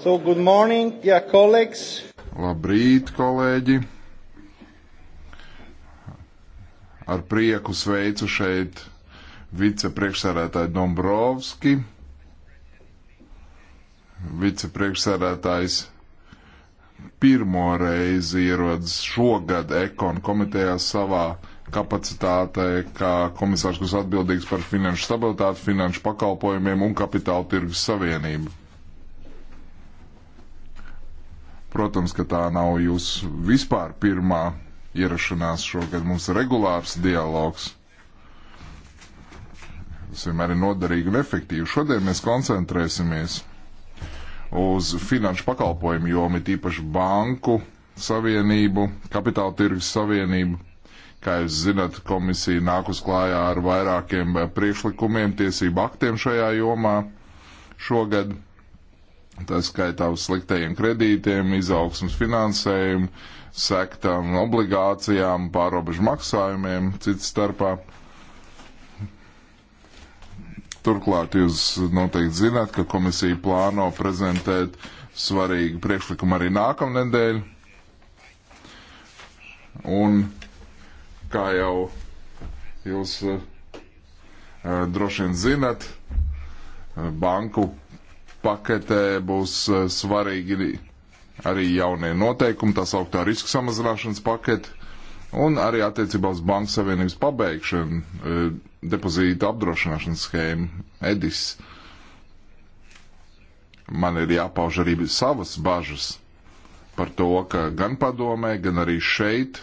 So, good morning, dear colleagues. Labrīt, kolēģi. Ar prieku sveicu šeit vicepriekšsēdētāju Dombrovski, vicepriekšsēdētājs pirmo reizi ierodas šogad ekonu komitejā savā kapacitātē, kā komisārs, kas atbildīgs par finanšu stabilitāti, finanšu pakalpojumiem un kapitāla tirgus savienību. Protams, ka tā nav jūsu vispār pirmā ierašanās šogad. Mums ir regulārs dialogs. Tas vienmēr ir noderīgi un efektīvi. Šodien mēs koncentrēsimies uz finanšu pakalpojumu jomu, tīpaši banku savienību, kapitāla tirgus savienību. Kā jūs zināt, komisija nāk uz klājā ar vairākiem priekšlikumiem, tiesību aktiem šajā jomā šogad tā skaitā uz sliktajiem kredītiem, izaugsmas finansējumu, sektām, obligācijām, pārobežu maksājumiem, cits starpā. Turklāt jūs noteikti zināt, ka komisija plāno prezentēt svarīgu priekšlikumu arī nākamnedēļ. Un kā jau jūs uh, droši vien zinat, eh, banku paketē būs e, svarīgi arī jaunie noteikumi, tā sauktā riska samazināšanas pakete, un arī attiecībā uz Banku Savienības pabeigšanu, e, depozīta apdrošināšanas schēmu, EDIS. Man ir jāpauž arī savas bažas par to, ka gan padomē, gan arī šeit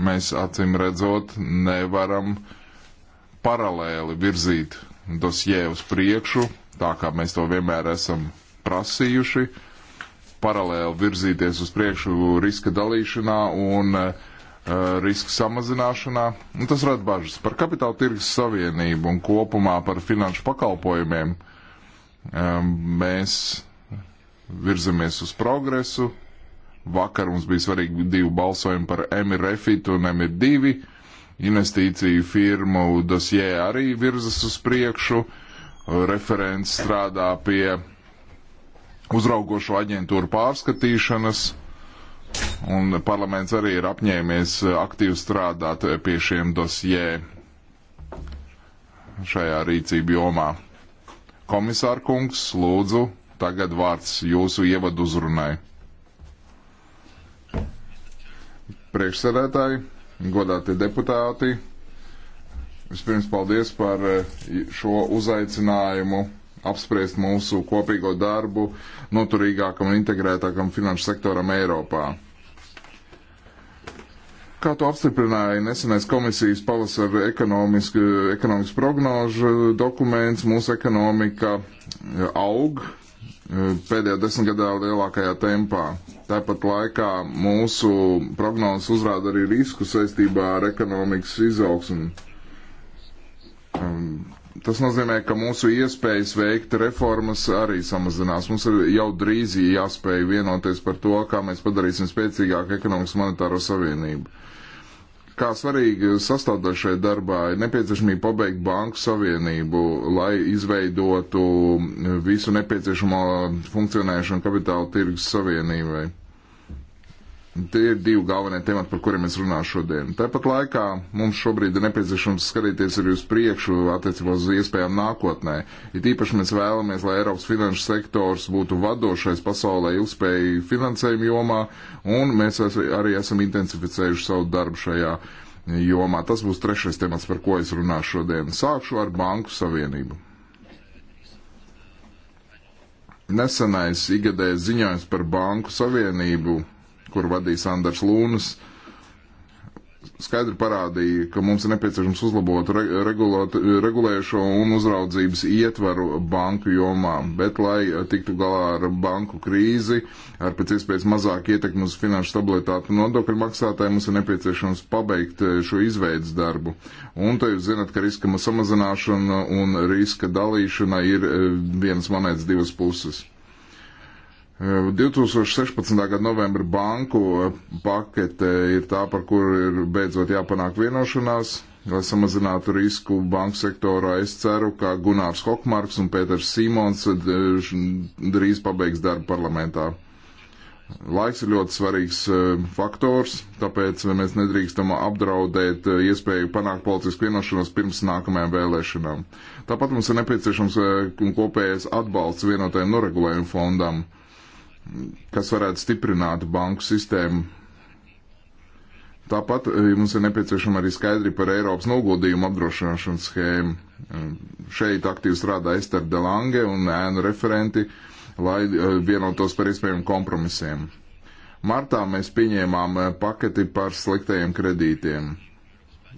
mēs acīm redzot nevaram paralēli virzīt dosjē uz priekšu, tā kā mēs to vienmēr esam prasījuši, paralēli virzīties uz priekšu riska dalīšanā un uh, riska samazināšanā. Un tas rada bažas par kapitāla tirgus savienību un kopumā par finanšu pakalpojumiem. Um, mēs virzamies uz progresu. Vakar mums bija svarīgi divi balsojumi par MIR Refit un MIR 2 investīciju firmu dosjē arī virzas uz priekšu. Referents strādā pie uzraugošo aģentūru pārskatīšanas. Un parlaments arī ir apņēmies aktīvi strādāt pie šiem dosjē šajā rīcību jomā. Komisārkungs, lūdzu, tagad vārds jūsu ievadu uzrunai. Priekšsēdētāji, godāti deputāti. Vispirms paldies par eh, šo uzaicinājumu apspriest mūsu kopīgo darbu noturīgākam un integrētākam finanšu sektoram Eiropā. Kā to apstiprināja nesenais komisijas pavasara ekonomikas prognožu dokuments, mūsu ekonomika eh, aug eh, pēdējā desmitgadā lielākajā tempā. Tāpat laikā mūsu prognozes uzrāda arī risku saistībā ar ekonomikas izaugsmu. Um, tas nozīmē, ka mūsu iespējas veikt reformas arī samazinās. Mums ir jau drīz jāspēj vienoties par to, kā mēs padarīsim spēcīgāku ekonomikas monetāro savienību kā svarīga sastāvdaļa šai darbā ir nepieciešamība pabeigt banku savienību, lai izveidotu visu nepieciešamo funkcionēšanu kapitāla tirgus savienībai. Tie ir divi galvenie temati, par kuriem es runāju šodien. Tāpat laikā mums šobrīd ir nepieciešams skatīties arī uz priekšu attiecībā uz iespējām nākotnē. It īpaši mēs vēlamies, lai Eiropas finanšu sektors būtu vadošais pasaulē ilgspēju finansējumu jomā, un mēs arī esam intensificējuši savu darbu šajā jomā. Tas būs trešais temats, par ko es runāšu šodien. Sākšu ar Banku Savienību. Nesenais igadējas ziņojums par Banku Savienību kur vadīs Anders Lūnas, skaidri parādīja, ka mums ir nepieciešams uzlabot re, regulot, regulējušo un uzraudzības ietvaru banku jomā, bet lai tiktu galā ar banku krīzi, ar pēc iespējas mazāk ietekmi uz finanšu stabilitāti un nodokļu maksātāju, mums ir nepieciešams pabeigt šo izveidas darbu. Un to jūs zinat, ka riska samazināšana un riska dalīšana ir eh, vienas monētas divas puses. 2016. gada novembra banku pakete ir tā, par kuru ir beidzot jāpanāk vienošanās, lai samazinātu risku banku sektorā. Es ceru, ka Gunārs Hokmarks un Pēters Simons drīz pabeigs darbu parlamentā. Laiks ir ļoti svarīgs e, faktors, tāpēc mēs nedrīkstam apdraudēt e, iespēju panākt politisku vienošanos pirms nākamajām vēlēšanām. Tāpat mums ir nepieciešams e, kopējais atbalsts vienotajam noregulējumu fondam kas varētu stiprināt banku sistēmu. Tāpat eh, mums ir nepieciešama arī skaidri par Eiropas noguldījumu apdrošināšanas schēmu. Eh, šeit aktīvi strādā Ester Delange un ēnu referenti, lai eh, vienotos par iespējamiem kompromisiem. Martā mēs pieņēmām paketi par sliktajiem kredītiem.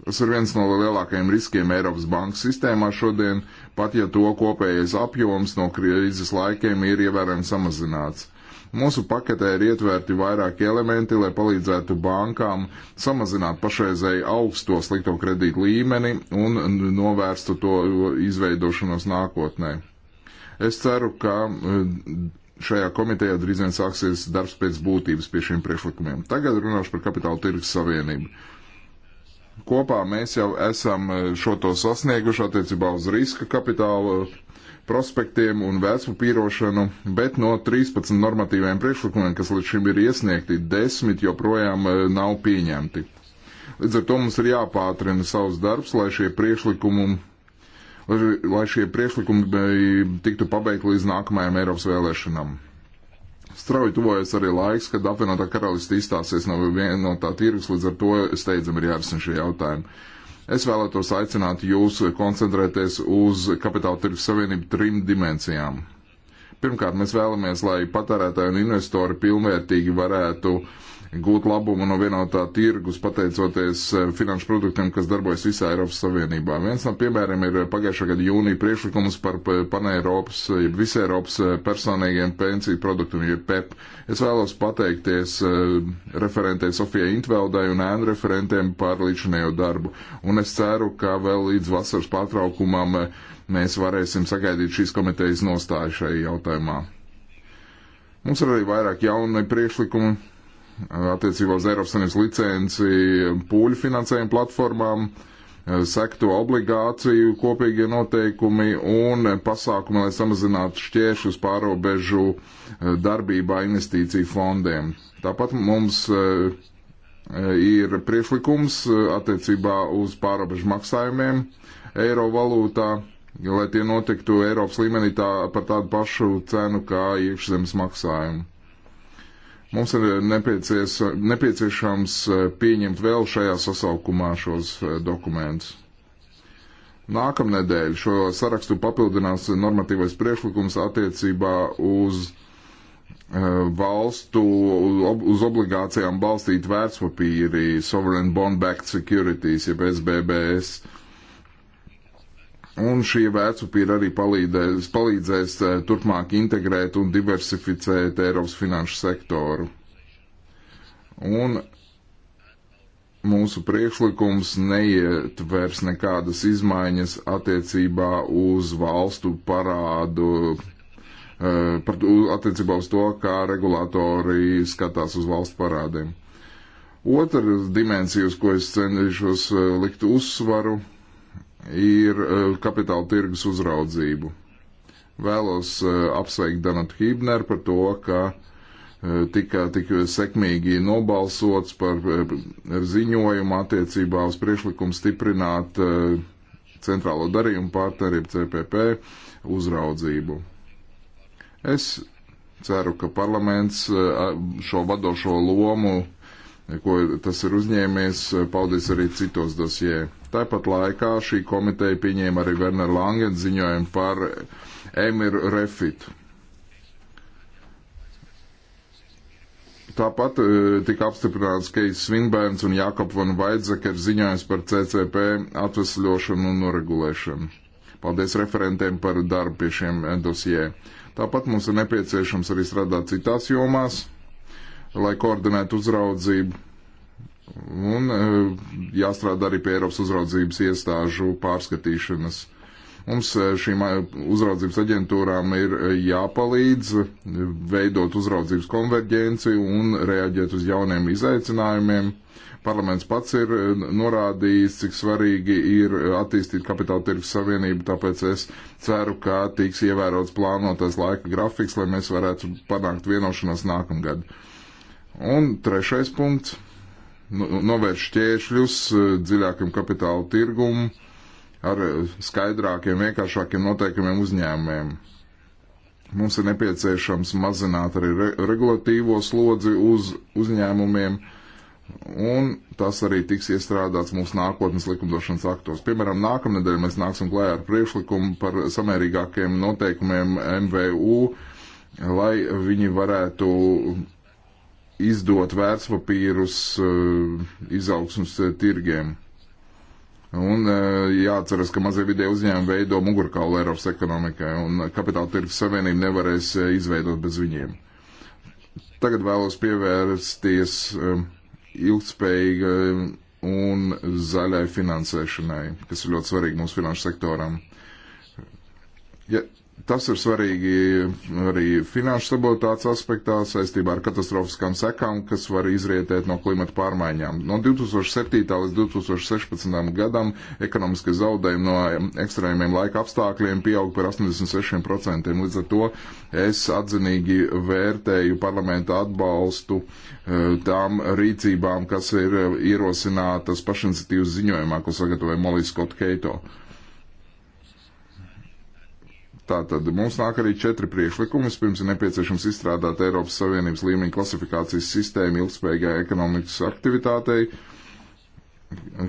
Tas ir viens no lielākajiem riskiem Eiropas bankas sistēmā šodien, pat ja to kopējais apjoms no krīzes laikiem ir ievērojami samazināts. Mūsu paketē ir ietverti vairāki elementi, lai palīdzētu bankām samazināt pašreizēju augsto slikto kredītu līmeni un novērstu to izveidošanos nākotnē. Es ceru, ka šajā komitejā drīz vien sāksies darbs pēc būtības pie šiem priekšlikumiem. Tagad runāšu par kapitāla tirgus savienību. Kopā mēs jau esam e, šo to sasnieguši attiecībā uz riska kapitālu prospektiem un vēstpapīrošanu, bet no 13 normatīviem priekšlikumiem, kas līdz šim ir iesniegti, 10 joprojām e, nav pieņemti. Līdz ar to mums ir jāpātrina savs darbs, lai šie priekšlikumi, lai šie priekšlikumi tiktu pabeigti līdz nākamajām Eiropas vēlēšanām. Strauji tuvojas arī laiks, kad apvienotā karaliste izstāsies no vienotā tirgus, līdz ar to steidzam ir jārisina šie jautājumi. Es vēlētos aicināt jūs koncentrēties uz kapitāla tirgus savienību trim dimensijām. Pirmkārt, mēs vēlamies, lai patērētāji un investori pilnvērtīgi varētu uh, gūt labumu no vienotā tirgus, pateicoties eh, finanšu produktiem, kas darbojas visā Eiropas Savienībā. Viens no piemēriem ir eh, pagājušā gada jūnija priekšlikums par eh, paneiropas, jeb visai Eiropas personīgiem pensiju produktiem, jeb PEP. Es vēlos pateikties referentē Sofijai Intveldai un ēnu referentiem par līdzinējo darbu. Un es ceru, ka vēl līdz vasaras pārtraukumam mēs varēsim sagaidīt šīs komitejas nostāju šai jautājumā. Mums ir arī vairāk jauni priekšlikumi attiecībā uz Eiropas Savienības licenci pūļu finansējumu platformām, eh, sekto obligāciju kopīgie noteikumi un pasākumi, lai samazinātu šķēršus pārobežu eh, darbībā investīciju fondiem. Tāpat mums eh, ir priekšlikums attiecībā uz pārobežu maksājumiem eiro valūtā, lai tie notiktu Eiropas līmenī tā, par tādu pašu cenu kā iekšzemes maksājumu. Mums ir nepiecieš, nepieciešams eh, pieņemt vēl šajā sasaukumā šos eh, dokumentus. Nākamnedēļ šo sarakstu papildinās normatīvais priekšlikums attiecībā uz eh, valstu ob, uz obligācijām balstīt vērtspapīri, sovereign bond backed securities, jeb SBBS. Un šī vecupīra arī palīdēs, palīdzēs eh, turpmāk integrēt un diversificēt Eiropas finanšu sektoru. Un mūsu priekšlikums neietvers nekādas izmaiņas attiecībā uz valstu parādu, eh, attiecībā uz to, kā regulātori skatās uz valstu parādiem. Otra dimensija, uz ko es cenšos eh, likt uzsvaru, ir e, kapitāla tirgus uzraudzību. Vēlos e, apsveikt Danatu Hībneru par to, ka e, tika tik sekmīgi nobalsots par ziņojumu attiecībā uz priešlikumu stiprināt centrālo darījumu partnerību CPP uzraudzību. Es ceru, ka parlaments šo vadošo lomu ko tas ir uzņēmies, paldies arī citos dosjē. Tāpat laikā šī komiteja pieņēma arī Werner Langen ziņojumu par Emir Refitu. Tāpat e, tika apstiprināts Keis Svinbērns un Jākop van Vaidzekers ziņojums par CCP atvesļošanu un noregulēšanu. Paldies referentiem par darbu pie šiem dosjē. Tāpat mums ir nepieciešams arī strādāt citās jomās lai koordinētu uzraudzību. Un e, jāstrādā arī pie Eiropas uzraudzības iestāžu pārskatīšanas. Mums e, šīm e, uzraudzības aģentūrām ir jāpalīdz veidot uzraudzības konverģenci un reaģēt uz jauniem izaicinājumiem. Parlaments pats ir norādījis, cik svarīgi ir attīstīt kapitāla tirgus savienību, tāpēc es ceru, ka tiks ievērots plānotais laika grafiks, lai mēs varētu panākt vienošanos nākamgad. Un trešais punkts nu, - novērš ķēršļus eh, dziļākam kapitāla tirgumam ar skaidrākiem, vienkāršākiem noteikumiem uzņēmumiem. Mums ir nepieciešams mazināt arī re regulatīvo slodzi uz uzņēmumiem, un tas arī tiks iestrādāts mūsu nākotnes likumdošanas aktos. Piemēram, nākamnedēļ mēs nāksim klājā ar priekšlikumu par samērīgākiem noteikumiem MVU, lai viņi varētu izdot vērtspapīrus eh, izaugsmus eh, tirgiem. Un eh, jāatceras, ka mazie vidē uzņēmumi veido mugurkaulu Eiropas ekonomikai, un kapitāla tirgus savienību nevarēs izveidot bez viņiem. Tagad vēlos pievērsties ilgspējīga un zaļai finansēšanai, kas ir ļoti svarīgi mūsu finanšu sektoram. Ja Tas ir svarīgi arī finanšu stabilitātes aspektā saistībā ar katastrofiskām sekām, kas var izrietēt no klimata pārmaiņām. No 2007. līdz 2016. gadam ekonomiskie zaudējumi no ekstrēmiem laika apstākļiem pieaug par 86%. Līdz ar to es atzinīgi vērtēju parlamenta atbalstu eh, tām rīcībām, kas ir ierosinātas pašiniciatīvas ziņojumā, ko sagatavoja Molijas Skot Keito. Tātad mums nāk arī četri priekšlikumi. Pirms ir nepieciešams izstrādāt Eiropas Savienības līmeņa klasifikācijas sistēmu ilgspējīgai ekonomikas aktivitātei,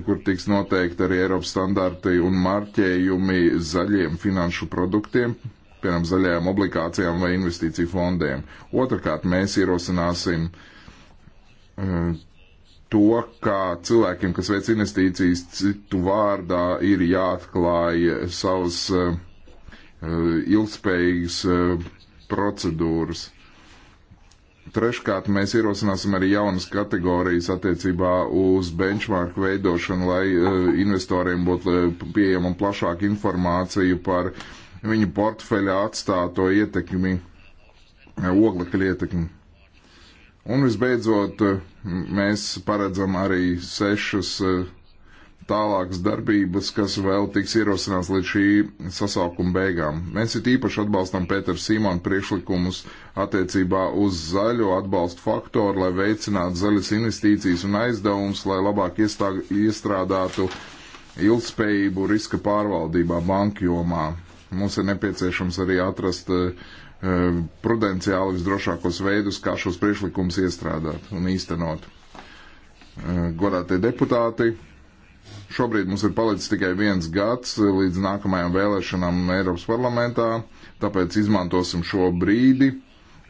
kur tiks noteikti arī Eiropas standarti un marķējumi zaļiem finanšu produktiem, piemēram, zaļajām obligācijām vai investīciju fondiem. Otrakārt, mēs ierosināsim eh, to, kā cilvēkiem, kas veic investīcijas citu vārdā, ir jāatklāj savas uh, Eh, ilgspējīgas eh, procedūras. Treškārt, mēs ierosināsim arī jaunas kategorijas attiecībā uz benchmark veidošanu, lai eh, investoriem būtu pieejama plašāka informācija par viņu portfeļa atstāto ietekmi, oglekļa ietekmi. Un visbeidzot, mēs paredzam arī sešus tālākas darbības, kas vēl tiks ierosināts līdz šī sasaukuma beigām. Mēs it īpaši atbalstam Pēteru Simonu priekšlikumus attiecībā uz zaļo atbalstu faktoru, lai veicinātu zaļas investīcijas un aizdevums, lai labāk iestāg, iestrādātu ilgspējību riska pārvaldībā banku jomā. Mums ir nepieciešams arī atrast uh, prudenciāli visdrošākos veidus, kā šos priekšlikumus iestrādāt un īstenot. Uh, Godātie deputāti, Šobrīd mums ir palicis tikai viens gads līdz nākamajām vēlēšanām Eiropas parlamentā, tāpēc izmantosim šo brīdi.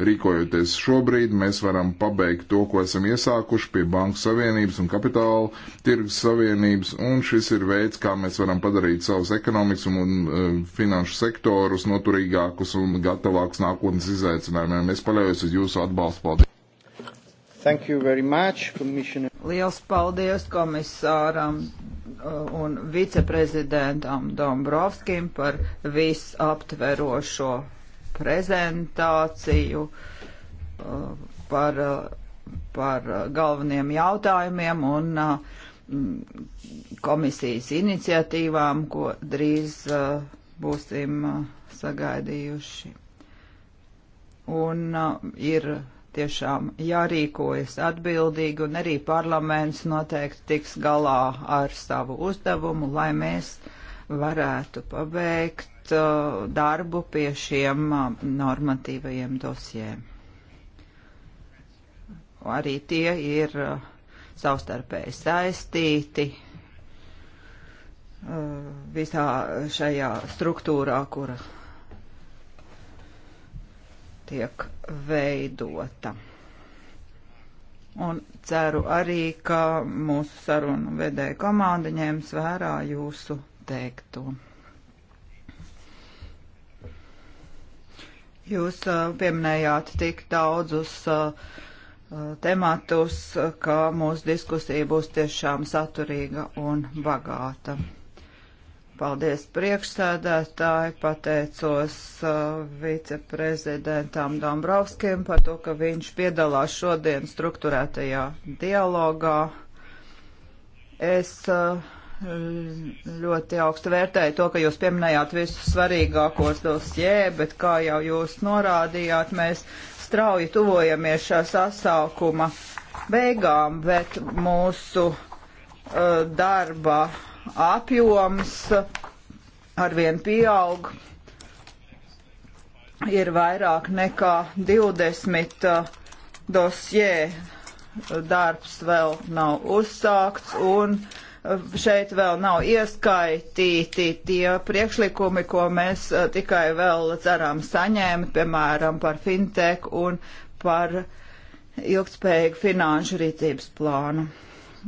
Rīkojoties šobrīd, mēs varam pabeigt to, ko esam iesākuši pie Banku Savienības un Kapitāla tirgus Savienības, un šis ir veids, kā mēs varam padarīt savus ekonomikas un, un uh, finanšu sektorus noturīgākus un gatavākus nākotnes izaicinājumiem. Es paļaujos uz jūsu atbalstu. Paldies! Thank you very much, Commissioner. Liels paldies komisāram uh, un viceprezidentam Dombrovskim par visaptverošo prezentāciju, uh, par, uh, par galveniem jautājumiem un mm, komisijas iniciatīvām, ko drīz būsim sagaidījuši. Un ir tiešām jārīkojas atbildīgi, un arī parlaments noteikti tiks galā ar savu uzdevumu, lai mēs varētu pabeigt uh, darbu pie šiem uh, normatīvajiem dosiem. Arī tie ir uh, savstarpēji saistīti uh, visā šajā struktūrā, kura tiek veidota. Un ceru arī, ka mūsu sarunu vedēja komanda ņems vērā jūsu teikto. Jūs uh, pieminējāt tik daudzus uh, uh, tematus, ka mūsu diskusija būs tiešām saturīga un bagāta. Paldies priekšsēdētāji, pateicos uh, viceprezidentam Dombrovskim par to, ka viņš piedalās šodien struktūrētajā dialogā. Es uh, ļoti augstu vērtēju to, ka jūs pieminējāt visus svarīgākos dosjē, bet kā jau jūs norādījāt, mēs strauji tuvojamies šā sasaukuma beigām, bet mūsu uh, darba apjoms arvien pieaug. Ir vairāk nekā 20 uh, dosjē darbs vēl nav uzsākts, un uh, šeit vēl nav ieskaitīti tie priekšlikumi, ko mēs uh, tikai vēl ceram saņēmt, piemēram, par fintech un par ilgspējīgu finanšu rīcības plānu.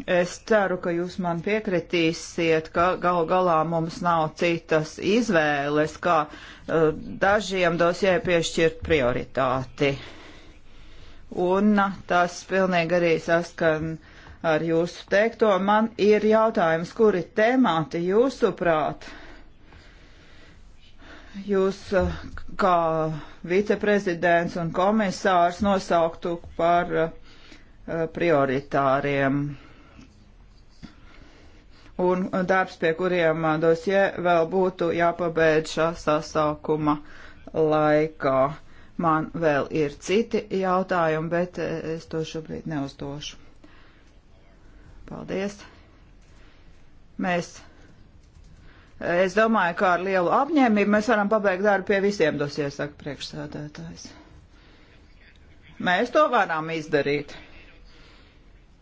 Es ceru, ka jūs man piekritīsiet, ka gal galā mums nav citas izvēles, kā uh, dažiem dosie piešķirt prioritāti. Un tas pilnīgi arī saskan ar jūsu teikto. Man ir jautājums, kuri temāti jūsuprāt? Jūs uh, kā viceprezidents un komisārs nosauktu par uh, prioritāriem un darbs, pie kuriem dosie vēl būtu jāpabeidz šā sasaukuma laikā. Man vēl ir citi jautājumi, bet es to šobrīd neuzdošu. Paldies! Mēs Es domāju, ka ar lielu apņēmību mēs varam pabeigt darbu pie visiem dosies, saka priekšsēdētājs. Mēs to varam izdarīt.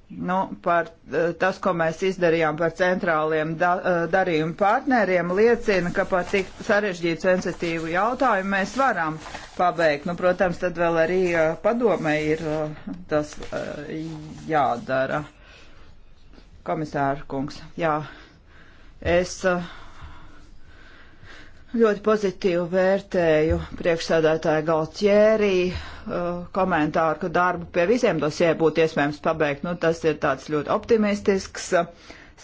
Nu, par eh, tas, ko mēs izdarījām par centrāliem da, eh, darījumu partneriem, liecina, ka par tik sarežģītu sensitīvu jautājumu mēs varam pabeigt. Nu, protams, tad vēl arī eh, padomē ir tas jādara. Komisāra kungs, jā, es ļoti pozitīvi vērtēju priekšsēdētāju Galtjēriju Uh, komentāru, ka darbu pie visiem dosie būtu iespējams pabeigt. Nu, tas ir tāds ļoti optimistisks uh,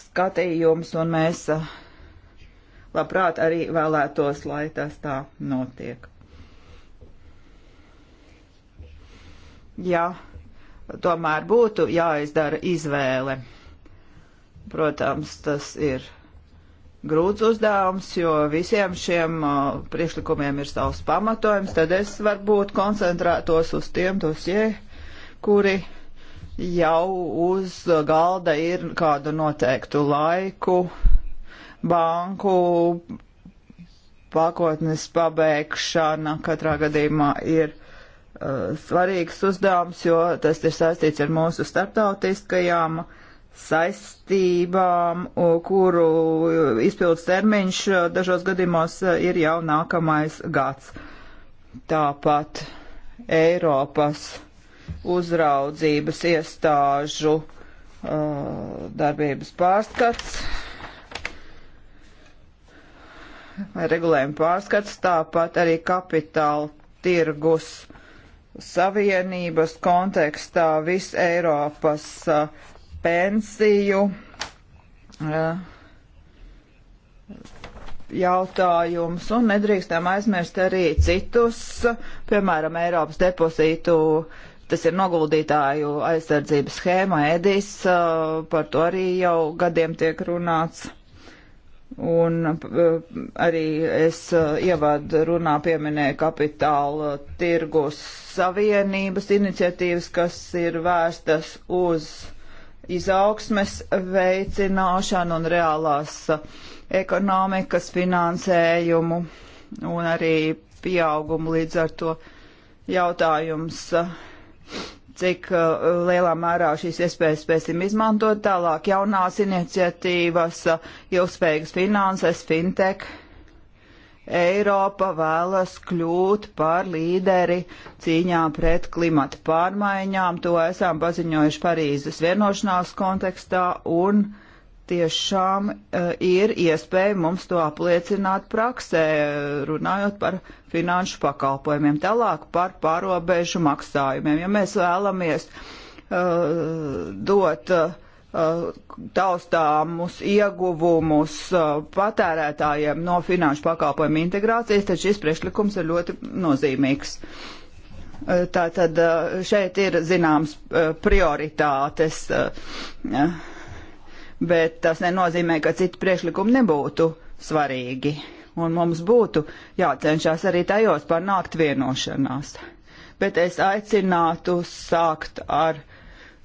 skatījums, un mēs uh, labprāt arī vēlētos, lai tas tā notiek. Jā, tomēr būtu jāizdara izvēle. Protams, tas ir grūts uzdevums, jo visiem šiem uh, priekšlikumiem ir savs pamatojums, tad es varbūt koncentrētos uz tiem dosie, kuri jau uz galda ir kādu noteiktu laiku banku pakotnes pabeigšana katrā gadījumā ir uh, svarīgs uzdevums, jo tas ir saistīts ar mūsu starptautiskajām uh, saistībām, kuru e, izpildus termiņš e, dažos gadījumos e, ir jau nākamais gads. Tāpat Eiropas uzraudzības iestāžu uh, darbības pārskats vai regulējuma pārskats, tāpat arī kapitāla tirgus savienības kontekstā viss Eiropas uh, pensiju jautājumus un nedrīkstam aizmirst arī citus, piemēram, Eiropas depozītu, tas ir noguldītāju aizsardzības schēma, EDIS, par to arī jau gadiem tiek runāts. Un arī es ievadu runā pieminēju kapitāla tirgus savienības iniciatīvas, kas ir vērstas uz uh, izaugsmes veicināšanu un reālās ekonomikas finansējumu un arī pieaugumu līdz ar to jautājums, cik uh, lielā mērā šīs iespējas spēsim izmantot tālāk jaunās iniciatīvas, uh, ilgspējīgas finanses, fintech Eiropa vēlas kļūt par līderi cīņā pret klimata pārmaiņām. To esam paziņojuši Parīzes vienošanās kontekstā un tiešām uh, ir iespēja mums to apliecināt praksē, runājot par finanšu pakalpojumiem, tālāk par pārobežu maksājumiem. Ja mēs vēlamies uh, dot uh, Uh, taustāmus ieguvumus uh, patērētājiem no finanšu pakalpojumu integrācijas, tad šis priekšlikums ir ļoti nozīmīgs. Uh, tātad šeit ir zināms prioritātes, bet tas nenozīmē, ka citi priekšlikumi nebūtu svarīgi. Un mums būtu jācenšas arī tajos panākt vienošanās. Bet es aicinātu sākt ar uh,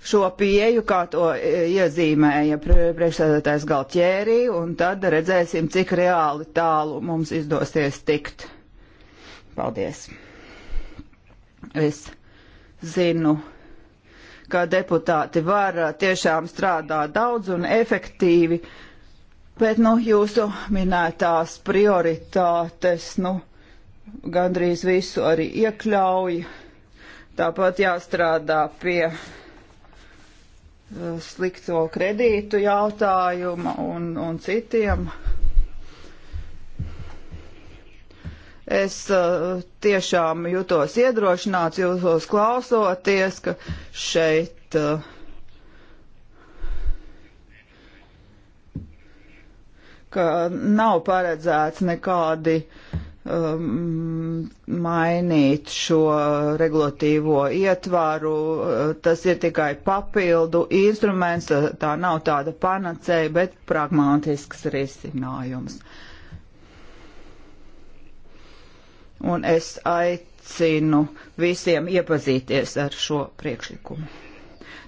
šo pieju, kā to e, iezīmēja priekšsēdētājs Galtjērī, un tad redzēsim, cik reāli tālu mums izdosies tikt. Paldies! Es zinu, ka deputāti var tiešām strādāt daudz un efektīvi, bet, nu, jūsu minētās prioritātes, nu, gandrīz visu arī iekļauj. Tāpat jāstrādā pie Eh, slikto kredītu jautājuma un, un citiem. Es uh, tiešām jutos iedrošināts jūsos klausoties, ka šeit uh, ka nav paredzēts nekādi uh, um, mainīt šo regulatīvo ietvaru. Uh, tas ir tikai papildu instruments, tā nav tāda panacēja, bet pragmātisks risinājums. Un es aicinu visiem iepazīties ar šo priekšlikumu.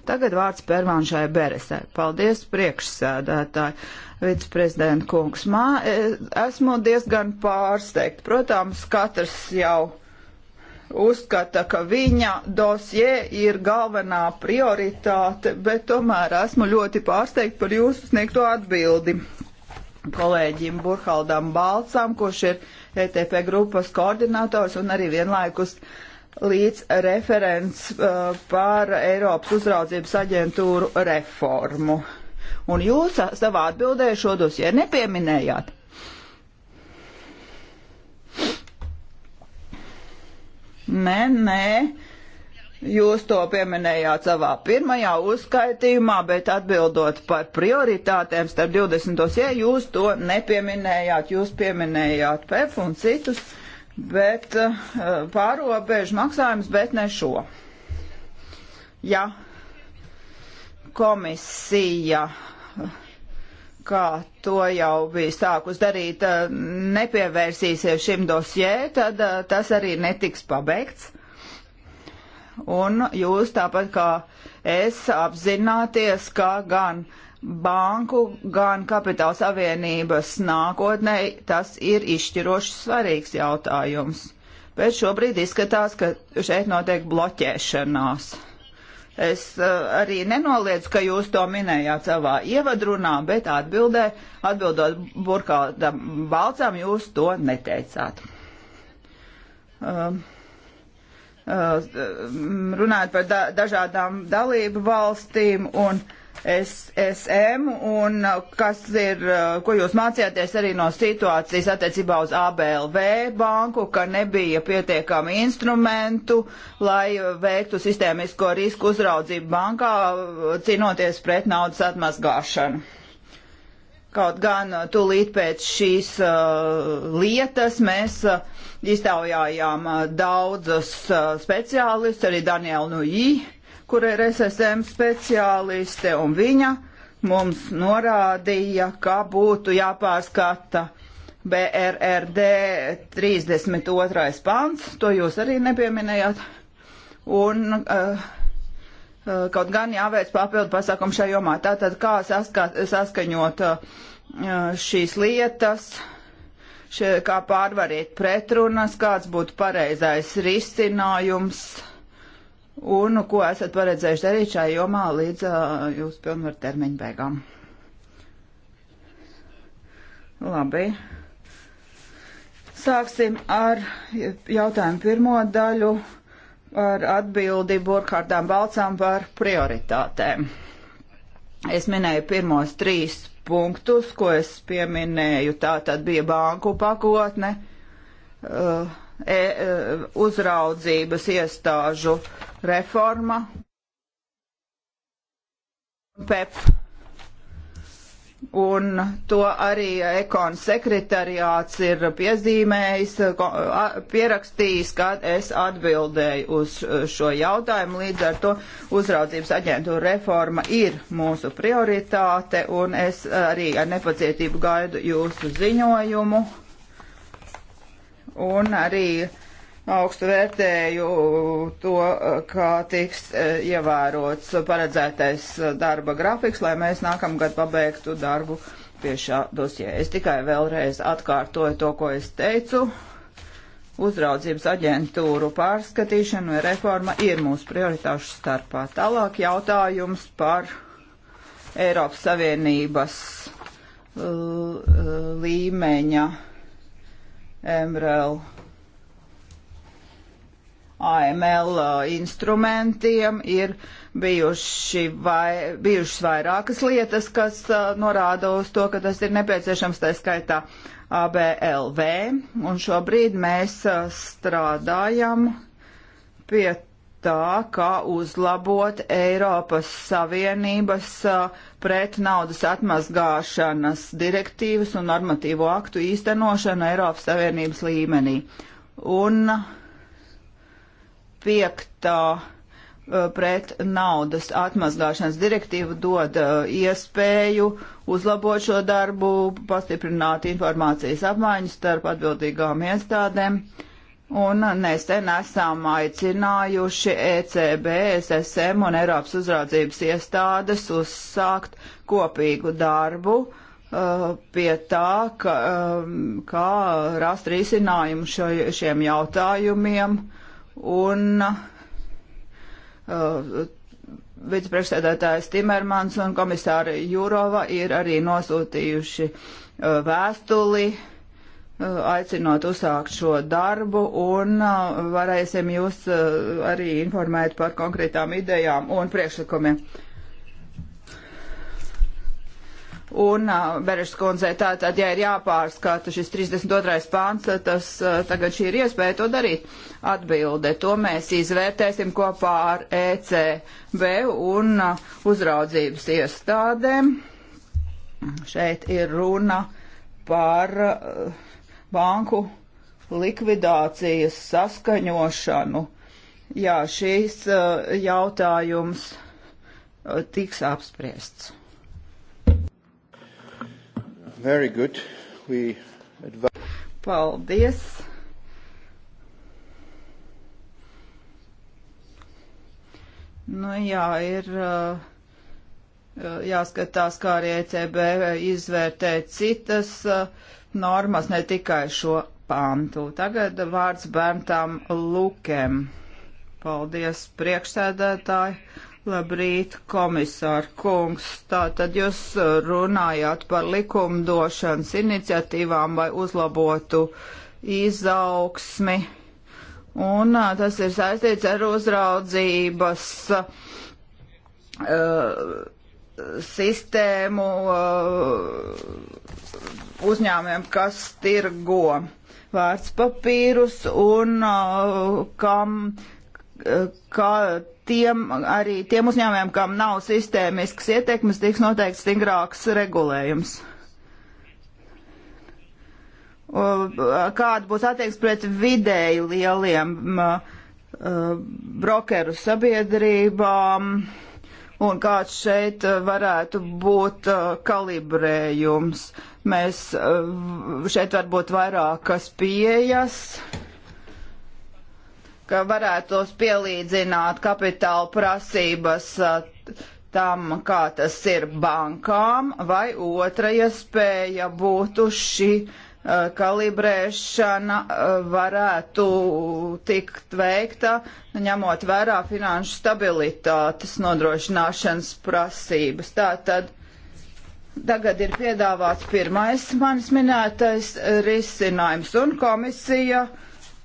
Tagad vārds Pervāņšai Beresē. Paldies priekšsēdētāji viceprezidenta kungs. Mā, e, esmu diezgan pārsteigta. Protams, katrs jau uzskata, ka viņa dosie ir galvenā prioritāte, bet tomēr esmu ļoti pārsteigta par jūsu sniegto atbildi kolēģim Burhaldam Balcam, kurš ir ETP grupas koordinators un arī vienlaikus līdz referents uh, par Eiropas uzraudzības aģentūru reformu. Uh, un jūs savā atbildē šo dosie nepieminējāt. Nē, nē, jūs to pieminējāt savā pirmajā uzskaitījumā, bet atbildot par prioritātēm starp 20 dosie, jūs to nepieminējāt, jūs pieminējāt PEF un citus, bet eh, pārobežu maksājums, bet ne šo ja komisija kā to jau bija sākus darīt, eh, nepievērsīsies šim dosjē, tad eh, tas arī netiks pabeigts. Un jūs tāpat kā es apzināties, ka gan banku, gan kapitāla savienības nākotnē tas ir izšķiroši svarīgs jautājums. Bet šobrīd izskatās, ka šeit notiek bloķēšanās. Es eh, arī nenoliedzu, ka jūs to minējāt savā ievadrunā, bet atbildē, atbildot burkādam balcām, jūs to neteicāt. Um, uh, runājot par da dažādām dalību valstīm un uh, SSM un uh, kas ir, uh, ko jūs mācījāties arī no situācijas attiecībā uz ABLV banku, ka nebija pietiekami instrumentu, lai veiktu sistēmisko risku uzraudzību bankā, uh, cīnoties pret naudas atmazgāšanu. Kaut gan tūlīt pēc šīs uh, lietas mēs uh, iztaujājām uh, daudzus uh, speciālistus, arī Danielu Nuji. No kur ir SSM speciāliste, un viņa mums norādīja, ka būtu jāpārskata BRRD 32. pants, to jūs arī nepieminējāt, un uh, kaut gan jāveic papildu pasākumu šajā jomā. Tātad kā saska, saskaņot uh, šīs lietas, šie, kā pārvarēt pretrunas, kāds būtu pareizais risinājums un nu, ko esat paredzējuši darīt šajā jomā līdz uh, jūsu pilnvaru termiņu beigām. Labi. Sāksim ar jautājumu pirmo daļu par atbildi burkārtām balcām par prioritātēm. Es minēju pirmos trīs punktus, ko es pieminēju. Tā tad bija banku pakotne, uh, E, e, uzraudzības iestāžu reforma. PEP. Un to arī ekon sekretariāts ir piezīmējis, pierakstījis, kad es atbildēju uz šo jautājumu. Līdz ar to uzraudzības aģentūra reforma ir mūsu prioritāte, un es arī ar nepacietību gaidu jūsu ziņojumu un arī augstu vērtēju to, kā tiks e, ievērots paredzētais e, darba grafiks, lai mēs nākamgad pabeigtu darbu pie šā dosjē. Es tikai vēlreiz atkārtoju to, ko es teicu. Uzraudzības aģentūru pārskatīšana vai reforma ir mūsu prioritāšu starpā. Tālāk jautājums par Eiropas Savienības līmeņa uh, MRL, AML uh, instrumentiem ir bijuši vai, bijušas vairākas lietas, kas uh, norāda uz to, ka tas ir nepieciešams, tā skaitā ABLV, un šobrīd mēs uh, strādājam pie tā, kā uzlabot Eiropas Savienības pret naudas atmazgāšanas direktīvas un normatīvo aktu īstenošanu Eiropas Savienības līmenī. Un piektā pret naudas atmazgāšanas direktīvu dod iespēju uzlabot šo darbu, pastiprināt informācijas apmaiņu starp atbildīgām iestādēm. Uh, Un nesen esam aicinājuši ECB, SSM un Eiropas uzraudzības iestādes uzsākt kopīgu darbu uh, pie tā, ka, um, kā rast risinājumu šo, šiem jautājumiem. Un uh, vicepriekšsēdētājs Timermans un komisāra Jurova ir arī nosūtījuši uh, vēstuli Eh, aicinot uzsākt šo darbu un eh, varēsim jūs eh, arī informēt par konkrētām idejām un priekšlikumiem. Un Berešs kundzei tātad, ja ir jāpārskata šis 32. pāns, tas tagad šī ir iespēja to darīt. Atbilde, to mēs izvērtēsim kopā ar ECB un uzraudzības iestādēm. Šeit ir runa par uh, banku likvidācijas saskaņošanu. Jā, šīs eh, jautājums eh, tiks apspriests. Very good. We Paldies. Nu jā, ir eh, jāskatās, kā arī ECB izvērtē citas uh, normas, ne tikai šo pāntu. Tagad vārds Bērntam Lukem. Paldies, priekšsēdētāji. Labrīt, komisār kungs. Tātad jūs runājāt par likumdošanas iniciatīvām, lai uzlabotu izaugsmi. Un tas ir saistīts ar uzraudzības uh, sistēmu. Uh, uzņēmumiem, kas tirgo vērtspapīrus un uh, kam, uh, kā tiem, arī tiem uzņēmumiem, kam nav sistēmisks ietekmes, tiks noteikts stingrāks regulējums. Uh, kāda būs attieksme pret vidēji lieliem uh, brokeru sabiedrībām un kāds šeit uh, varētu būt uh, kalibrējums? Uh, Mēs eh, šeit varbūt vairākas pieejas ka varētu tos pielīdzināt kapitāla prasības eh, tam, kā tas ir bankām, vai otra iespēja būtu šī eh, kalibrēšana varētu tikt veikta, ņemot vērā finanšu stabilitātes nodrošināšanas prasības. Tātad Tagad ir piedāvāts pirmais manis minētais risinājums, un komisija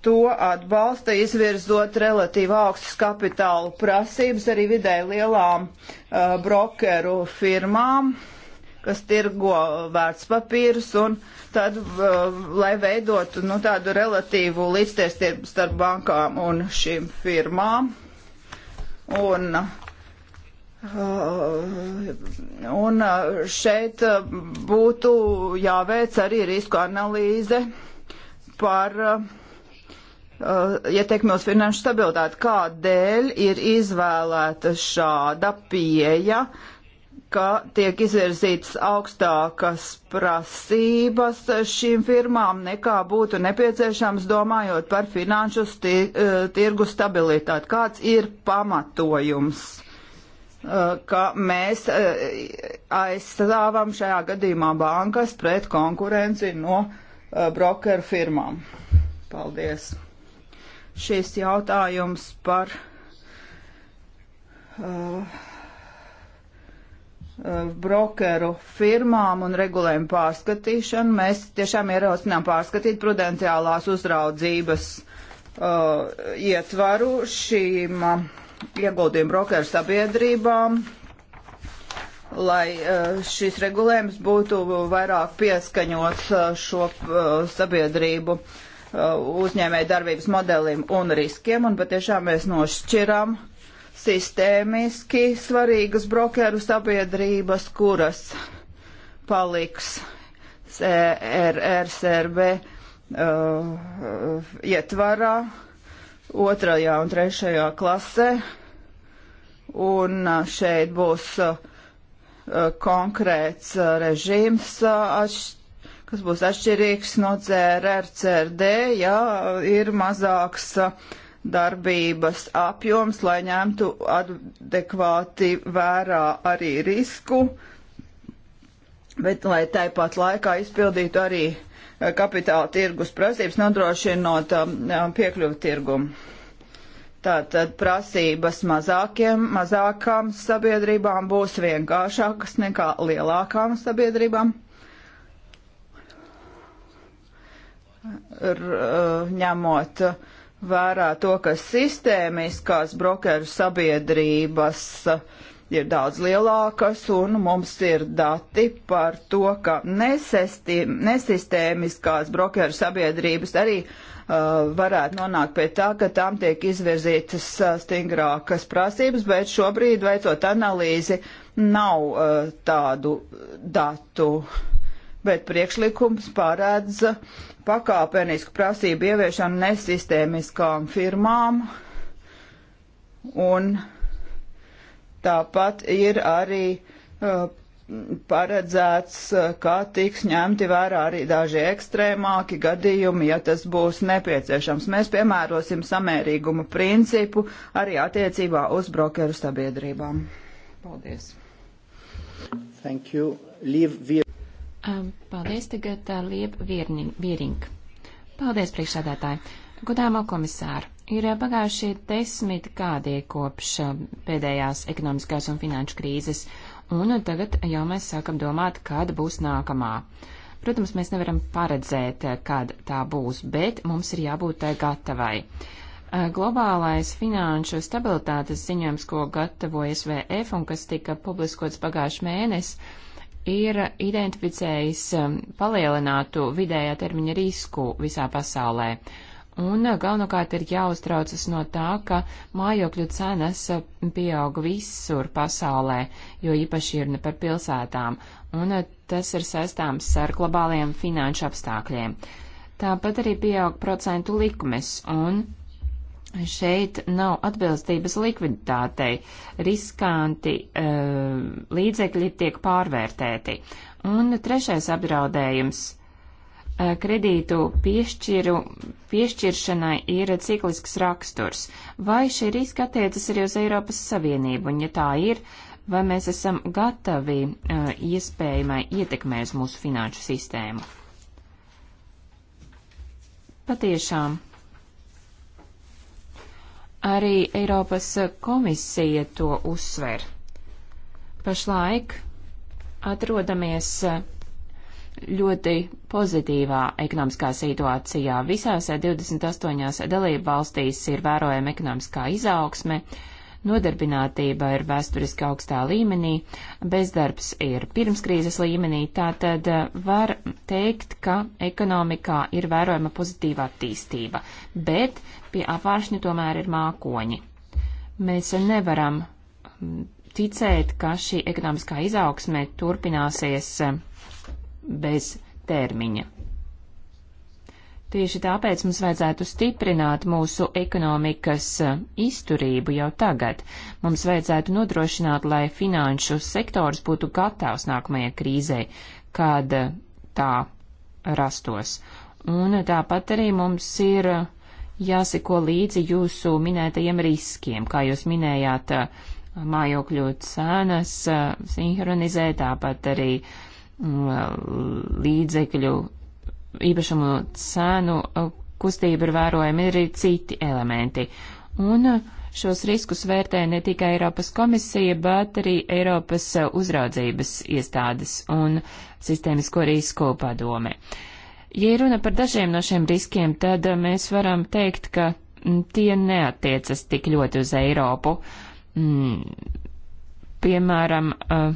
to atbalsta, izvirzot relatīvi augstas kapitālu prasības arī vidēji lielām uh, brokeru firmām kas tirgo vērtspapīrus, un tad, uh, lai veidotu nu, tādu relatīvu līdztiestību starp bankām un šīm firmām. Un uh, Uh, un uh, šeit uh, būtu jāveic arī risku analīze par ietekmi ja uz finanšu stabilitāti. Kādēļ ir izvēlēta šāda pieeja, ka tiek izvirzītas augstākas prasības šīm firmām nekā būtu nepieciešams domājot par finanšu tirgu stabilitāti? Kāds ir pamatojums? Eh, ka mēs eh, aizstāvam šajā gadījumā bankas pret konkurenci no eh, brokeru firmām. Paldies. Šis jautājums par uh, brokeru firmām un regulējumu pārskatīšanu. Mēs tiešām ierosinām pārskatīt prudenciālās uzraudzības uh, ietvaru šīm uh, ieguldījumu brokeru sabiedrībām, lai eh, šis regulējums būtu vairāk pieskaņots eh, šo eh, sabiedrību uzņēmēju darbības modelim un riskiem, un patiešām mēs nošķiram sistēmiski svarīgas brokeru sabiedrības, kuras paliks CRR, SRB uh, ietvarā. Uh, otrajā un trešajā klasē. Un šeit būs uh, konkrēts uh, režīms, uh, kas būs atšķirīgs no CRR, CRD, ja ir mazāks darbības apjoms, lai ņemtu adekvāti vērā arī risku, bet lai tāpat laikā izpildītu arī uh, kapitāla tirgus prasības, nodrošinot um, um, piekļuvu tirgumu. Tātad prasības mazākiem, mazākām sabiedrībām būs vienkāršākas nekā lielākām sabiedrībām. R, uh, ņemot vērā to, ka sistēmiskās brokeru sabiedrības uh, ir daudz lielākas, un mums ir dati par to, ka nesistēmiskās brokeru sabiedrības arī uh, varētu nonākt pie tā, ka tām tiek izvirzītas uh, stingrākas prasības, bet šobrīd veicot analīzi nav uh, tādu datu. Bet priekšlikums pārēdz pakāpenisku prasību ieviešanu nesistēmiskām firmām un uh, Tāpat ir arī uh, paredzēts, uh, ka tiks ņemti vērā arī daži ekstrēmāki gadījumi, ja tas būs nepieciešams. Mēs piemērosim samērīguma principu arī attiecībā uz brokeru sabiedrībām. Paldies. Thank you. Liev Vier... Um, paldies tagad uh, Liev Vierning. Paldies, priekšsēdētāji. Godāmo komisāru. Ir pagājušie desmit gadi kopš uh, pēdējās ekonomiskās un finanšu krīzes, un tagad jau mēs sākam domāt, kad būs nākamā. Protams, mēs nevaram paredzēt, uh, kad tā būs, bet mums ir jābūt tai uh, gatavai. Globālais finanšu stabilitātes ziņojums, ko gatavo SVF un kas tika publiskots pagājuši mēnesi, ir identificējis um, palielinātu vidējā termiņa risku visā pasaulē. Un uh, galvenokārt ir jāuztraucas no tā, ka mājokļu cenas uh, pieauga visur pasaulē, jo īpaši ir ne par pilsētām, un uh, tas ir saistāms ar globāliem finanšu apstākļiem. Tāpat arī pieauga procentu likmes, un šeit nav atbilstības likviditātei. Riskanti e, līdzekļi tiek pārvērtēti. Un trešais apdraudējums Eh, kredītu piešķiru, piešķiršanai ir ciklisks raksturs. Vai šie riski attiecas arī uz Eiropas Savienību? Un, ja tā ir, vai mēs esam gatavi uh, iespējamai ietekmē uz mūsu finanšu sistēmu? Patiešām. Arī Eiropas komisija to uzsver. Pašlaik atrodamies uh, ļoti pozitīvā ekonomiskā situācijā. Visās 28 dalību valstīs ir vērojama ekonomiskā izaugsme, nodarbinātība ir vēsturiski augstā līmenī, bezdarbs ir pirmskrīzes līmenī, tātad eh, var teikt, ka ekonomikā ir vērojama pozitīva attīstība, bet pie apvāršņa tomēr ir mākoņi. Mēs nevaram mm, ticēt, ka šī ekonomiskā izaugsme turpināsies eh, bez termiņa. Tieši tāpēc mums vajadzētu stiprināt mūsu ekonomikas eh, izturību jau tagad. Mums vajadzētu nodrošināt, lai finanšu sektors būtu gatavs nākamajai krīzē, kad eh, tā rastos. Un tāpat arī mums ir eh, jāseko līdzi jūsu minētajiem riskiem, kā jūs minējāt, mājokļu cenas sinhronizē, tāpat arī uh, līdzekļu īpašumu cēnu kustība ir vērojami arī citi elementi. Un uh, šos riskus vērtē ne tikai Eiropas komisija, bet arī Eiropas uh, uzraudzības iestādes un sistēmisko risku padome. Ja runa par dažiem no šiem riskiem, tad uh, mēs varam teikt, ka mm, tie neatiecas tik ļoti uz Eiropu. Mm, piemēram, uh,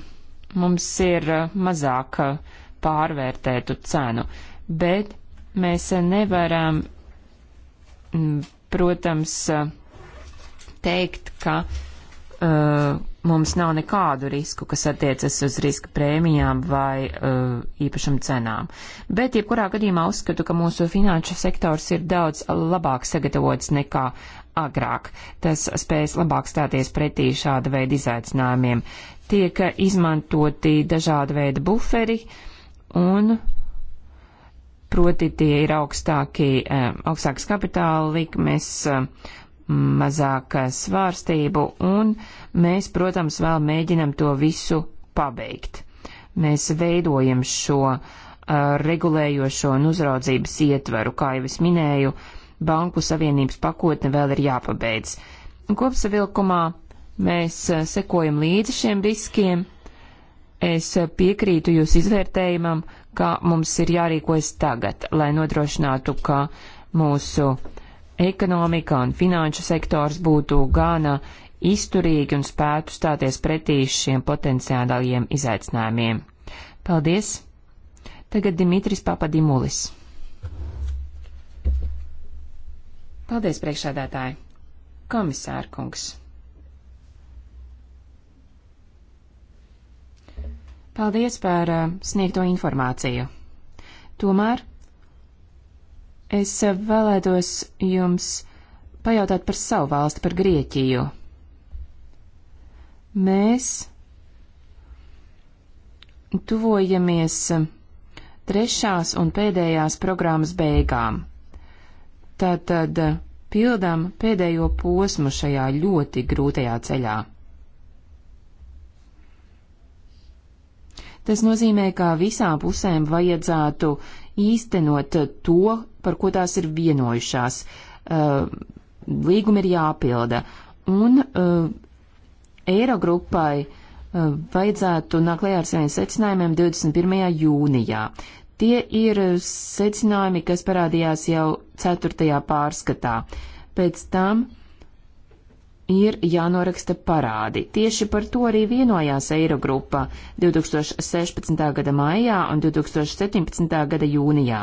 mums ir eh, mazāk eh, pārvērtētu cenu, bet mēs eh, nevaram, protams, teikt, ka uh, mums nav nekādu risku, kas attiecas uz riska prēmijām vai uh, īpašam cenām. Bet, jebkurā gadījumā, uzskatu, ka mūsu finanšu sektors ir daudz labāk sagatavots nekā agrāk. Tas spējas labāk stāties pretī šāda veida izaicinājumiem tiek izmantoti dažāda veida buferi un proti tie ir augstāki, eh, augstākas kapitāla likmes, eh, mazāk svārstību un mēs, protams, vēl mēģinam to visu pabeigt. Mēs veidojam šo eh, regulējošo un uzraudzības ietveru, kā jau es minēju, Banku Savienības pakotne vēl ir jāpabeidz. Kopsavilkumā Mēs sekojam līdzi šiem riskiem. Es piekrītu jūsu izvērtējumam, ka mums ir jārīkojas tagad, lai nodrošinātu, ka mūsu ekonomika un finanšu sektors būtu gana izturīgi un spētu stāties pretī šiem potenciālajiem izaicinājumiem. Paldies! Tagad Dimitris Papadimulis. Paldies, priekšādātāji! Komisārkungs! Paldies par eh, sniegto informāciju. Tomēr es eh, vēlētos jums pajautāt par savu valsti, par Grieķiju. Mēs tuvojamies eh, trešās un pēdējās programmas beigām. Tātad pildām pēdējo posmu šajā ļoti grūtajā ceļā. Tas nozīmē, ka visām pusēm vajadzētu īstenot to, par ko tās ir vienojušās. Uh, līgumi ir jāpilda. Un uh, Eirogrupai uh, vajadzētu nākt lejā ar saviem secinājumiem 21. jūnijā. Tie ir secinājumi, kas parādījās jau 4. pārskatā. Pēc tam ir jānoraksta parādi. Tieši par to arī vienojās Eirogrupa 2016. gada maijā un 2017. gada jūnijā.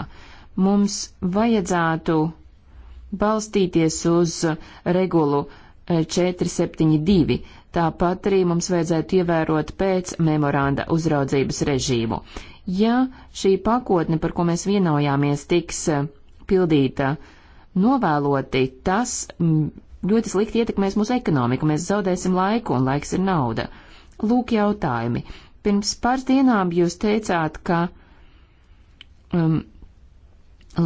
Mums vajadzētu balstīties uz regulu 472, eh, tāpat arī mums vajadzētu ievērot pēc memoranda uzraudzības režīmu. Ja šī pakotne, par ko mēs vienojāmies, tiks eh, pildīta novēloti, tas ļoti slikti ietekmēs mūsu ekonomiku, mēs zaudēsim laiku un laiks ir nauda. Lūk jautājumi. Pirms pāris dienām jūs teicāt, ka um,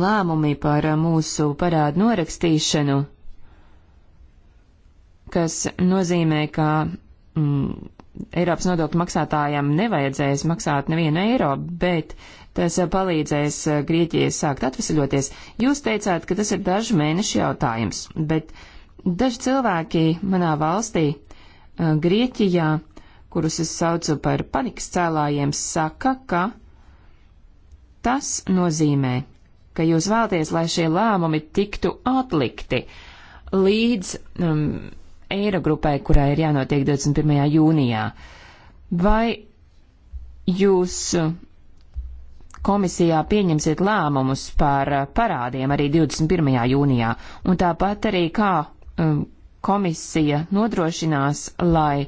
lēmumi par uh, mūsu parādu norakstīšanu, kas nozīmē, ka mm, Eiropas nodokļu maksātājiem nevajadzēs maksāt nevienu eiro, bet tas uh, palīdzēs uh, Grieķijai sākt atvesaļoties. Jūs teicāt, ka tas ir dažu mēnešu jautājums, bet Daži cilvēki manā valstī, Grieķijā, kurus es saucu par panikas cēlājiem, saka, ka tas nozīmē, ka jūs vēlaties, lai šie lēmumi tiktu atlikti līdz um, Eirogrupai, kurai ir jānotiek 21. jūnijā. Vai jūs komisijā pieņemsiet lēmumus par parādiem arī 21. jūnijā, un tāpat arī kā um, komisija nodrošinās, lai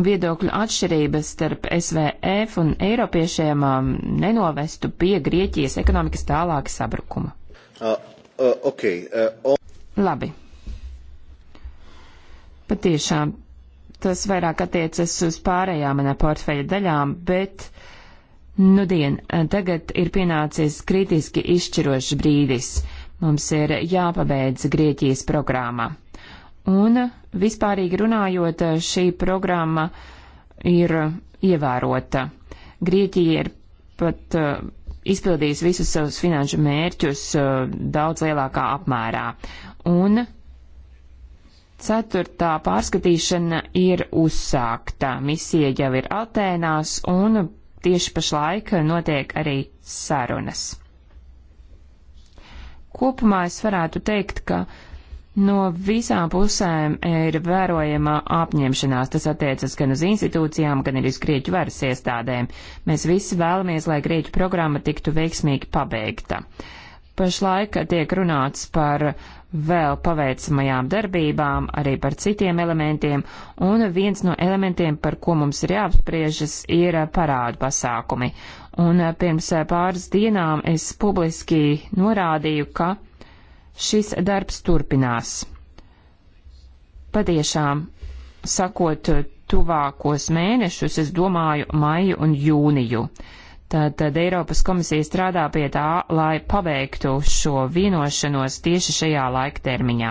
viedokļu atšķirības starp SVF un Eiropiešiem um, nenovestu pie Grieķijas ekonomikas tālāka sabrukuma? Uh, uh, okay, uh, on... Labi. Patiešām tas vairāk attiecas uz pārējām manā portfeļa daļām, bet, nu dien, tagad ir pienācis kritiski izšķirošs brīdis. Uh, Mums ir jāpabeidz Grieķijas programma. Un vispārīgi runājot, šī programma ir ievērota. Grieķija ir pat uh, izpildījusi visus savus finanšu mērķus uh, daudz lielākā apmērā. Un ceturtā pārskatīšana ir uzsākta. Misija jau ir Atēnās un tieši pašlaik notiek arī sarunas. Kopumā es varētu teikt, ka no visām pusēm ir vērojama apņemšanās. Tas attiecas gan uz institūcijām, gan arī uz Grieķu varas iestādēm. Mēs visi vēlamies, lai Grieķu programma tiktu veiksmīgi pabeigta. Pašlaik tiek runāts par uh, vēl paveicamajām darbībām, arī par citiem elementiem, un viens no elementiem, par ko mums ir jāapspriežas, ir parādu pasākumi. Un eh, pirms eh, pāris dienām es publiski norādīju, ka šis darbs turpinās. Patiešām, sakot, tuvākos mēnešus, es domāju, maiju un jūniju. Uh, Tātad Eiropas komisija strādā pie tā, lai paveiktu šo vienošanos tieši šajā laika termiņā.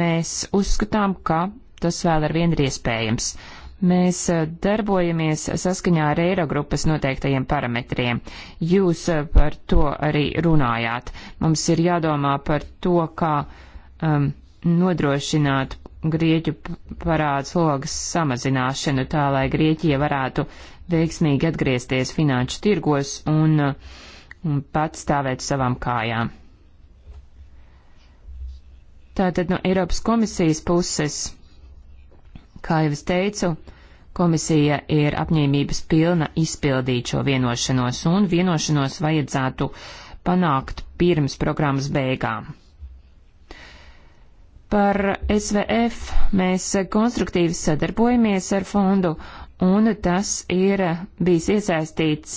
Mēs uzskatām, ka tas vēl ar vien ir iespējams. Mēs eh, darbojamies saskaņā ar Eirogrupas noteiktajiem parametriem. Jūs eh, par to arī runājāt. Mums ir jādomā par to, kā um, nodrošināt Grieķu parāds logas samazināšanu tā, lai Grieķija varētu veiksmīgi atgriezties finanšu tirgos un, un pats stāvēt savām kājām. Tātad no Eiropas komisijas puses, kā jau es teicu, komisija ir apņēmības pilna izpildīt šo vienošanos, un vienošanos vajadzētu panākt pirms programmas beigām. Par SVF mēs konstruktīvi sadarbojamies ar fondu un tas ir bijis iesaistīts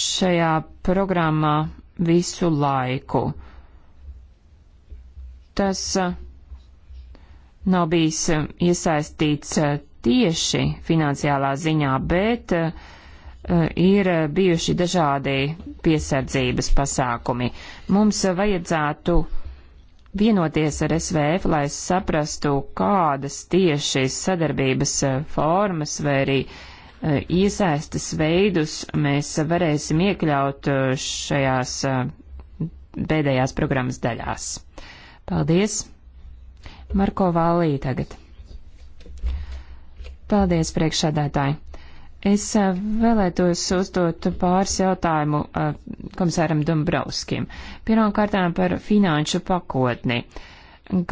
šajā programmā visu laiku. Tas uh, nav bijis uh, iesaistīts uh, tieši finansiālā ziņā, bet ir bijuši dažādi piesardzības pasākumi. Mums vajadzētu uh, vienoties ar SVF, lai saprastu, kādas tieši sadarbības e, formas vai arī e, iesaistas veidus mēs varēsim iekļaut e, šajās pēdējās programmas daļās. Paldies! Marko Vālī tagad. Paldies, priekšsādātāji! Es vēlētos uzdot pāris jautājumu komisāram Dombrovskim. Pirmkārtām par finanšu pakotni.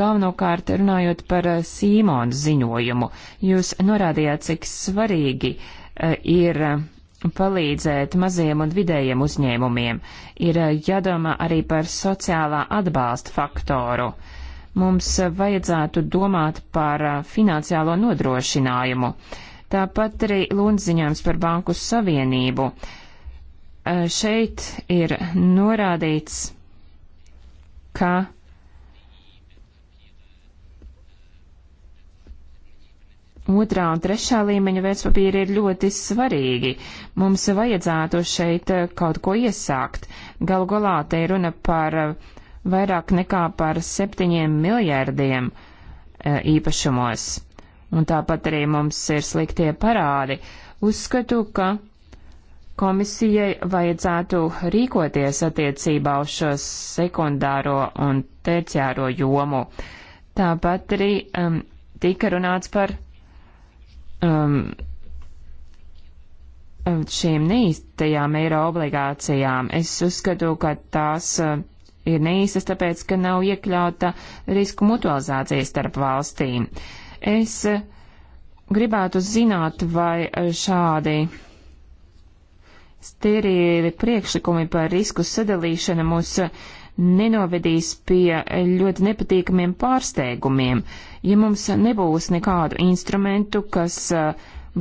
Galvenokārt runājot par Sīmonu ziņojumu, jūs norādījāt, cik svarīgi ir palīdzēt maziem un vidējiem uzņēmumiem, ir jādomā arī par sociālā atbalsta faktoru. Mums vajadzētu domāt par finansiālo nodrošinājumu. Tāpat arī lūdziņojums par Banku Savienību. Šeit ir norādīts, ka Otrā un trešā līmeņa vērtspapīri ir ļoti svarīgi. Mums vajadzētu šeit kaut ko iesākt. Galu galā te ir runa par vairāk nekā par septiņiem miljārdiem īpašumos un tāpat arī mums ir sliktie parādi, uzskatu, ka komisijai vajadzētu rīkoties attiecībā uz šo sekundāro un terciāro jomu. Tāpat arī um, tika runāts par um, um šīm neīstajām eiro obligācijām. Es uzskatu, ka tās. Uh, ir neīsas, tāpēc, ka nav iekļauta risku mutualizācija starp valstīm. Uh, Es eh, gribētu zināt, vai eh, šādi sterīli priekšlikumi par risku sadalīšanu mūs eh, nenovedīs pie ļoti nepatīkamiem pārsteigumiem, ja mums nebūs nekādu instrumentu, kas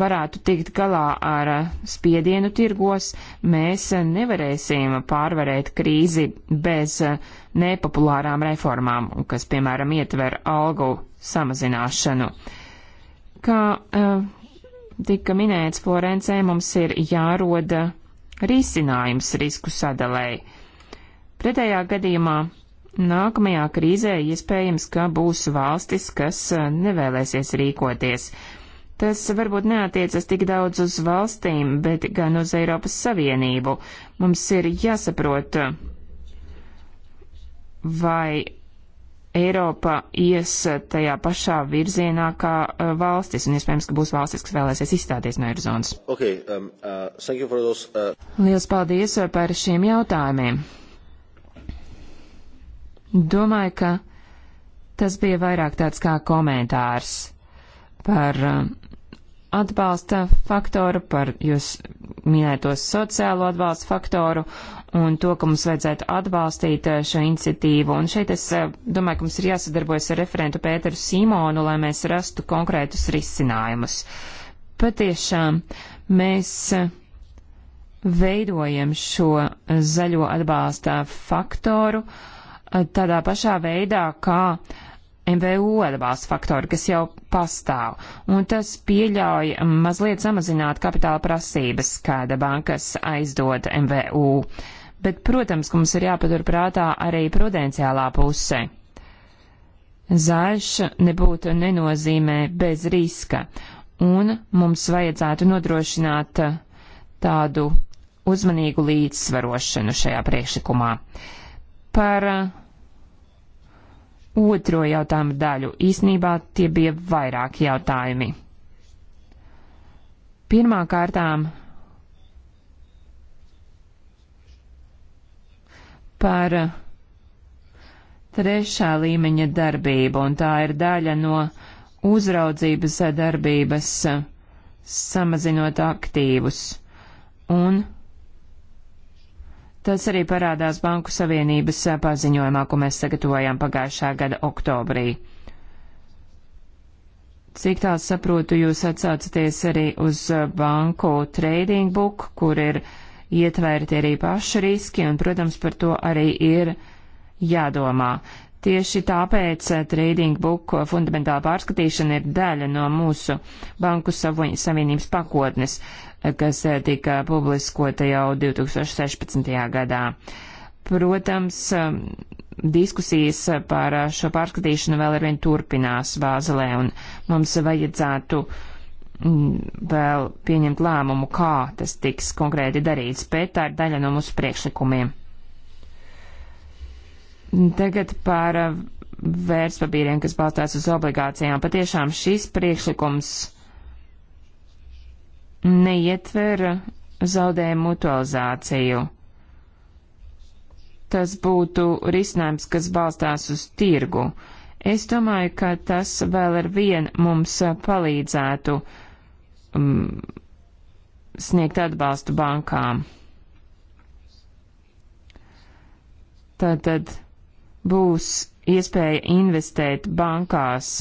varētu tikt galā ar spiedienu tirgos, mēs nevarēsim pārvarēt krīzi bez nepopulārām reformām, kas, piemēram, ietver algu samazināšanu. Kā eh, tika minēts Florencē, mums ir jāroda risinājums risku sadalēji. Pretējā gadījumā nākamajā krīzē iespējams, ka būs valstis, kas eh, nevēlēsies rīkoties. Tas varbūt neatiecas tik daudz uz valstīm, bet gan uz Eiropas Savienību. Mums ir jāsaprot, vai Eiropa ies eh, tajā pašā virzienā kā eh, valstis, un iespējams, ka būs valstis, kas vēlēsies izstāties no Eirozonas. Okay, um, uh, those, uh... Lielas paldies eh, par šiem jautājumiem. Domāju, ka tas bija vairāk tāds kā komentārs par atbalsta faktoru, par jūs minēto sociālo atbalsta faktoru un to, ka mums vajadzētu atbalstīt eh, šo iniciatīvu. Un šeit es eh, domāju, ka mums ir jāsadarbojas ar referentu Pēteru Simonu, lai mēs rastu konkrētus risinājumus. Patiešām mēs eh, veidojam šo zaļo atbalsta faktoru tādā pašā veidā, kā MVU atbalsta faktori, kas jau pastāv, un tas pieļauj mazliet samazināt kapitāla prasības, kāda bankas aizdod MVU. Uh, bet, protams, ka mums ir jāpatur prātā arī prudenciālā puse. Zaļš nebūtu nenozīmē bez riska, un mums vajadzētu nodrošināt tādu uzmanīgu līdzsvarošanu šajā priekšlikumā. Par uh, otro jautājumu daļu īsnībā tie bija vairāki jautājumi. Pirmā kārtām par eh, trešā līmeņa darbību, un tā ir daļa no uzraudzības darbības eh, samazinot aktīvus. Un tas arī parādās Banku Savienības eh, paziņojumā, ko mēs sagatavojām pagājušā gada oktobrī. Cik tā saprotu, jūs atsācaties arī uz banku trading book, kur ir uh, ietverti arī paši riski, un, protams, par to arī ir jādomā. Tieši tāpēc eh, trading book fundamentāla pārskatīšana ir daļa no mūsu banku savienības pakotnes, eh, kas eh, tika publiskota jau 2016. gadā. Protams, diskusijas par šo pārskatīšanu vēl arvien turpinās Bāzelē, un mums vajadzētu uh, Mm, vēl pieņemt lēmumu, kā tas tiks konkrēti darīts, bet tā ir daļa no mūsu priekšlikumiem. Tagad par uh, vērtspapīriem, kas balstās uz obligācijām. Patiešām šis priekšlikums neietver zaudējumu mutualizāciju. Tas būtu risinājums, kas balstās uz tirgu. Es domāju, ka tas vēl ar vien mums palīdzētu uh, um, sniegt atbalstu bankām. Tātad būs iespēja investēt bankās.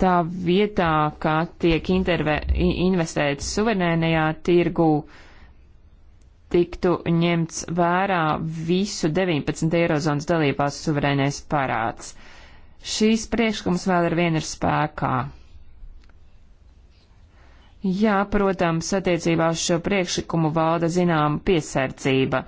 Tā vietā, kā tiek interve, investēts suverēnajā tirgū, tiktu ņemts vērā visu 19 eirozonas dalībās suverēnais parāds. Uh, šīs priekšlikums vēl ar vienu ir spēkā. Jā, protams, attiecībā uz šo priekšlikumu valda zināma piesardzība.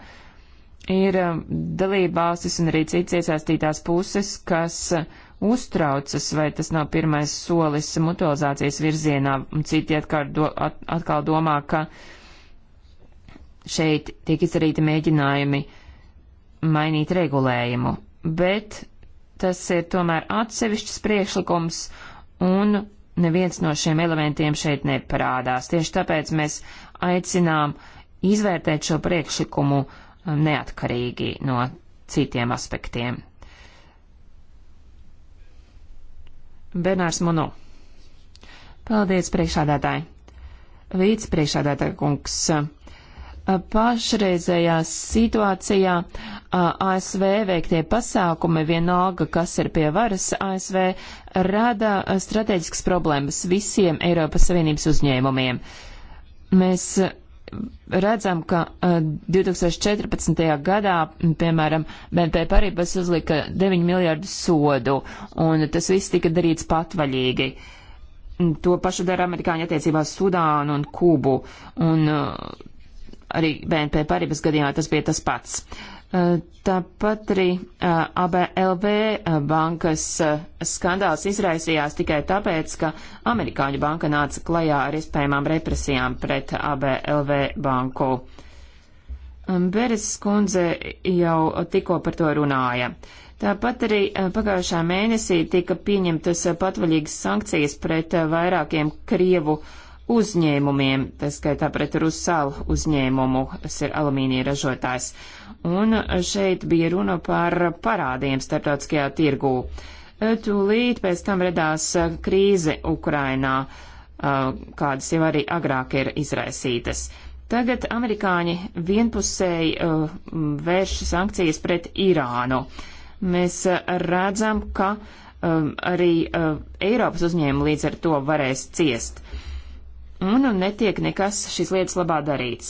Ir um, dalībvalstis un arī cits iesaistītās puses, kas uh, uztraucas, vai tas nav pirmais solis mutualizācijas virzienā, un citi atkal, do, at, atkal domā, ka šeit tiek izdarīti mēģinājumi mainīt regulējumu. Bet tas ir tomēr atsevišķs priekšlikums, un neviens no šiem elementiem šeit neparādās. Tieši tāpēc mēs aicinām izvērtēt šo priekšlikumu um, neatkarīgi no citiem aspektiem. Bernārs Monu. Paldies, priekšādātāji. Vīts priekšādātāja kungs pašreizējā situācijā ASV veiktie pasākumi, vienalga, kas ir pie varas ASV, rada strateģiskas problēmas visiem Eiropas Savienības uzņēmumiem. Mēs redzam, ka 2014. gadā, piemēram, BNP Paribas uzlika 9 miljārdu sodu, un tas viss tika darīts patvaļīgi. To pašu dara amerikāņi attiecībā uz Sudānu un Kubu. Un, uh, Arī BNP Paribas gadījumā tas bija tas pats. Tāpat arī ABLV bankas skandāls izraisījās tikai tāpēc, ka amerikāņu banka nāca klajā ar iespējamām represijām pret ABLV banku. Beres skundze jau tikko par to runāja. Tāpat arī pagājušā mēnesī tika pieņemtas patvaļīgas sankcijas pret vairākiem Krievu uh, uzņēmumiem, tā skaitā pret Rusal uzņēmumu, kas ir alumīnija ražotājs. Un šeit bija runa par parādiem starptautiskajā tirgū. Tūlīt pēc tam redās krīze Ukrainā, kādas jau arī agrāk ir izraisītas. Tagad amerikāņi vienpusēji vērš sankcijas pret Irānu. Mēs redzam, ka arī Eiropas uzņēmumi līdz ar to varēs ciest un netiek nekas šīs lietas labā darīts.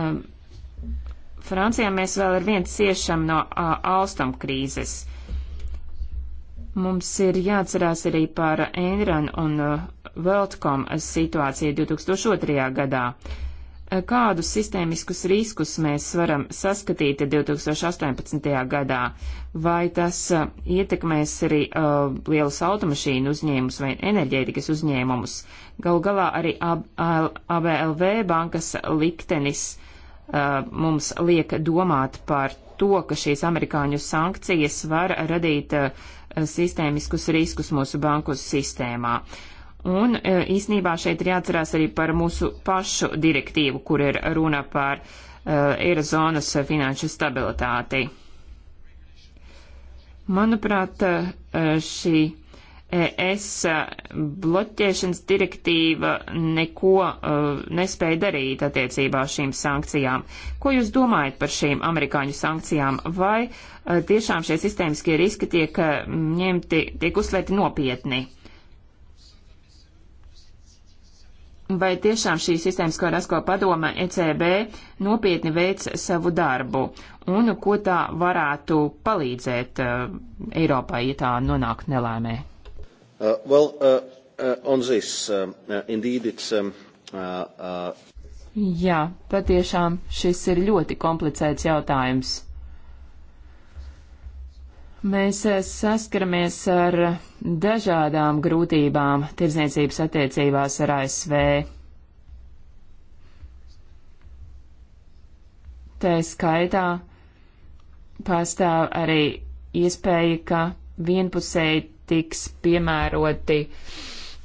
Um, Francijā mēs vēl ar viens ciešam no uh, alstam krīzes. Mums ir jāatcerās arī par Enron un uh, Weltcom situāciju 2002. gadā. Uh, kādus sistēmiskus riskus mēs varam saskatīt 2018. gadā, vai tas ietekmēs arī uh, lielus automašīnu uzņēmumus vai enerģētikas uzņēmumus. Galu galā arī ABLV bankas liktenis uh, mums liek domāt par to, ka šīs amerikāņu sankcijas var radīt uh, sistēmiskus riskus mūsu banku sistēmā. Uh, Un e, īsnībā šeit ir jāatcerās arī par mūsu pašu direktīvu, kur ir runa par uh, Eirozonas finanšu stabilitāti. Manuprāt, e, šī ES bloķēšanas direktīva neko uh, nespēja darīt attiecībā uz šīm sankcijām. Ko jūs domājat par šīm amerikāņu sankcijām? Vai uh, tiešām šie sistēmiskie riski tiek ņemti, tiek uzsvērti nopietni? Uh, vai tiešām šī sistēmas, ko rasko padoma ECB, nopietni veic savu darbu, un ko tā varētu palīdzēt uh, eh, Eiropai, ja tā nonāk nelēmē? Uh, well, uh, uh, on this, um, uh, indeed, it's, um, uh, uh... Jā, patiešām šis ir ļoti komplicēts jautājums. Mēs eh, saskaramies ar dažādām grūtībām tirdzniecības attiecībās ar ASV. Tā skaitā pastāv arī iespēja, ka vienpusēji tiks piemēroti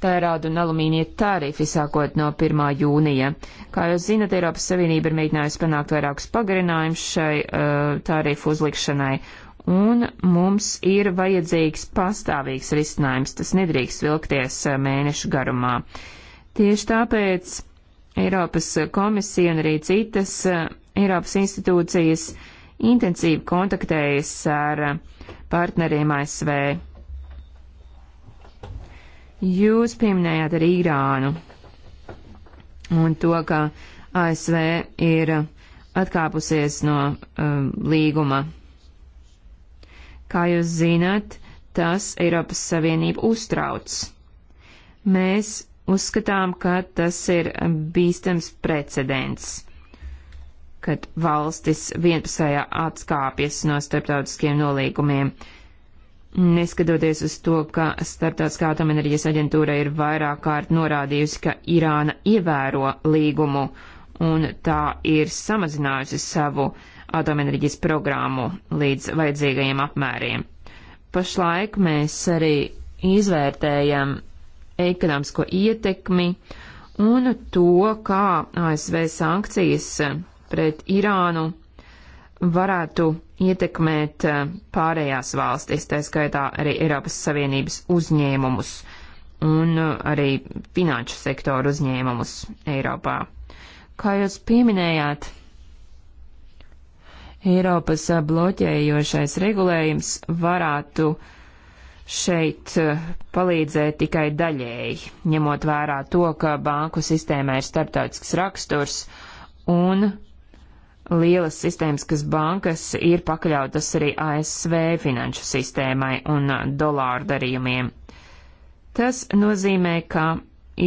tērauda un alumīnija tarifi sākot no 1. jūnija. Kā jūs zinat, Eiropas Savienība ir mēģinājusi panākt vairākus pagarinājumus šai uh, tarifu uzlikšanai, un mums ir vajadzīgs pastāvīgs risinājums. Tas nedrīkst vilkties eh, mēnešu garumā. Tieši tāpēc Eiropas komisija un arī citas eh, Eiropas institūcijas intensīvi kontaktējas ar eh, partneriem ASV. Jūs pieminējāt arī Irānu un to, ka ASV ir atkāpusies no um, līguma Kā jūs zināt, tas Eiropas Savienību uztrauc. Mēs uzskatām, ka tas ir bīstams precedents, kad valstis vienpusējā atskāpjas no starptautiskiem nolīgumiem. Neskatoties uz to, ka Startautiskā atomenerģijas aģentūra ir vairāk kārt norādījusi, ka Irāna ievēro līgumu un tā ir samazinājusi savu uh, atomenerģijas programmu līdz vajadzīgajiem apmēriem. Pašlaik mēs arī izvērtējam ekonomisko ietekmi un to, kā ASV sankcijas pret Irānu varētu ietekmēt eh, pārējās valstis, tā skaitā arī Eiropas Savienības uzņēmumus un eh, arī finanšu sektoru uzņēmumus Eiropā. Kā jūs pieminējāt, Eiropas eh, bloķējošais regulējums varētu šeit eh, palīdzēt tikai daļēji, ņemot vērā to, ka banku sistēmā ir starptautisks raksturs un lielas sistēmas, kas bankas ir pakļautas arī ASV finanšu sistēmai un eh, dolāru darījumiem. Tas nozīmē, ka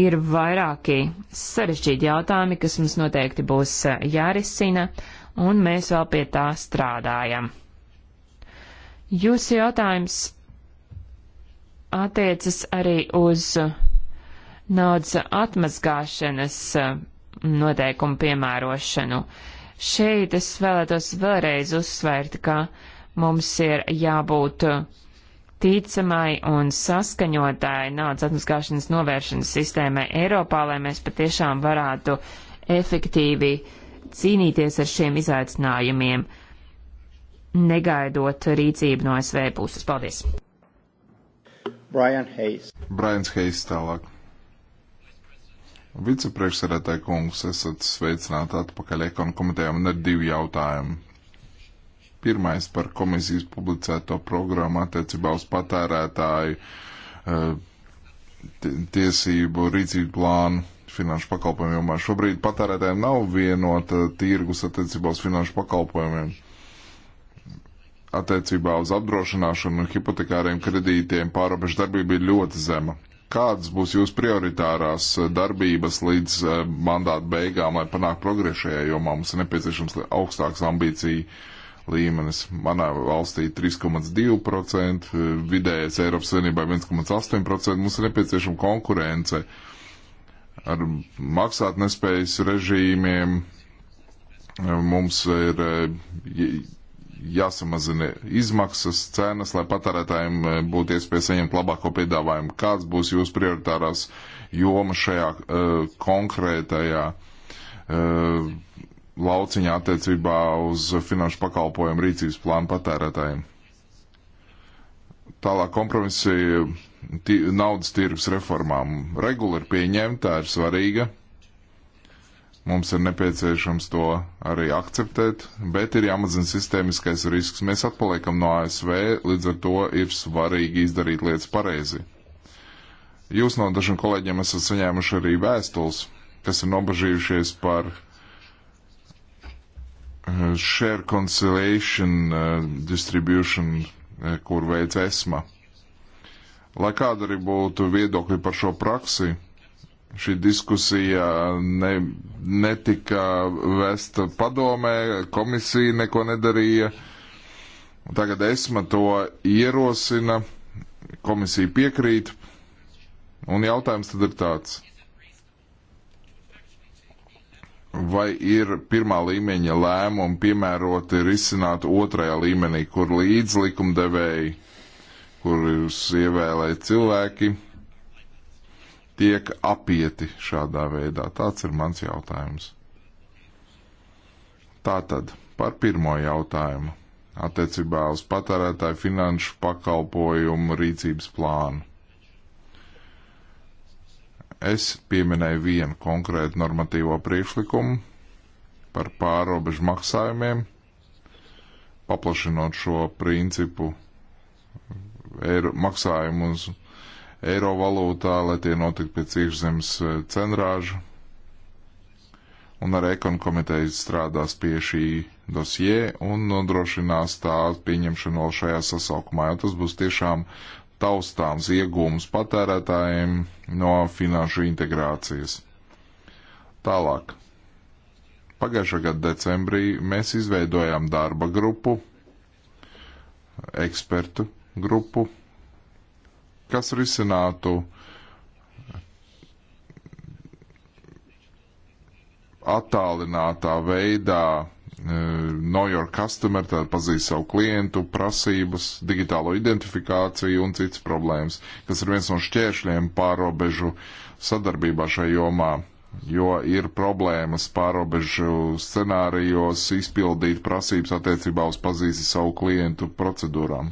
ir vairāki sarežģīti jautājumi, kas mums noteikti būs jārisina. Uh, un mēs vēl pie tā strādājam. Jūsu jautājums attiecas arī uz naudas atmazgāšanas uh, noteikumu piemērošanu. Šeit es vēlētos vēlreiz uzsvērt, ka mums ir jābūt uh, ticamai un saskaņotai naudas atmaskāšanas novēršanas sistēmai Eiropā, lai mēs patiešām varētu efektīvi uh, cīnīties ar šiem izaicinājumiem, negaidot rīcību no SV puses. Paldies! Brian Hayes. Brians Hayes tālāk. Vicepriekšsēdētāji kungs, esat sveicināti atpakaļ ekonomikas komitejām un ir divi jautājumi. Pirmais par komisijas publicēto programmu attiecībā uz patērētāju uh, tiesību rīcību plānu finanšu pakalpojumu jomā. Šobrīd patērētājiem nav vienota tirgus attiecībā uz finanšu pakalpojumiem. Attiecībā uz apdrošināšanu un hipotekāriem kredītiem pārobežu darbība ir ļoti zema. Kādas būs jūsu prioritārās darbības līdz eh, mandāta beigām, lai panāktu progresu šajā jomā? Mums ir nepieciešams augstāks ambīciju līmenis. Manā valstī 3,2%, eh, vidējais Eiropas Savienībā 1,8%. Mums ir nepieciešama konkurence. Uh, ar maksātnespējas režīmiem mums ir eh, jāsamazina izmaksas, cenas, lai patērētājiem eh, būtu iespēja saņemt labāko piedāvājumu. Kāds būs jūsu prioritārās jomas šajā uh, konkrētajā uh, lauciņā attiecībā uz finanšu pakalpojumu rīcības plānu patērētājiem? Tālāk kompromisi naudas tirgus reformām. Regula ir pieņemta, tā ir svarīga. Mums ir nepieciešams to arī akceptēt, bet ir jāmazina sistēmiskais risks. Mēs atpaliekam no ASV, līdz ar to ir svarīgi izdarīt lietas pareizi. Jūs no dažiem kolēģiem esat saņēmuši arī vēstules, kas ir nobažījušies par eh, share conciliation eh, distribution, eh, kur veic ESMA. Lai kāda arī būtu viedokļi par šo praksi, šī diskusija ne, netika vesta padomē, komisija neko nedarīja. Tagad esma to ierosina, komisija piekrīt, un jautājums tad ir tāds. Vai ir pirmā līmeņa lēmumi piemēroti risināt otrajā līmenī, kur līdz likumdevēji kurus ievēlē cilvēki, tiek apieti šādā veidā? Tāds ir mans jautājums. Tātad par pirmo jautājumu attiecībā uz patērētāju finanšu pakalpojumu rīcības plānu. Es pieminēju vienu konkrētu normatīvo priekšlikumu par pārobežu maksājumiem, paplašinot šo principu eiro, maksājumu uz eiro valūtā, lai tie notiktu pēc iekšzemes eh, cenrāžu. Un ar ekonu komiteju strādās pie šī dosie un nodrošinās tā pieņemšanu vēl šajā sasaukumā, jo tas būs tiešām taustāms iegūms patērētājiem no finanšu integrācijas. Tālāk. Pagājušā gada decembrī mēs izveidojām darba grupu ekspertu grupu, kas risinātu attālinātā veidā e, know your customer, tad pazīst savu klientu, prasības, digitālo identifikāciju un citas problēmas, kas ir viens no šķēršļiem pārobežu sadarbībā šajā jomā, jo ir problēmas pārobežu scenārijos izpildīt prasības attiecībā uz pazīsti savu klientu procedūrām.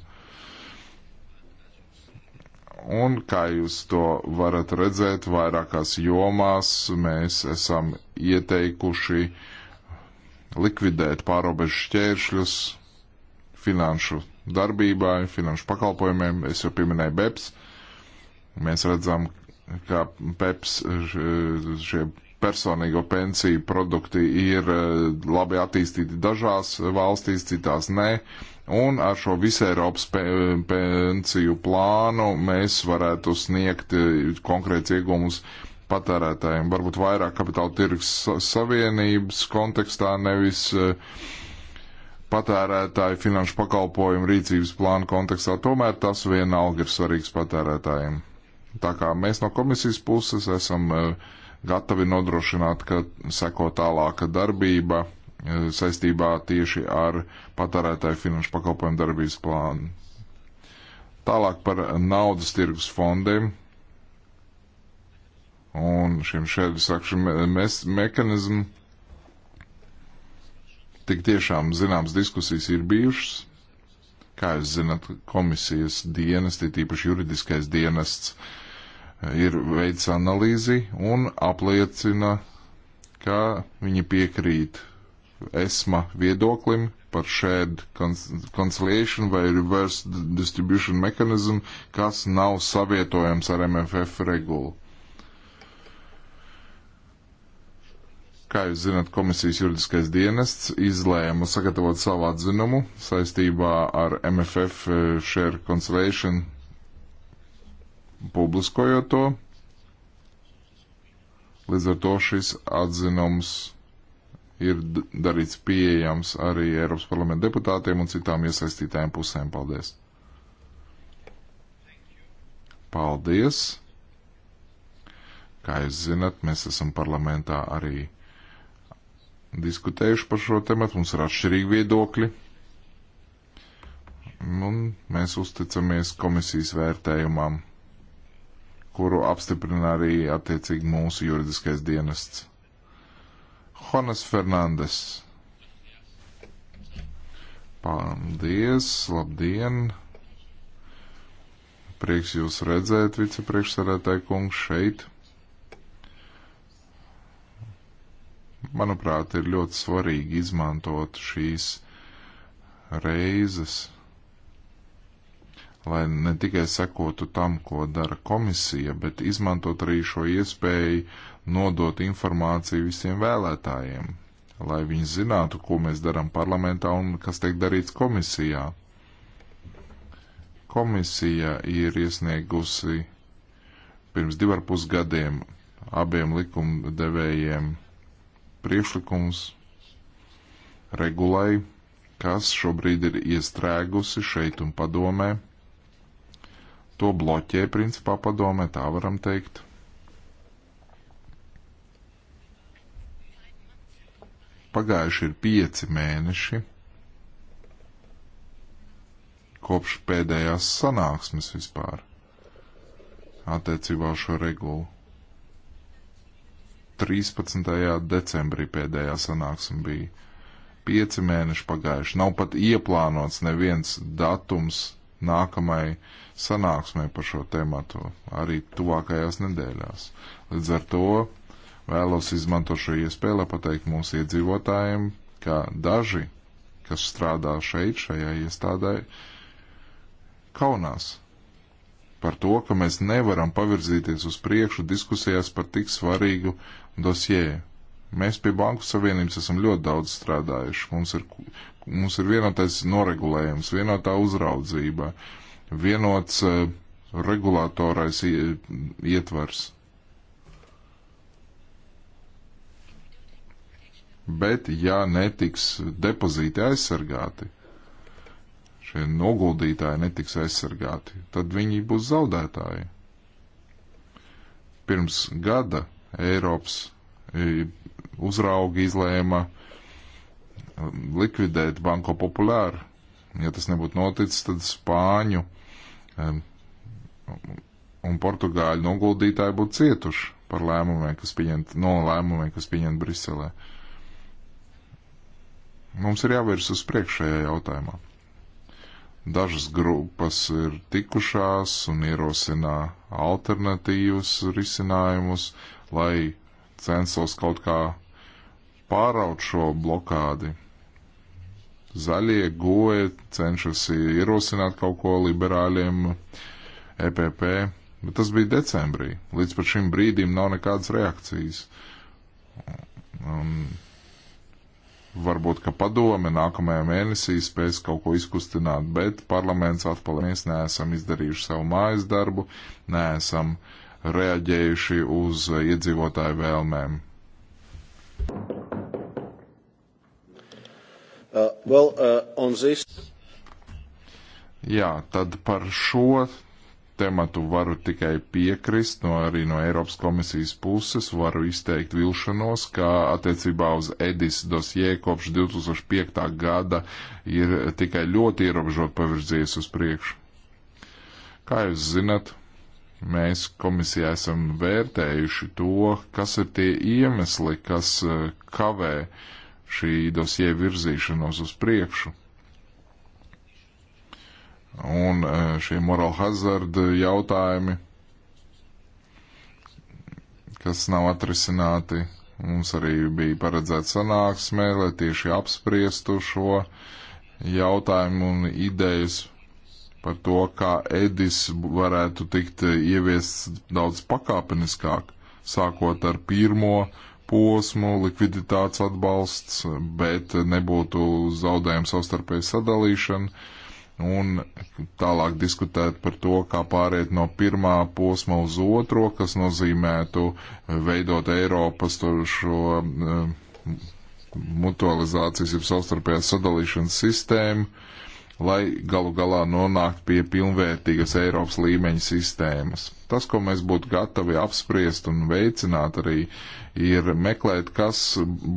Un, kā jūs to varat redzēt, vairākās jomās mēs esam ieteikuši likvidēt pārobežu šķēršļus finanšu darbībai, finanšu pakalpojumiem. Es jau pieminēju BEPS. Mēs redzam, ka PEPS šie personīgo pensiju produkti ir eh, labi attīstīti dažās valstīs, citās nē. Un ar šo visu Eiropas pe pensiju plānu mēs varētu sniegt eh, konkrēts iegūmus patērētājiem. Varbūt vairāk kapitāla tirgus savienības kontekstā nevis eh, patērētāju finanšu pakalpojumu rīcības plānu kontekstā. Tomēr tas vienalga ir svarīgs patērētājiem. Tā kā mēs no komisijas puses esam uh, gatavi nodrošināt, ka seko tālāka darbība e, saistībā tieši ar patērētāju finanšu pakalpojumu darbības plānu. Tālāk par naudas tirgus fondiem un šiem šādu sakšu me me mekanizmu. Tik tiešām zināmas diskusijas ir bijušas. Kā jūs zinat, komisijas dienesti, tīpaši juridiskais dienests, uh, ir veids analīzi un apliecina, ka viņi piekrīt ESMA viedoklim par shared conciliation vai reverse distribution mechanism, kas nav savietojams ar MFF regulu. Kā jūs zināt, komisijas juridiskais dienests izlēma sagatavot savu atzinumu saistībā ar MFF eh, share conciliation publiskojot to. Līdz ar to šis atzinums ir darīts pieejams arī Eiropas parlamenta deputātiem un citām iesaistītājiem pusēm. Paldies! Paldies! Kā jūs zinat, mēs esam parlamentā arī diskutējuši par šo tematu, mums ir atšķirīgi viedokļi. Un mēs uzticamies komisijas vērtējumam kuru apstiprina arī attiecīgi mūsu juridiskais dienests. Honas Fernandes. Paldies, labdien! Prieks jūs redzēt, vicepriekšsarētāji kungs, šeit. Manuprāt, ir ļoti svarīgi izmantot šīs reizes lai ne tikai sekotu tam, ko dara komisija, bet izmantot arī šo iespēju nodot informāciju visiem vēlētājiem, lai viņi zinātu, ko mēs darām parlamentā un kas tiek darīts komisijā. Komisija ir iesniegusi pirms divar pusgadiem abiem likumdevējiem priekšlikums regulai, kas šobrīd ir iestrēgusi šeit un padomē to bloķē principā padomē, tā varam teikt. Pagājuši ir pieci mēneši kopš pēdējās sanāksmes vispār attiecībā uz šo regulu. 13. decembrī pēdējā sanāksme bija. Pieci mēneši pagājuši. Nav pat ieplānots neviens datums nākamai sanāksmē par šo tematu arī tuvākajās nedēļās. Līdz ar to vēlos izmantot šo iespēju, lai pateikt mūsu iedzīvotājiem, ka daži, kas strādā šeit, šajā iestādē, kaunās par to, ka mēs nevaram pavirzīties uz priekšu diskusijās par tik svarīgu dosjē. Mēs pie Banku Savienības esam ļoti daudz strādājuši. Mums ir Mums ir vienotais noregulējums, vienotā uzraudzība, vienots eh, regulātorais ietvars. Bet, ja netiks depozīti aizsargāti, šie noguldītāji netiks aizsargāti, tad viņi būs zaudētāji. Pirms gada Eiropas eh, uzraugi izlēma likvidēt Banko Populāru. Ja tas nebūtu noticis, tad Spāņu un Portugāļu noguldītāji būtu cietuši par lēmumiem, kas pieņemt, no lēmumiem, kas pieņemt Briselē. Mums ir jāvirs uz priekšējā jautājumā. Dažas grupas ir tikušās un ierosinā alternatīvas risinājumus, lai censos kaut kā pāraut šo blokādi. Zaļie goja cenšas ierosināt kaut ko liberāļiem EPP, bet tas bija decembrī. Līdz pat šim brīdim nav nekādas reakcijas. Un varbūt, ka padome nākamajā mēnesī spēs kaut ko izkustināt, bet parlaments atpaliek. Mēs neesam izdarījuši savu mājas darbu, neesam reaģējuši uz iedzīvotāju vēlmēm. Thank you. Uh, well, uh, on this... Jā, tad par šo tematu varu tikai piekrist, no arī no Eiropas komisijas puses varu izteikt vilšanos, ka attiecībā uz Edis dosie kopš 2005. gada ir tikai ļoti ierobežot pavirzījies uz priekšu. Kā jūs zinat, mēs komisijā esam vērtējuši to, kas ir tie iemesli, kas uh, kavē uh, šī dosie virzīšanos uz priekšu. Un e, šie moral hazard jautājumi, kas nav atrisināti, mums arī bija paredzēta sanāksmē, lai tieši apspriestu šo jautājumu un idejas par to, kā Edis varētu tikt ieviests daudz pakāpeniskāk, sākot ar pirmo uh, posmu, likviditātes atbalsts, bet nebūtu zaudējumu savstarpēju sadalīšanu un tālāk diskutēt par to, kā pāriet no pirmā posma uz otro, kas nozīmētu veidot Eiropas šo eh, mutualizācijas, jeb savstarpējās sadalīšanas sistēmu, lai galu galā nonāktu pie pilnvērtīgas Eiropas līmeņa sistēmas. Tas, ko mēs būtu gatavi apspriest un veicināt arī, ir meklēt, kas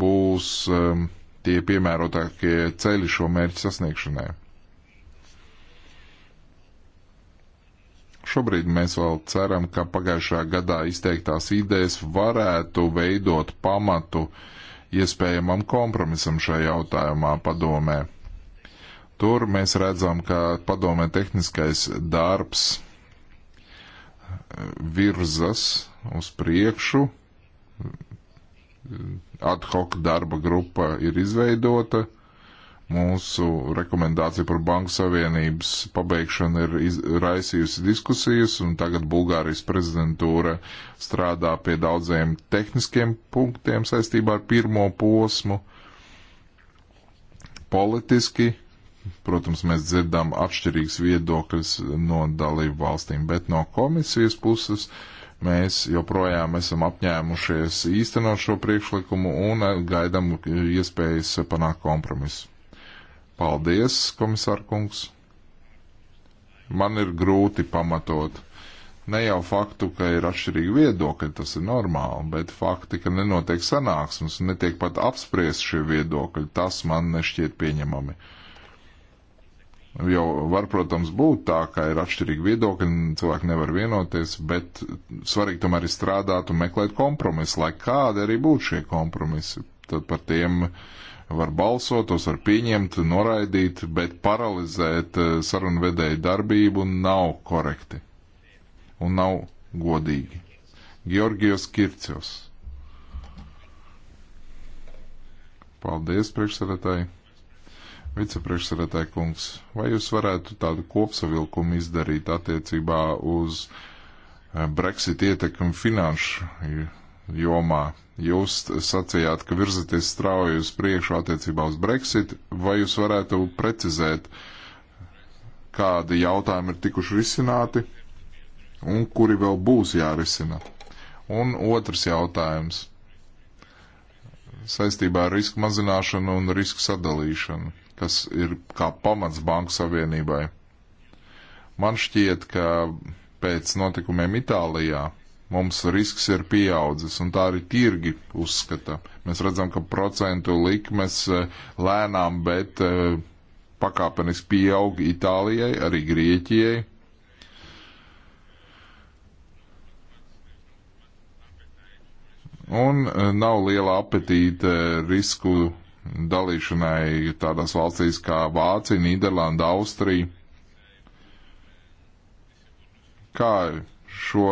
būs um, tie piemērotākie ceļi šo mērķu sasniegšanai. Šobrīd mēs vēl ceram, ka pagājušā gadā izteiktās idejas varētu veidot pamatu iespējamam kompromisam šajā jautājumā padomē Tur mēs redzam, ka padomē tehniskais darbs eh, virzas uz priekšu. Ad hoc darba grupa ir izveidota. Mūsu rekomendācija par Banku Savienības pabeigšanu ir iz, raisījusi diskusijas, un tagad Bulgārijas prezidentūra strādā pie daudziem tehniskiem punktiem saistībā ar pirmo posmu. Politiski Protams, mēs dzirdam atšķirīgs viedokļus no dalību valstīm, bet no komisijas puses mēs joprojām esam apņēmušies īstenot šo priekšlikumu un gaidam iespējas panākt kompromisu. Paldies, komisārkungs! Man ir grūti pamatot ne jau faktu, ka ir atšķirīgi viedokļi, tas ir normāli, bet fakti, ka nenotiek sanāksmes un netiek pat apspriest šie viedokļi, tas man nešķiet pieņemami. Jo var, protams, būt tā, ka ir atšķirīgi viedokļi, cilvēki nevar vienoties, bet svarīgi tomēr ir strādāt un meklēt kompromisu, lai kādi arī būtu šie kompromisi. Tad par tiem var balsot, tos var pieņemt, noraidīt, bet paralizēt eh, sarunvedēju darbību nav korekti un nav godīgi. Georgijos Kircijos. Paldies, priekšsēdētāji! Vicepriekšsarētāji kungs, vai jūs varētu tādu kopsavilkumu izdarīt attiecībā uz eh, Brexit ietekmi finanšu jomā? Jūs sacījāt, ka virzaties strauji uz priekšu attiecībā uz Brexit, vai jūs varētu precizēt, kādi jautājumi ir tikuši risināti un kuri vēl būs jārisina? Un otrs jautājums saistībā ar risku mazināšanu un risku sadalīšanu kas ir kā pamats Banku Savienībai. Man šķiet, ka pēc notikumiem Itālijā mums risks ir pieaudzis, un tā arī tirgi uzskata. Mēs redzam, ka procentu likmes e, lēnām, bet e, pakāpeniski pieaug Itālijai, arī Grieķijai. Un e, nav liela apetīte risku dalīšanai tādās valstīs kā Vācija, Nīderlanda, Austrija. Kā šo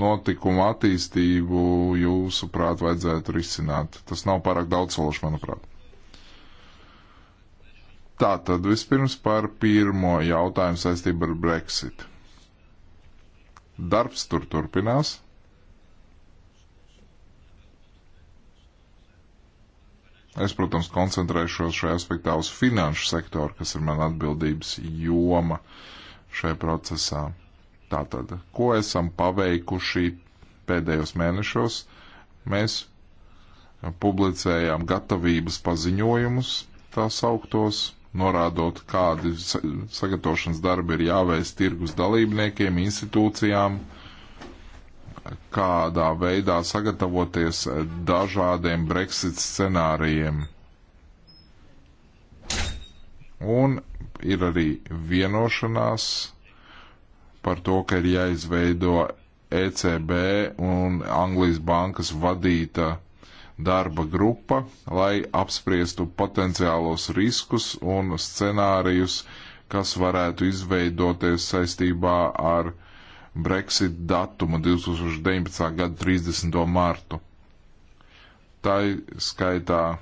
notikumu attīstību jūsuprāt vajadzētu risināt? Tas nav pārāk daudz sološi, manuprāt. Tā tad vispirms par pirmo jautājumu saistību ar Brexit. Darbs tur turpinās. Es, protams, koncentrēšos šajā aspektā uz finanšu sektoru, kas ir mana atbildības joma šajā procesā. Tātad, ko esam paveikuši pēdējos mēnešos? Mēs publicējām gatavības paziņojumus, tā sauktos, norādot, kādi sagatavošanas darbi ir jāveic tirgus dalībniekiem, institūcijām, uh, kādā veidā sagatavoties dažādiem Brexit scenārijiem. Un ir arī vienošanās par to, ka ir jāizveido ECB un Anglijas bankas vadīta darba grupa, lai apspriestu potenciālos riskus un scenārijus, kas varētu izveidoties saistībā ar uh, Brexit datuma 2019. gada 30. martu. Tā skaitā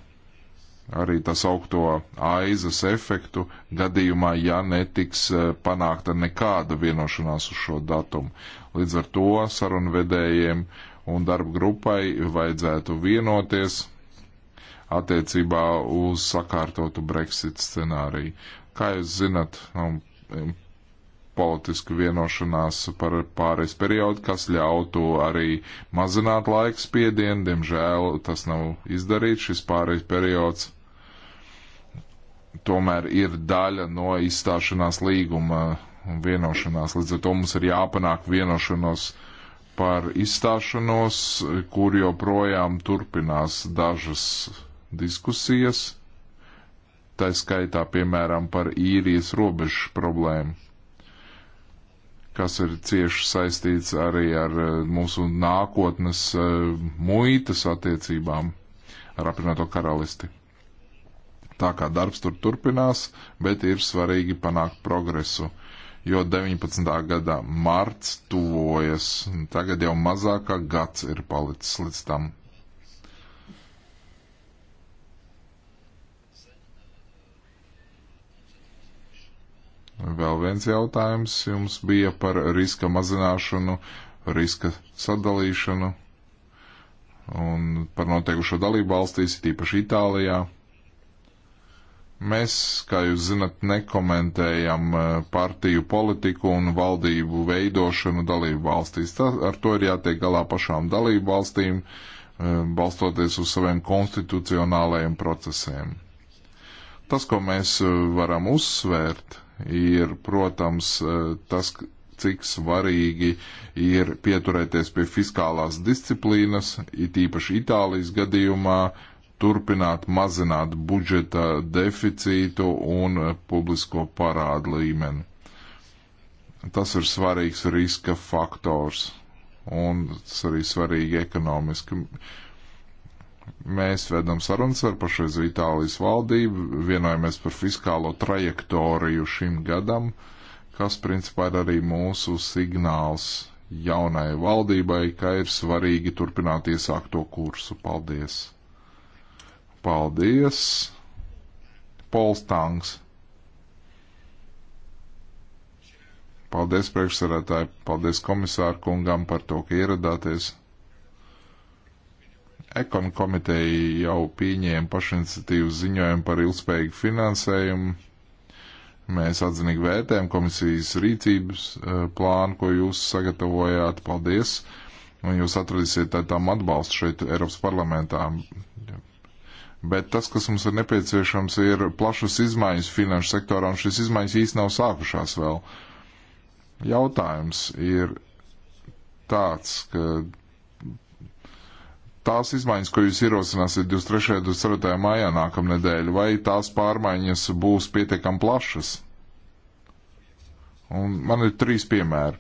arī tas augto aizas efektu gadījumā, ja netiks e, panākta nekāda vienošanās uz šo datumu. Līdz ar to sarunvedējiem un darba grupai vajadzētu vienoties attiecībā uz sakārtotu Brexit scenāriju. Kā jūs zinat, um, um, politisku vienošanās par pārejas periodu, kas ļautu arī mazināt laika spiedienu. Diemžēl tas nav izdarīts, šis pārejas periods tomēr ir daļa no izstāšanās līguma un vienošanās. Līdz ar to mums ir jāpanāk vienošanos par izstāšanos, kur joprojām turpinās dažas diskusijas, tā skaitā, piemēram, par īrijas robežu problēmu kas ir cieši saistīts arī ar eh, mūsu nākotnes eh, muitas attiecībām ar apvienoto karalisti. Tā kā darbs tur turpinās, bet ir svarīgi panākt progresu, jo 19. gada marts tuvojas, tagad jau mazākā gads ir palicis līdz tam. Vēl viens jautājums jums bija par riska mazināšanu, riska sadalīšanu un par noteikušo dalību valstīs, tīpaši Itālijā. Mēs, kā jūs zinat, nekomentējam eh, partiju politiku un valdību veidošanu dalību valstīs. Tā, ar to ir jātiek galā pašām dalību valstīm, eh, balstoties uz saviem konstitucionālajiem procesiem. Tas, ko mēs eh, varam uzsvērt, ir, protams, e, tas, cik svarīgi ir pieturēties pie fiskālās disciplīnas, it īpaši Itālijas gadījumā, turpināt mazināt budžeta deficītu un e, publisko parādu līmeni. Tas ir svarīgs riska faktors un tas arī svarīgi ekonomiski. Uh, Mēs vedam sarunas ar pašreiz Itālijas valdību, vienojamies par fiskālo trajektoriju šim gadam, kas principā ir arī mūsu signāls jaunai valdībai, ka ir svarīgi turpināt iesākto kursu. Paldies! Paldies! Pols Tanks! Paldies priekšsarētāji, paldies komisāru kungam par to, ka ieradāties. Ekon komiteja jau pieņēma pašiniciatīvu ziņojumu par ilgspējīgu finansējumu. Mēs atzinīgi vērtējam komisijas rīcības e, plānu, ko jūs sagatavojāt. Paldies! Un jūs atradīsiet tam atbalstu šeit Eiropas parlamentā. Bet tas, kas mums ir nepieciešams, ir plašas izmaiņas finanšu sektorā, un šīs izmaiņas īsti nav sākušās vēl. Jautājums ir tāds, ka tās izmaiņas, ko jūs ierosināsiet 23. un 24. maijā nākamnedēļ, vai tās pārmaiņas būs pietiekam plašas? Un man ir trīs piemēri.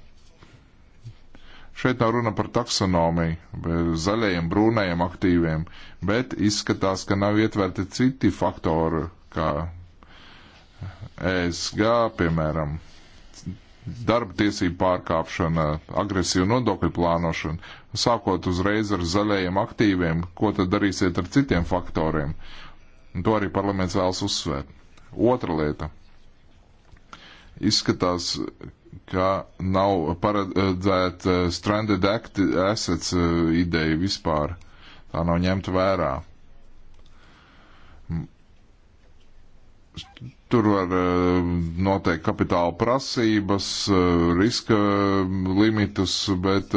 Šeit nav runa par taksonomiju, zaļajiem, brūnajiem aktīviem, bet izskatās, ka nav ietverti citi faktori, kā ESG, piemēram, darba tiesību pārkāpšana, agresīva nodokļu plānošana, sākot uzreiz ar zaļajiem aktīviem, ko tad darīsiet ar citiem faktoriem. Un to arī parlaments vēlas uzsvērt. Otra lieta. Izskatās, ka nav paredzēta eh, stranded assets eh, ideja vispār. Tā nav ņemta vērā Tur var eh, noteikt kapitāla prasības, eh, riska eh, limitus, bet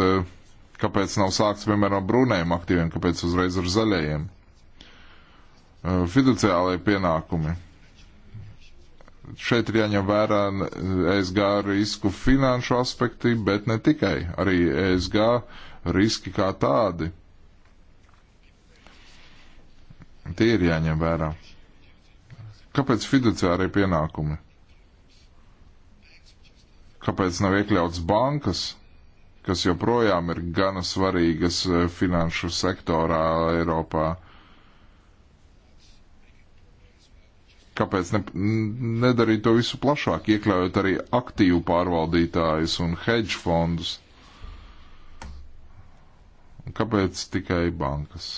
kāpēc nav sākts, piemēram, ar brūnējiem aktīviem, kāpēc uzreiz ar zaļajiem? Fiduciālajie pienākumi. Šeit ir jāņem vērā ESG risku finanšu aspekti, bet ne tikai, arī ESG riski kā tādi. Tie ir jāņem vērā. Kāpēc fiduciārie pienākumi? Kāpēc nav iekļauts bankas, kas joprojām ir gana svarīgas e, finanšu sektorā Eiropā? Kāpēc ne, nedarīt to visu plašāk, iekļaujot arī aktīvu pārvaldītājus un hedge fondus? Kāpēc tikai bankas?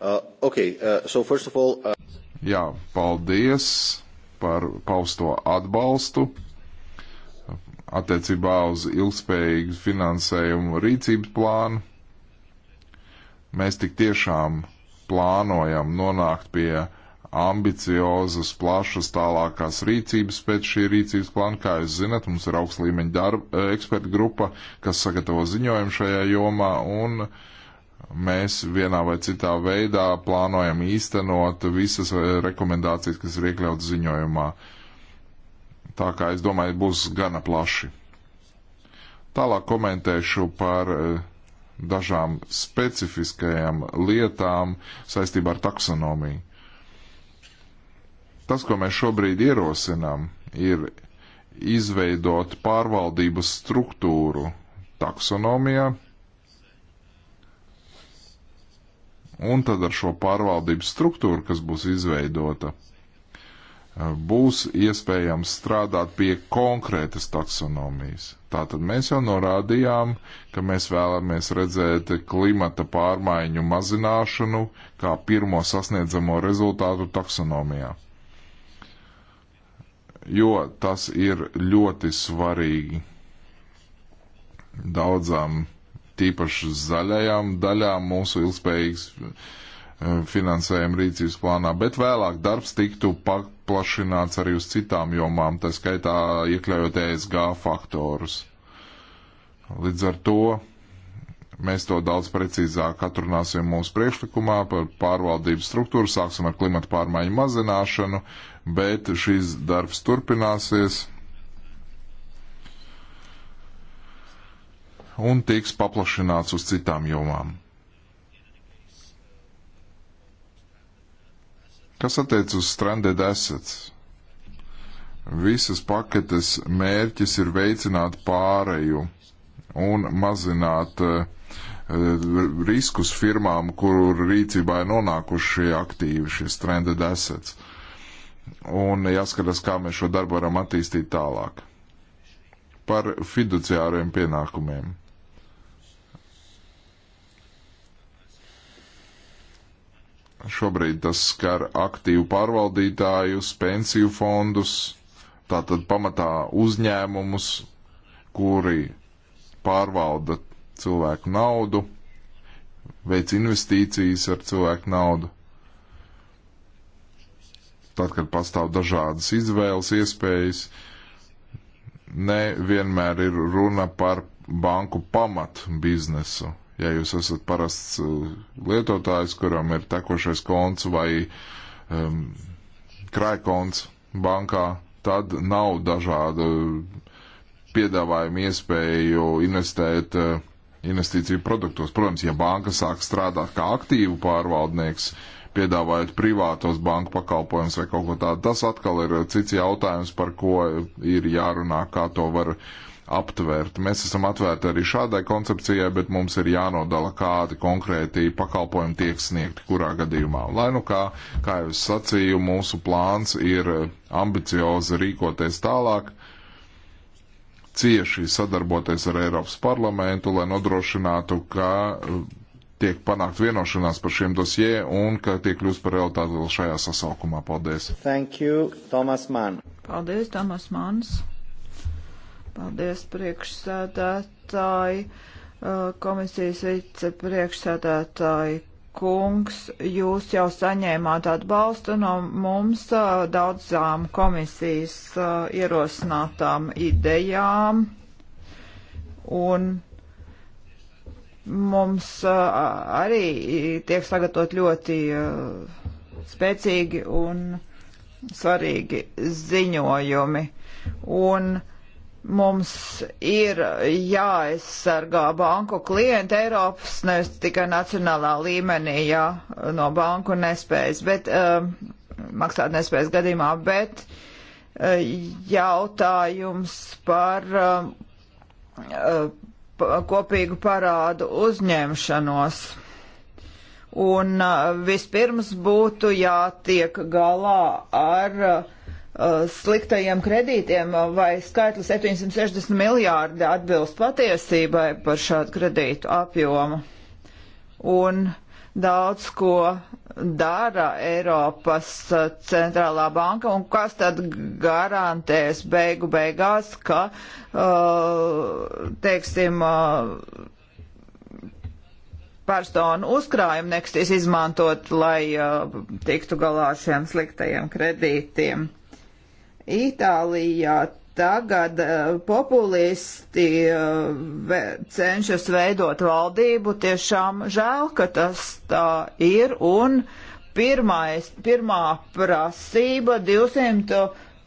Uh, okay, uh, so first of all. Uh... Jā, paldies par pausto atbalstu attiecībā uz ilgspējīgu finansējumu rīcības plānu. Mēs tik tiešām plānojam nonākt pie ambiciozas, plašas tālākās rīcības pēc šī rīcības plāna. Kā jūs zinat, mums ir augsts līmeņa darba eh, eksperta grupa, kas sagatavo ziņojumu šajā jomā, un mēs vienā vai citā veidā plānojam īstenot visas eh, rekomendācijas, kas ir iekļautas ziņojumā. Tā kā es domāju, būs gana plaši. Tālāk komentēšu par eh, dažām specifiskajām lietām saistībā ar taksonomiju. Tas, ko mēs šobrīd ierosinām, ir izveidot pārvaldības struktūru taksonomijā, un tad ar šo pārvaldības struktūru, kas būs izveidota, būs iespējams strādāt pie konkrētas taksonomijas. Tātad mēs jau norādījām, ka mēs vēlamies redzēt klimata pārmaiņu mazināšanu kā pirmo sasniedzamo rezultātu taksonomijā. Jo tas ir ļoti svarīgi daudzām tīpaši zaļajām daļām mūsu ilgspējīgas eh, finansējuma rīcības plānā, bet vēlāk darbs tiktu paplašināts arī uz citām jomām, tā skaitā iekļaujot ESG faktorus. Līdz ar to mēs to daudz precīzāk atrunāsim mūsu priekšlikumā par pārvaldības struktūru, sāksim ar klimata pārmaiņu mazināšanu, bet šīs darbs turpināsies un tiks paplašināts uz citām jomām. Kas attiec uz stranded assets? Visas paketes mērķis ir veicināt pāreju un mazināt uh, riskus firmām, kuru rīcībā ir nonākuši šie aktīvi, šie stranded assets. Un jāskatās, kā mēs šo darbu varam attīstīt tālāk. Par fiduciāriem pienākumiem. Šobrīd tas skar aktīvu pārvaldītājus, pensiju fondus, tātad pamatā uzņēmumus, kuri pārvalda cilvēku naudu, veic investīcijas ar cilvēku naudu. Tad, kad pastāv dažādas izvēles, iespējas, ne vienmēr ir runa par banku pamatu biznesu ja jūs esat parasts uh, lietotājs, kuram ir tekošais konts vai um, krājkonts bankā, tad nav dažādu piedāvājumu iespēju investēt uh, investīciju produktos. Protams, ja banka sāk strādāt kā aktīvu pārvaldnieks, piedāvājot privātos banku pakalpojumus vai kaut ko tādu, tas atkal ir cits jautājums, par ko ir jārunā, kā to var uh, aptvērt. Mēs esam atvērti arī šādai koncepcijai, bet mums ir jānodala, kādi konkrēti pakalpojumi tiek sniegti, kurā gadījumā. Lai nu kā, kā jau es sacīju, mūsu plāns ir ambiciozi rīkoties tālāk, cieši sadarboties ar Eiropas parlamentu, lai nodrošinātu, ka uh, tiek panākt vienošanās par šiem dosjē un ka tiek kļūst par realitāti vēl šajā sasaukumā. Paldies! Thank you, Tomas Mann! Paldies, Tomas Manns! Paldies, priekšsēdētāji, komisijas vicepriekšsēdētāji. Kungs, jūs jau saņēmāt atbalstu no mums daudzām komisijas ierosinātām idejām, un mums arī tiek sagatavot ļoti spēcīgi un svarīgi ziņojumi. Un uh, mums ir jāaizsargā banku klienti Eiropas, nevis tikai nacionālā līmenī, jā, no banku nespējas, bet uh, maksāt nespējas gadījumā, bet uh, jautājums par um, uh, kopīgu parādu uzņemšanos. Un uh, vispirms būtu jātiek galā ar uh, Uh, sliktajiem kredītiem, uh, vai skaitli 760 miljārdi atbilst patiesībai par šādu kredītu apjomu. Un daudz ko dara Eiropas uh, centrālā banka, un kas tad garantēs beigu beigās, ka, teiksim, personu uzkrājumu nekstīs izmantot, lai tiktu galā ar šiem sliktajiem kredītiem. Itālijā tagad eh, populisti eh, cenšas veidot valdību, tiešām žēl, ka tas tā ir, un pirmais, pirmā prasība 200.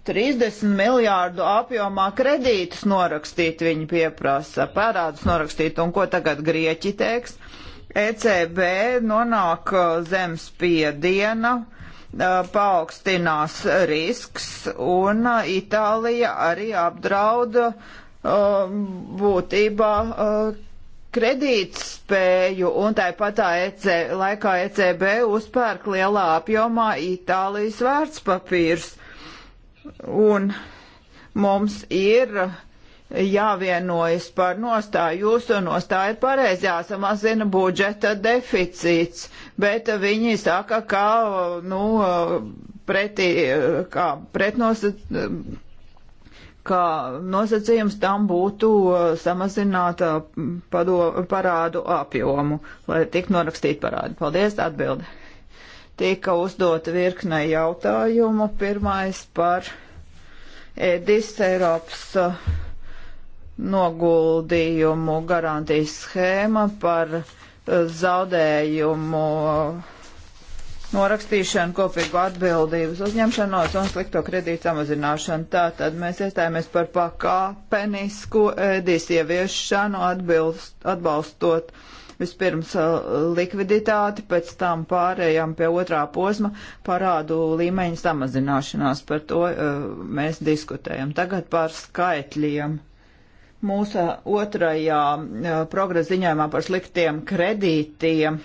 30 miljārdu apjomā kredītus norakstīt viņi pieprasa, parādus norakstīt, un ko tagad Grieķi teiks? ECB nonāk eh, zem spiediena, paaugstinās risks, un Itālija arī apdrauda būtībā kredītspēju, un tāpat EC, laikā ECB uzpērk lielā apjomā Itālijas vērtspapīrs. Un mums ir uh, jāvienojas par nostāju. Jūsu nostāja ir pareizi, jāsamazina budžeta deficīts, bet viņi saka, ka, nu, pretī, kā pretnosat, kā nosacījums tam būtu samazināt pado, parādu apjomu, lai tik norakstīt parādu. Paldies, atbildi. Tika uzdota virkne jautājumu. Pirmais par Edis Eiropas uh, noguldījumu garantijas schēma par eh, zaudējumu eh, norakstīšanu, kopīgu atbildības uzņemšanos un slikto kredītu samazināšanu. Tātad mēs iestājāmies par pakāpenisku ēdīs ieviešanu atbilst, atbalstot vispirms eh, likviditāti, pēc tam pārējām pie otrā posma parādu līmeņa samazināšanās. Par to mēs diskutējam. Tagad par skaitļiem mūsu otrajā e, progresa ziņojumā par sliktiem kredītiem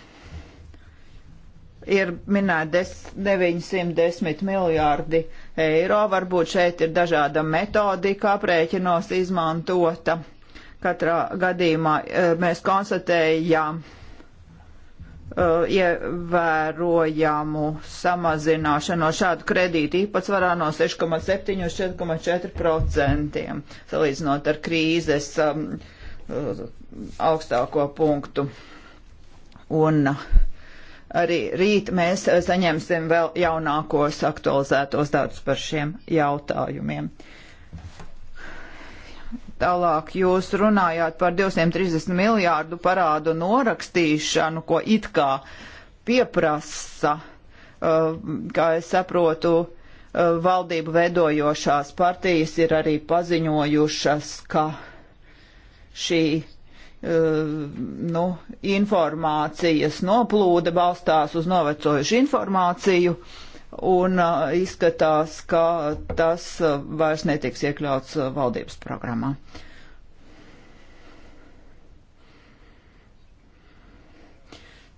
ir minēta 910 miljārdi eiro. Varbūt šeit ir dažāda metodika aprēķinos izmantota. Katrā gadījumā e, mēs konstatējām, Uh, ievērojamu samazināšanu no šādu kredītu īpatsvarā no 6,7 uz 4,4% salīdzinot ar krīzes um, uh, augstāko punktu. Un arī rīt mēs saņemsim vēl jaunākos aktualizētos datus par šiem jautājumiem. Uh, Tālāk jūs runājāt par 230 miljārdu parādu norakstīšanu, ko it kā pieprasa, uh, kā es saprotu, uh, valdību veidojošās partijas ir arī paziņojušas, ka šī uh, nu, informācijas noplūde balstās uz novecojušu informāciju. Uh, un uh, izskatās, ka tas uh, vairs netiks iekļauts uh, valdības programmā.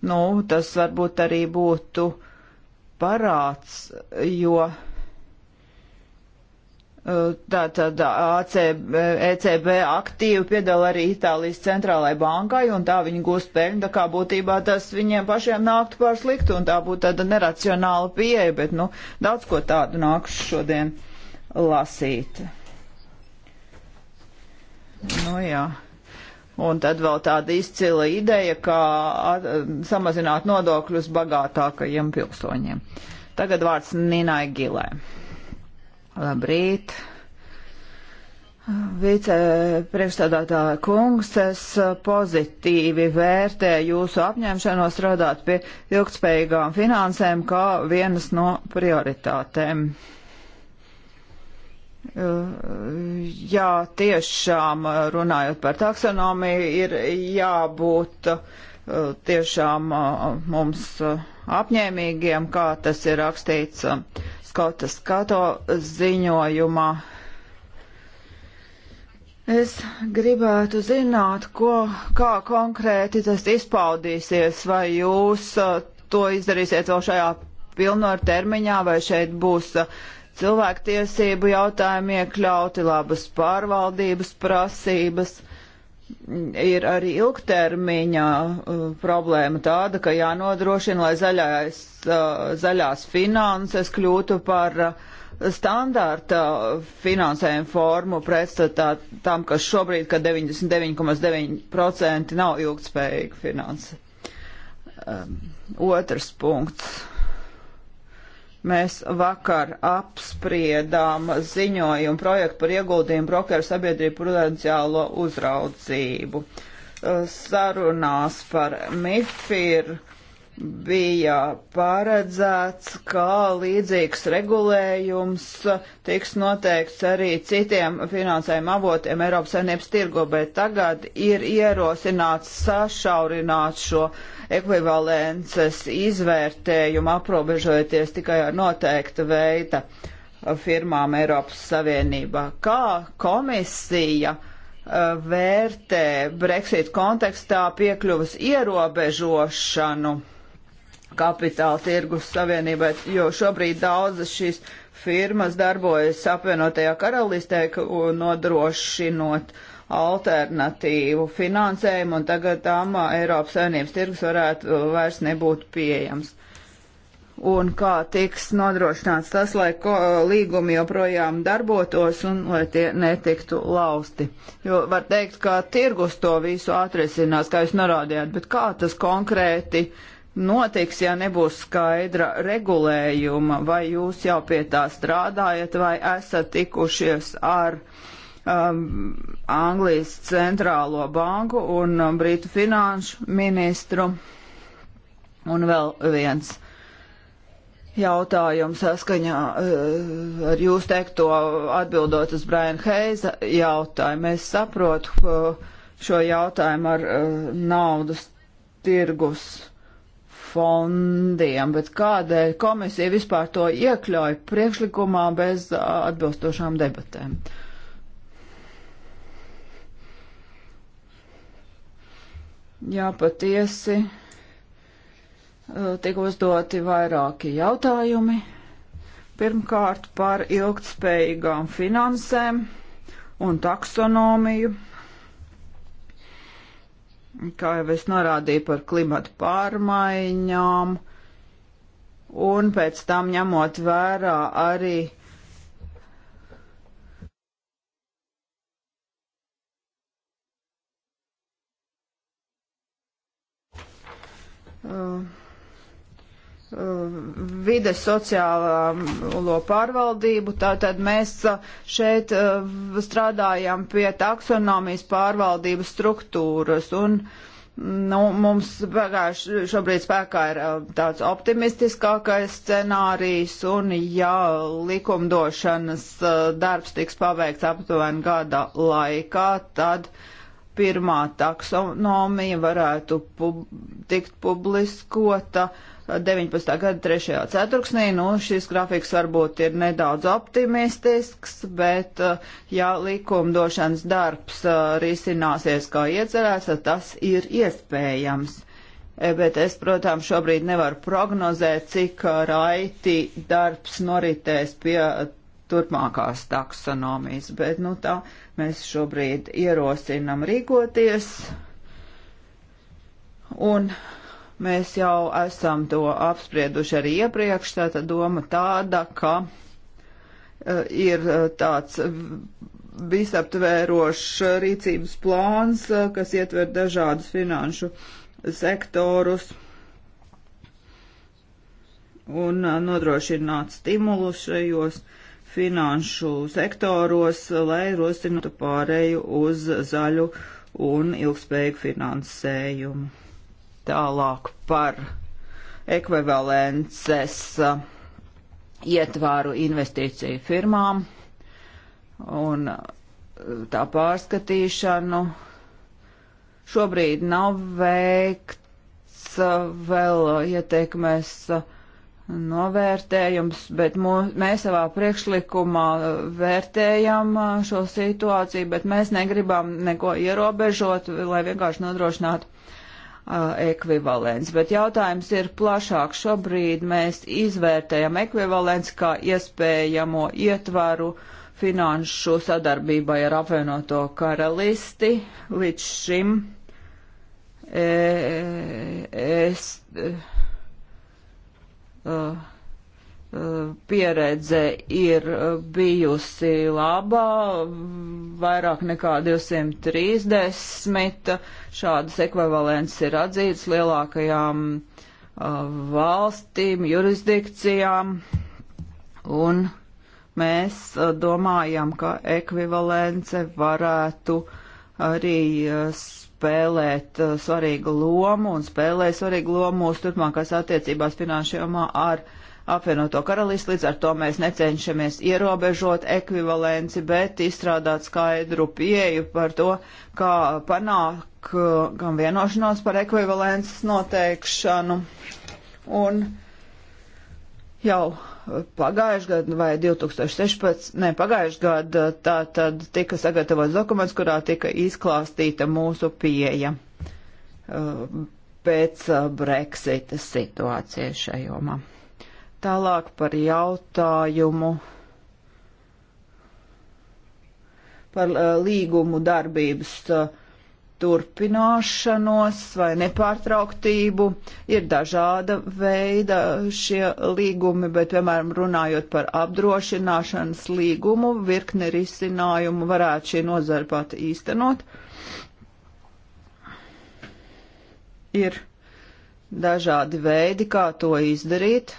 Nu, tas varbūt arī būtu parāds, jo Tātad ACB, ECB aktīvi piedala arī Itālijas centrālajai bankai, un tā viņi gūst peļņu, tā kā būtībā tas viņiem pašiem nāktu par sliktu, un tā būtu tāda neracionāla pieeja, bet, nu, daudz ko tādu nākuši šodien lasīt. Nu, jā. Un tad vēl tāda izcila ideja, kā at, samazināt nodokļus bagātākajiem pilsoņiem. Tagad vārds Ninai Gilē. Labrīt! Vicepriekšstādātāja kungs, es eh, pozitīvi vērtēju jūsu apņemšanos strādāt pie ilgspējīgām finansēm kā vienas no prioritātēm. Eh, jā, tiešām eh, runājot par taksonomiju, ir jābūt tiešām mums apņēmīgiem, kā tas ir rakstīts Skotas Kato ziņojumā. Es gribētu zināt, ko, kā konkrēti tas izpaudīsies, vai jūs uh, to izdarīsiet vēl šajā pilnvaru termiņā, vai šeit būs uh, cilvēktiesību jautājumi iekļauti, labas pārvaldības prasības ir arī ilgtermiņa uh, problēma tāda, ka jānodrošina, lai zaļais, uh, zaļās finanses kļūtu par uh, standārta finansējuma formu pretstatā tam, kas šobrīd, kad 99,9% nav ilgtspējīga finanse. Um, otrs punkts Mēs vakar apspriedām ziņojumu projektu par ieguldījumu brokeru sabiedrību prudenciālo uzraudzību. Sarunās par MIFIR bija paredzēts, ka līdzīgs regulējums tiks noteikts arī citiem finansējuma avotiem Eiropas saimnības tirgo, bet tagad ir ierosināts sašaurināt šo ekvivalences izvērtējumu, aprobežojoties tikai ar noteikta veida firmām Eiropas Savienībā. Kā komisija uh, vērtē Brexit kontekstā piekļuvas ierobežošanu? kapitāla tirgus savienībai, jo šobrīd daudzas šīs firmas darbojas apvienotajā karalistē, nodrošinot alternatīvu finansējumu, un tagad tam uh, Eiropas savienības tirgus varētu uh, vairs nebūt pieejams. Un kā tiks nodrošināts tas, lai ko, uh, līgumi joprojām darbotos un lai tie netiktu lausti. Jo var teikt, ka tirgus to visu atrisinās, kā jūs norādījāt, bet kā tas konkrēti uh, notiks, ja nebūs skaidra regulējuma, vai jūs jau pie tā strādājat, vai esat tikušies ar um, Anglijas centrālo banku un um, Brītu finanšu ministru. Un vēl viens jautājums saskaņā uh, ar jūs teikto atbildot uz Brian Heisa jautājumu. Es saprotu uh, šo jautājumu ar uh, naudas tirgus fondiem, bet kādēļ komisija vispār to iekļauj priekšlikumā bez uh, atbilstošām debatēm? Jā, patiesi uh, tika uzdoti vairāki jautājumi. Pirmkārt par ilgtspējīgām finansēm un taksonomiju kā jau es norādīju par klimatu pārmaiņām, un pēc tam ņemot vērā arī uh, vides sociālo pārvaldību, tātad mēs uh, šeit uh, strādājam pie taksonomijas pārvaldības struktūras un nu, mums pagājuši šobrīd spēkā ir uh, tāds optimistiskākais scenārijs un ja likumdošanas darbs tiks paveikts aptuveni gada laikā, tad pirmā taksonomija varētu pub tikt publiskota. Uh, 19. gada 3. ceturksnī. Nu, šis grafiks varbūt ir nedaudz optimistisks, bet eh, ja likumdošanas darbs eh, risināsies kā iecerēts, tad tas ir iespējams. E, bet es, protams, šobrīd nevaru prognozēt, cik eh, raiti darbs noritēs pie turpmākās taksonomijas, bet nu tā mēs šobrīd ierosinam rīkoties. Un Mēs jau esam to apsprieduši arī iepriekš, tāda doma tāda, ka uh, ir e, tāds visaptvērošs rīcības plāns, e, kas ietver dažādus finanšu sektorus un nodrošināt stimulus šajos finanšu sektoros, lai rosinātu pārēju uz zaļu un ilgspējīgu finansējumu. Tālāk par ekvivalences uh, ietvāru investīciju firmām un uh, tā pārskatīšanu. Šobrīd nav veikts uh, vēl ieteikmēs novērtējums, bet mūs, mēs savā priekšlikumā vērtējam šo situāciju, bet mēs negribam neko ierobežot, lai vienkārši nodrošinātu Uh, ekvivalents, bet jautājums ir plašāk. Šobrīd mēs izvērtējam ekvivalents kā iespējamo ietvaru finanšu sadarbībai ar apvienoto karalisti. Līdz šim e, e es. E, uh, pieredze ir bijusi labā, vairāk nekā 230 šādas ekvivalents ir atzīts lielākajām uh, valstīm, jurisdikcijām, un mēs uh, domājam, ka ekvivalence varētu arī uh, spēlēt svarīgu lomu un spēlē svarīgu lomu mūsu turpmākās attiecībās finanšu jomā ar uh, apvienoto karalisti, līdz ar to mēs necenšamies ierobežot ekvivalenci, bet izstrādāt skaidru pieeju par to, kā panāk gan vienošanos par ekvivalences noteikšanu. Un jau pagājušajā gadā vai 2016, ne pagājušajā gadā, tā tad tika sagatavots dokuments, kurā tika izklāstīta mūsu pieeja uh, pēc uh, Brexita situācijas šajomā. Tālāk par jautājumu par līgumu darbības turpināšanos vai nepārtrauktību. Ir dažāda veida šie līgumi, bet, piemēram, runājot par apdrošināšanas līgumu, virkne risinājumu varētu šī nozara pat īstenot. Ir dažādi veidi, kā to izdarīt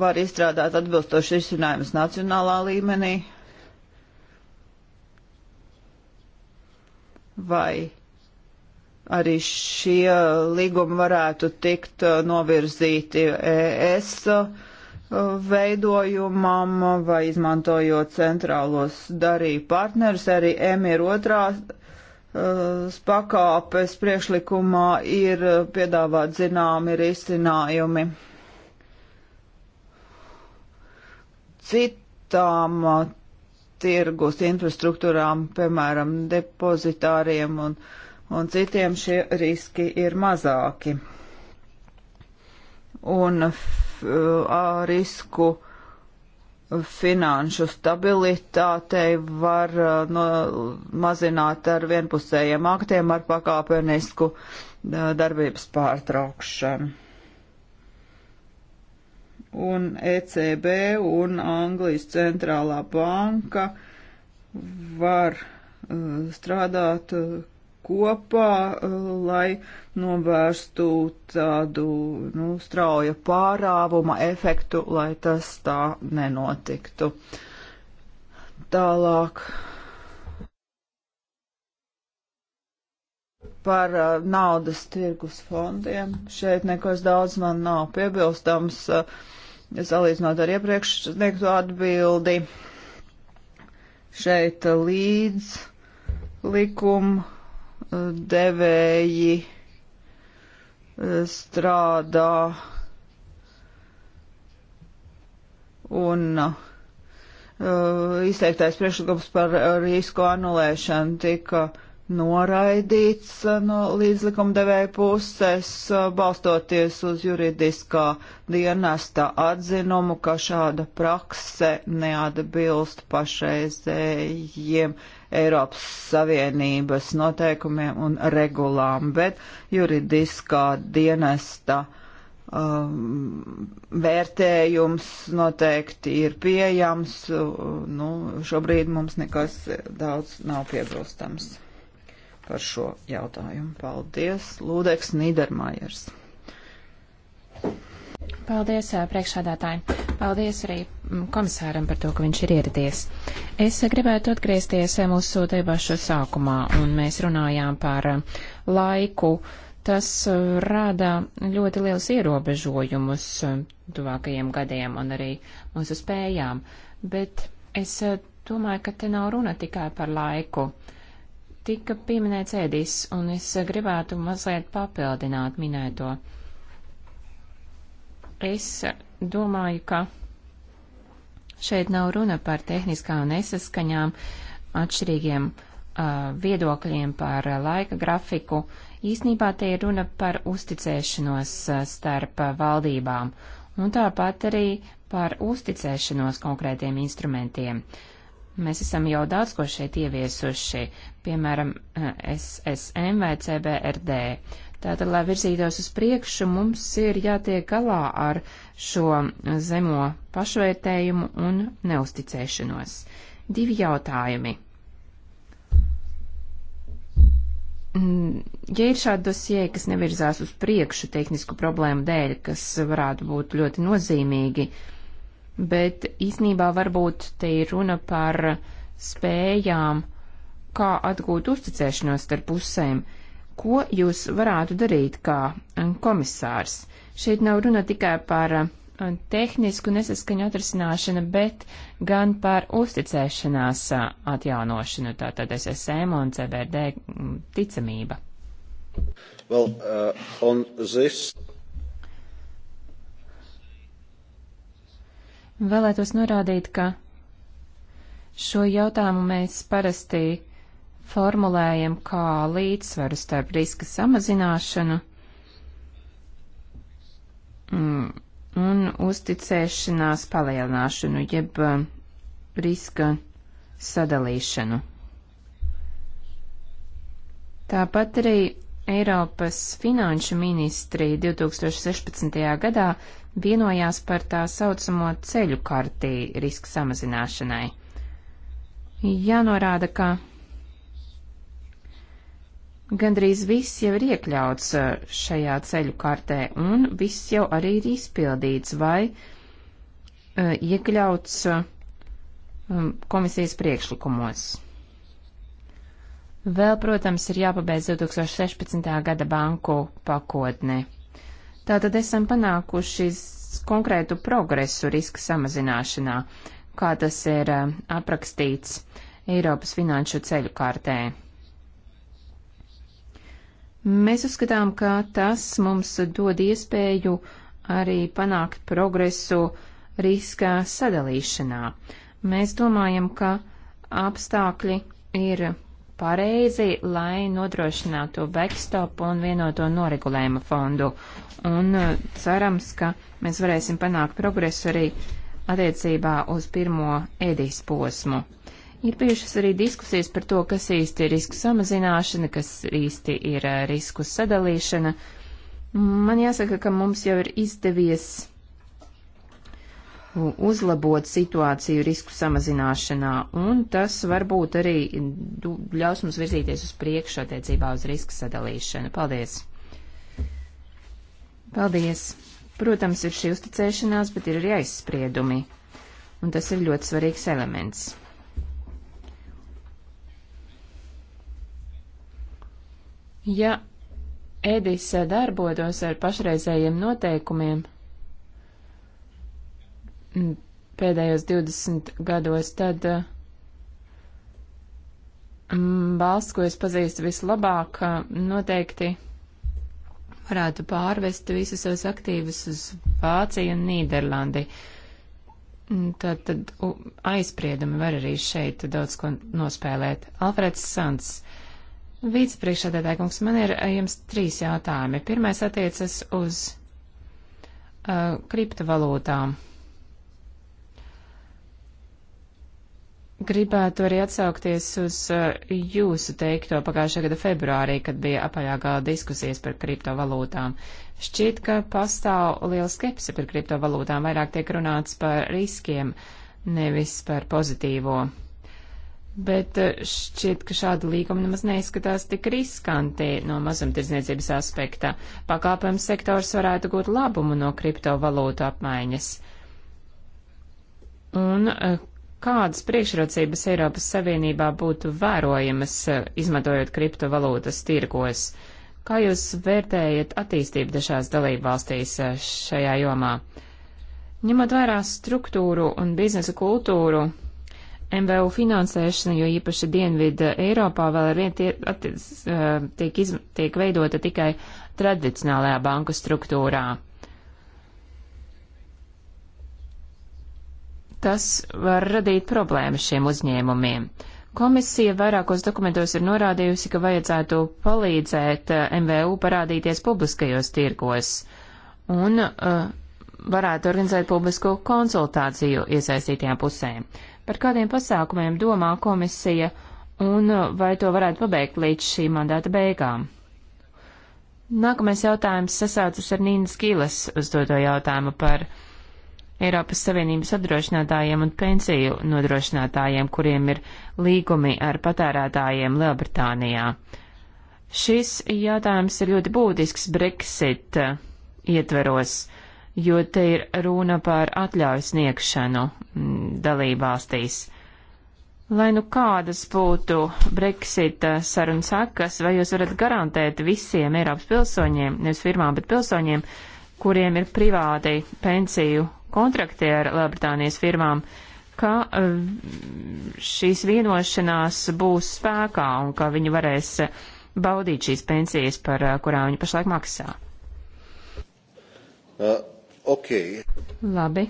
var izstrādāt atbilstoši risinājumus nacionālā līmenī vai arī šie līgumi varētu tikt uh, novirzīti ES uh, veidojumam vai izmantojot centrālos darīju partnerus. Arī M ir otrās uh, pakāpes priekšlikumā ir piedāvāt zināmi risinājumi. Ir citām uh, tirgus infrastruktūrām, piemēram, depozitāriem un, un citiem šie riski ir mazāki. Un f, uh, a, risku finanšu stabilitātei var uh, no, mazināt ar vienpusējiem aktiem ar pakāpenisku darbības pārtraukšanu un ECB un Anglijas centrālā banka var uh, strādāt uh, kopā, uh, lai novērstu tādu nu, strauja pārāvuma efektu, lai tas tā nenotiktu. Tālāk. par uh, naudas tirgus fondiem. Šeit nekas daudz man nav piebilstams. Uh, salīdzinot ar iepriekš sniegto atbildi. Šeit līdz likuma eh, devēji eh, strādā un eh, izteiktais priekšlikums par risku anulēšanu tika uh, noraidīts eh, no līdzlikumdevēja puses, eh, balstoties uz juridiskā dienesta atzinumu, ka šāda prakse neatbilst pašreizējiem Eiropas Savienības noteikumiem un regulām, bet juridiskā dienesta um, vērtējums noteikti ir pieejams. Eh, nu, šobrīd mums nekas daudz nav piebilstams par šo jautājumu. Paldies, Lūdeks Nīdermājers. Paldies, priekšādātāji. Paldies arī komisāram par to, ka viņš ir ieradies. Es gribētu atgriezties mūsu debašu sākumā, un mēs runājām par laiku. Tas rada ļoti liels ierobežojumus tuvākajiem gadiem un arī mūsu spējām, bet es domāju, ka te nav runa tikai par laiku. Uh, Tika pieminēts ēdis, un es gribētu mazliet papildināt minēto. Es domāju, ka šeit nav runa par tehniskām nesaskaņām, atšķirīgiem uh, viedokļiem par laika grafiku. Īsnībā te ir runa par uzticēšanos starp valdībām, un tāpat arī par uzticēšanos konkrētiem instrumentiem. Uh, Mēs esam jau daudz ko šeit ieviesuši, piemēram, eh, SSM vai CBRD. Tātad, lai virzītos uz priekšu, mums ir jātiek galā ar šo zemo pašvērtējumu un neusticēšanos. Divi jautājumi. Mm, ja ir šādi dosie, kas nevirzās uz priekšu tehnisku problēmu dēļ, kas varētu būt ļoti nozīmīgi, uh, bet īsnībā varbūt te ir runa par spējām, kā atgūt uzticēšanos starp pusēm. Ko jūs varētu darīt kā komisārs? Šeit nav runa tikai par uh, tehnisku nesaskaņu atrisināšanu, bet gan par uzticēšanās uh, atjaunošanu, tātad SSM un CBD mm, ticamība. Well, uh, Vēlētos norādīt, ka šo jautājumu mēs parasti formulējam kā līdzsvaru starp riska samazināšanu mm, un uzticēšanās palielināšanu, jeb um, riska sadalīšanu. Tāpat arī Eiropas finanšu ministri 2016. gadā vienojās par tā saucamo ceļu kartī riska samazināšanai. Jānorāda, ka gandrīz viss jau ir iekļauts uh, šajā ceļu kartē, un viss jau arī ir izpildīts vai uh, iekļauts uh, um, komisijas priekšlikumos. Vēl, protams, ir jāpabeidz 2016. gada banku pakotne. Tātad esam panākuši konkrētu progresu riska samazināšanā, kā tas ir eh, aprakstīts Eiropas finanšu ceļu kārtē. Mēs uzskatām, ka tas mums dod iespēju arī panākt progresu riska sadalīšanā. Mēs domājam, ka apstākļi ir pareizi, lai nodrošinātu backstop un vienoto noregulējuma fondu. Un uh, cerams, ka mēs varēsim panākt progresu arī attiecībā uz pirmo edīs posmu. Ir bijušas arī diskusijas par to, kas īsti ir risku samazināšana, kas īsti ir uh, risku sadalīšana. Man jāsaka, ka mums jau ir izdevies uzlabot situāciju risku samazināšanā, un tas varbūt arī ļaus mums virzīties uz priekšu attiecībā uz riska sadalīšanu. Paldies! Paldies! Protams, ir šī uzticēšanās, bet ir arī aizspriedumi, un tas ir ļoti svarīgs elements. Ja Edis darbotos ar pašreizējiem noteikumiem, pēdējos 20 gados, tad valsts, ko es pazīstu vislabāk, noteikti varētu pārvest visus savus aktīvus uz Vāciju un Nīderlandi. Tad, tad aizspriedumi var arī šeit daudz ko nospēlēt. Alfreds Sants. Vicepriekšādētāji kungs, man ir eh, jums trīs jautājumi. Pirmais attiecas uz uh, kriptovalūtām. Gribētu arī atsaukties uz eh, jūsu teikto pagājušā gada februārī, kad bija apaļā gala diskusijas par kriptovalūtām. Šķiet, ka pastāv liela skepse par kriptovalūtām, vairāk tiek runāts par riskiem, nevis par pozitīvo. Bet eh, šķiet, ka šāda līguma nemaz neizskatās tik riskanti no mazumtirdzniecības aspekta. Pakāpējums sektors varētu gūt labumu no kriptovalūtu apmaiņas. Un eh, kādas priekšrocības Eiropas Savienībā būtu vērojamas, eh, izmantojot kriptovalūtas tirgos? Kā jūs vērtējat attīstību dažās dalībvalstīs eh, šajā jomā? Ņemot vērā struktūru un biznesa kultūru, MVU finansēšana, jo īpaši Dienvidu Eiropā vēl ar vien tie, attiec, eh, tiek, iz, tiek veidota tikai tradicionālajā banku struktūrā. Tas var radīt problēmas šiem uzņēmumiem. Komisija vairākos dokumentos ir norādījusi, ka vajadzētu palīdzēt eh, MVU parādīties publiskajos tirgos un uh, varētu organizēt publisku konsultāciju iesaistītajām pusēm. Par kādiem pasākumiem domā komisija un eh, vai to varētu pabeigt līdz šī mandāta beigām? Nākamais jautājums sasaucas ar Nīnas Gīles uzdoto jautājumu par uh, Eiropas Savienības apdrošinātājiem un pensiju nodrošinātājiem, kuriem ir līgumi ar patērētājiem Lielbritānijā. Šis jautājums ir ļoti būtisks Brexit eh, ietveros, jo te ir runa par atļauju sniegšanu mm, dalībvalstīs. Lai nu kādas būtu Brexit eh, sarunas sakas, vai jūs varat garantēt visiem Eiropas pilsoņiem, nevis firmām, bet pilsoņiem, kuriem ir privāti pensiju kontrakti ar Lielbritānijas firmām, ka eh, šīs vienošanās būs spēkā un ka viņi varēs eh, baudīt šīs pensijas, par eh, kurām viņi pašlaik maksā. Uh, ok. Labi.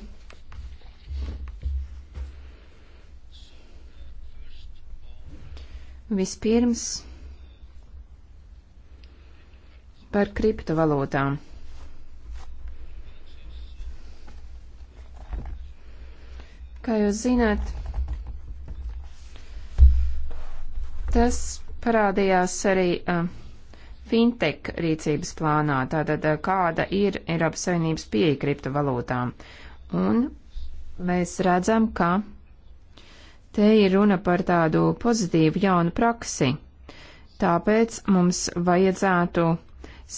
Vispirms par kriptovalūtām. Kā jūs zināt, tas parādījās arī uh, fintech rīcības plānā, tātad uh, kāda ir Eiropas Savienības pieeja kriptovalūtām. Un mēs redzam, ka te ir runa par tādu pozitīvu jaunu praksi. Tāpēc mums vajadzētu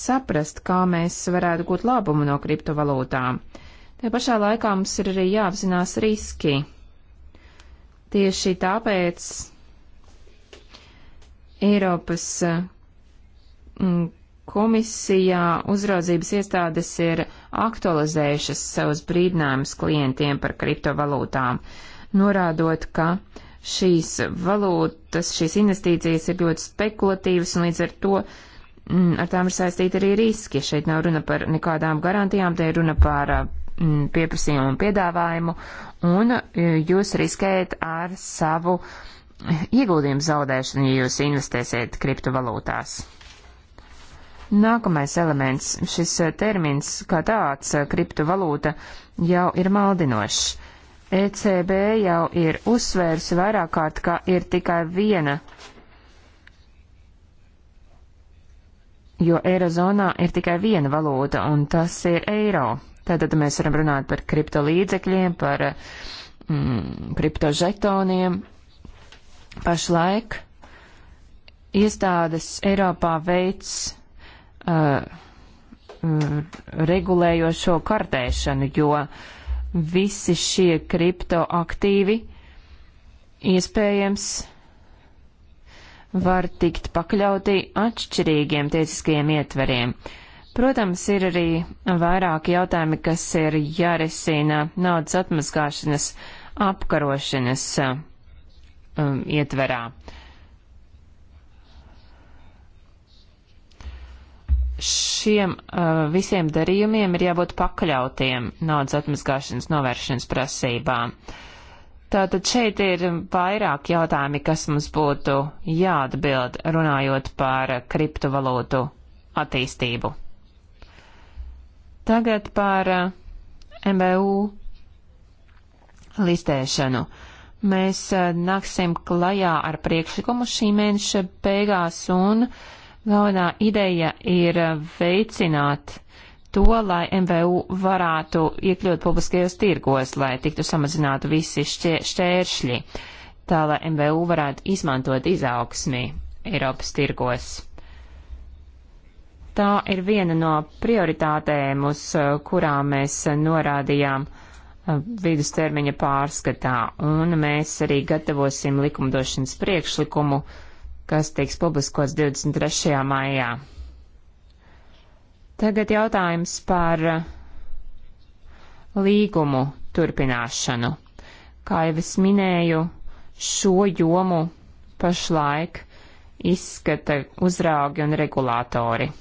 saprast, kā mēs varētu gūt labumu no kriptovalūtām. Uh, Te pašā laikā mums ir arī jāapzinās riski. Tieši tāpēc Eiropas mm, komisijā uzraudzības iestādes ir aktualizējušas savus brīdinājumus klientiem par kriptovalūtām, norādot, ka šīs valūtas, šīs investīcijas ir ļoti spekulatīvas un līdz ar to m, mm, ar tām ir saistīti arī riski. Šeit nav runa par nekādām garantijām, te ir runa par Mm, pieprasījumu un piedāvājumu, un e, jūs riskējat ar savu ieguldījumu zaudēšanu, ja jūs investēsiet kriptovalūtās. Nākamais elements, šis e, termins kā tāds, e, kriptovalūta, jau ir maldinošs. ECB jau ir uzsvērusi vairāk kārt, ka ir tikai viena, jo Eirozonā ir tikai viena valūta, un tas ir eiro. Tātad mēs varam runāt par kripto līdzekļiem, par mm, kripto žetoniem. Pašlaik iestādes Eiropā veic uh, regulējošo kartēšanu, jo visi šie kriptoaktīvi iespējams var tikt pakļauti atšķirīgiem tiesiskajiem ietveriem. Uh, Protams, ir arī vairāki jautājumi, kas ir jārisina naudas atmazgāšanas apkarošanas um, ietverā. Šiem uh, visiem darījumiem ir jābūt pakļautiem naudas atmazgāšanas novēršanas prasībām. Tātad šeit ir vairāk jautājumi, kas mums būtu jāatbild runājot par kriptovalūtu attīstību. Tagad par eh, MBU listēšanu. Mēs eh, nāksim klajā ar priekšlikumu šī mēneša beigās un galvenā ideja ir eh, veicināt to, lai MVU varētu iekļūt publiskajos tirgos, lai tiktu samazinātu visi šķie, šķēršļi, tā lai MVU varētu izmantot izaugsmī Eiropas tirgos. Tā ir viena no prioritātēm, uz eh, kurām mēs norādījām eh, vidustermiņa pārskatā, un mēs arī gatavosim likumdošanas priekšlikumu, kas tiks publiskots 23. maijā. Tagad jautājums par eh, līgumu turpināšanu. Kā jau es minēju, šo jomu pašlaik izskata uzraugi un regulātori.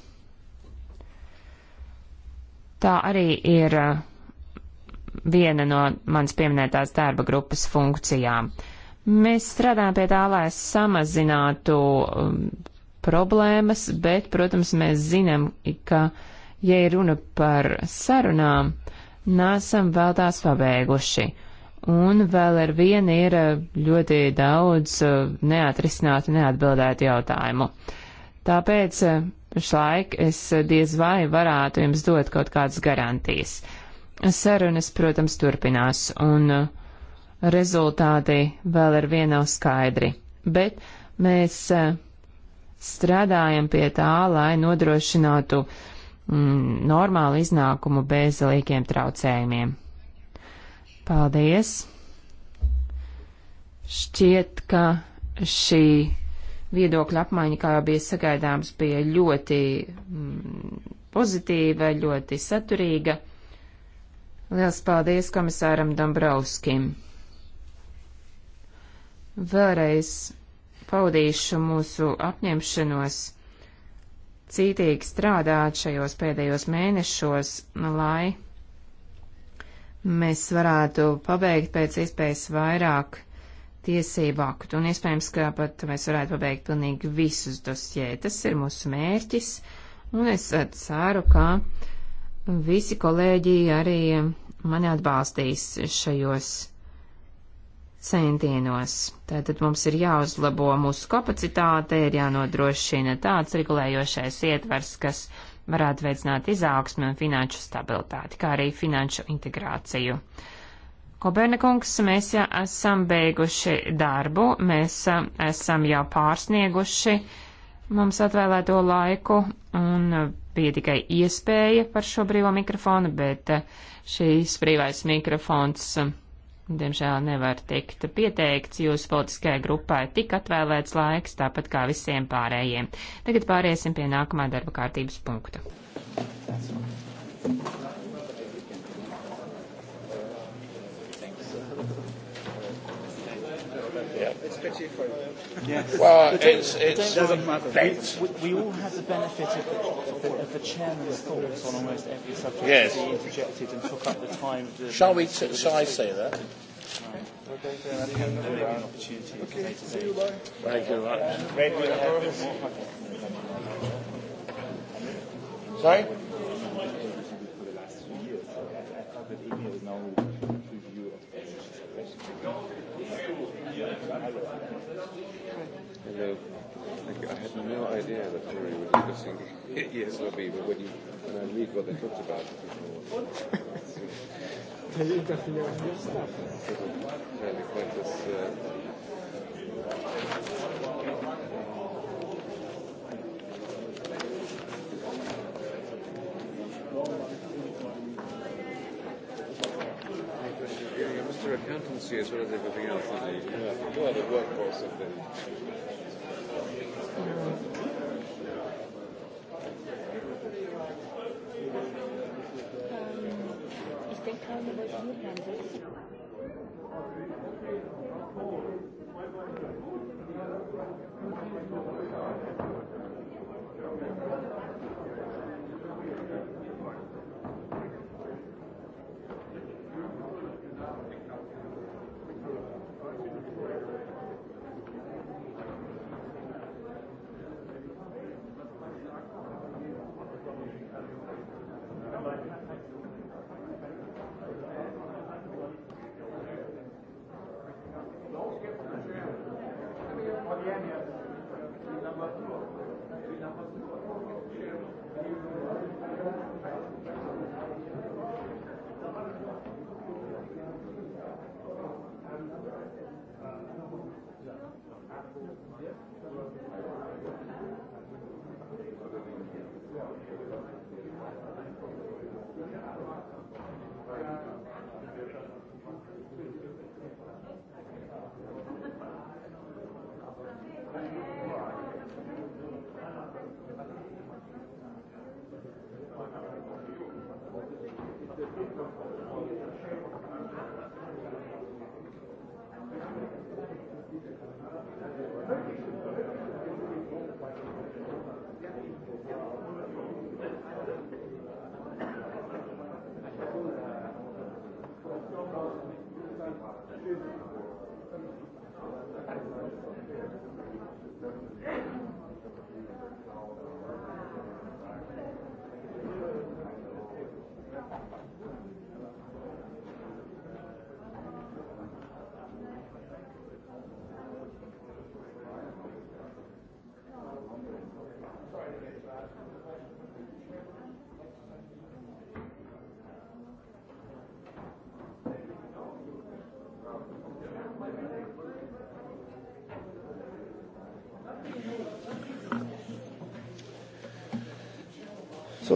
Tā arī ir uh, viena no manas pieminētās darba grupas funkcijām. Mēs strādājam pie tā, lai samazinātu um, problēmas, bet, protams, mēs zinām, ka, ja ir runa par sarunām, nesam vēl tās pabeiguši. Un vēl ar vienu ir uh, ļoti daudz uh, neatrisinātu, neatbildētu jautājumu. Tāpēc Pašlaik es diez vai varētu jums dot kaut kādas garantijas. Sarunas, protams, turpinās, un uh, rezultāti vēl ar vienu nav skaidri, bet mēs uh, strādājam pie tā, lai nodrošinātu mm, normālu iznākumu bez liekiem traucējumiem. Paldies! Šķiet, ka šī viedokļa apmaiņa, kā jau bija sagaidāms, bija ļoti mm, pozitīva, ļoti saturīga. Liels paldies komisāram Dombrovskim. Vēlreiz paudīšu mūsu apņemšanos cītīgi strādāt šajos pēdējos mēnešos, lai mēs varētu pabeigt pēc iespējas vairāk tiesību aktu, un iespējams, ka pat mēs varētu pabeigt pilnīgi visus dosjē. Tas ir mūsu mērķis, un es ceru, ka visi kolēģi arī mani atbalstīs šajos centienos. Tātad mums ir jāuzlabo mūsu kapacitāte, ir jānodrošina tāds regulējošais ietvers, kas varētu veicināt izaugsmi un finanšu stabilitāti, kā arī finanšu integrāciju. Uh, Kobernikungs, mēs jau esam beiguši darbu, mēs esam jau pārsnieguši mums atvēlēto laiku un bija tikai iespēja par šo brīvo mikrofonu, bet šīs brīvais mikrofons, diemžēl, nevar tikt pieteikts. Jūsu politiskajai grupai tika atvēlēts laiks, tāpat kā visiem pārējiem. Tagad pāriesim pie nākamā darba kārtības punkta. Thank you. pity for them. Yes. Well, but it's, it's, it doesn't matter. It's, we, we all have the benefit of the, of the, of the chairman's thoughts on almost every subject yes. that he interjected and took up the time. Of the shall we? T- shall I say that? Okay, then I can there may be an opportunity okay. later. See you, bye. Thank you very much. Maybe we'll have a bit more Sorry? that EMEA is now review of Hello. I had no idea that Terry was discussing ESRB, but when, you, when I read what they talked about before. They interfere with your stuff. Fairly pointless. Uh, currency as well as everything else, isn't he? Yeah. You are the workhorse of the. Um, ich denke kaum über Schulfernsehen. Thank you. Yeah. Thank you.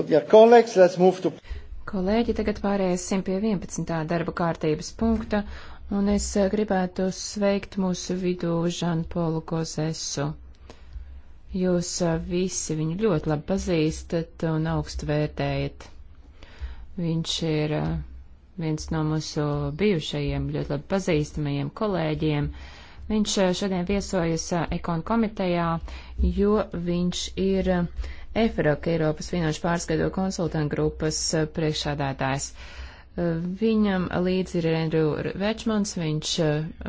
Dear colleagues, let's move to. Kolēģi, tagad pārēsim pie 11. darba kārtības punkta, un es eh, gribētu sveikt mūsu vidū Žanpolu Kozesu. Jūs eh, visi viņu ļoti labi pazīstat un augstu vērtējat. Viņš ir eh, viens no mūsu bijušajiem ļoti labi pazīstamajiem kolēģiem. Viņš šodien viesojas ekonu komitejā, jo viņš ir uh, Eferok, Eiropas finanšu pārskaido konsultantu grupas eh, priekšādātājs. Eh, viņam līdzi ir Andrew Večmans, viņš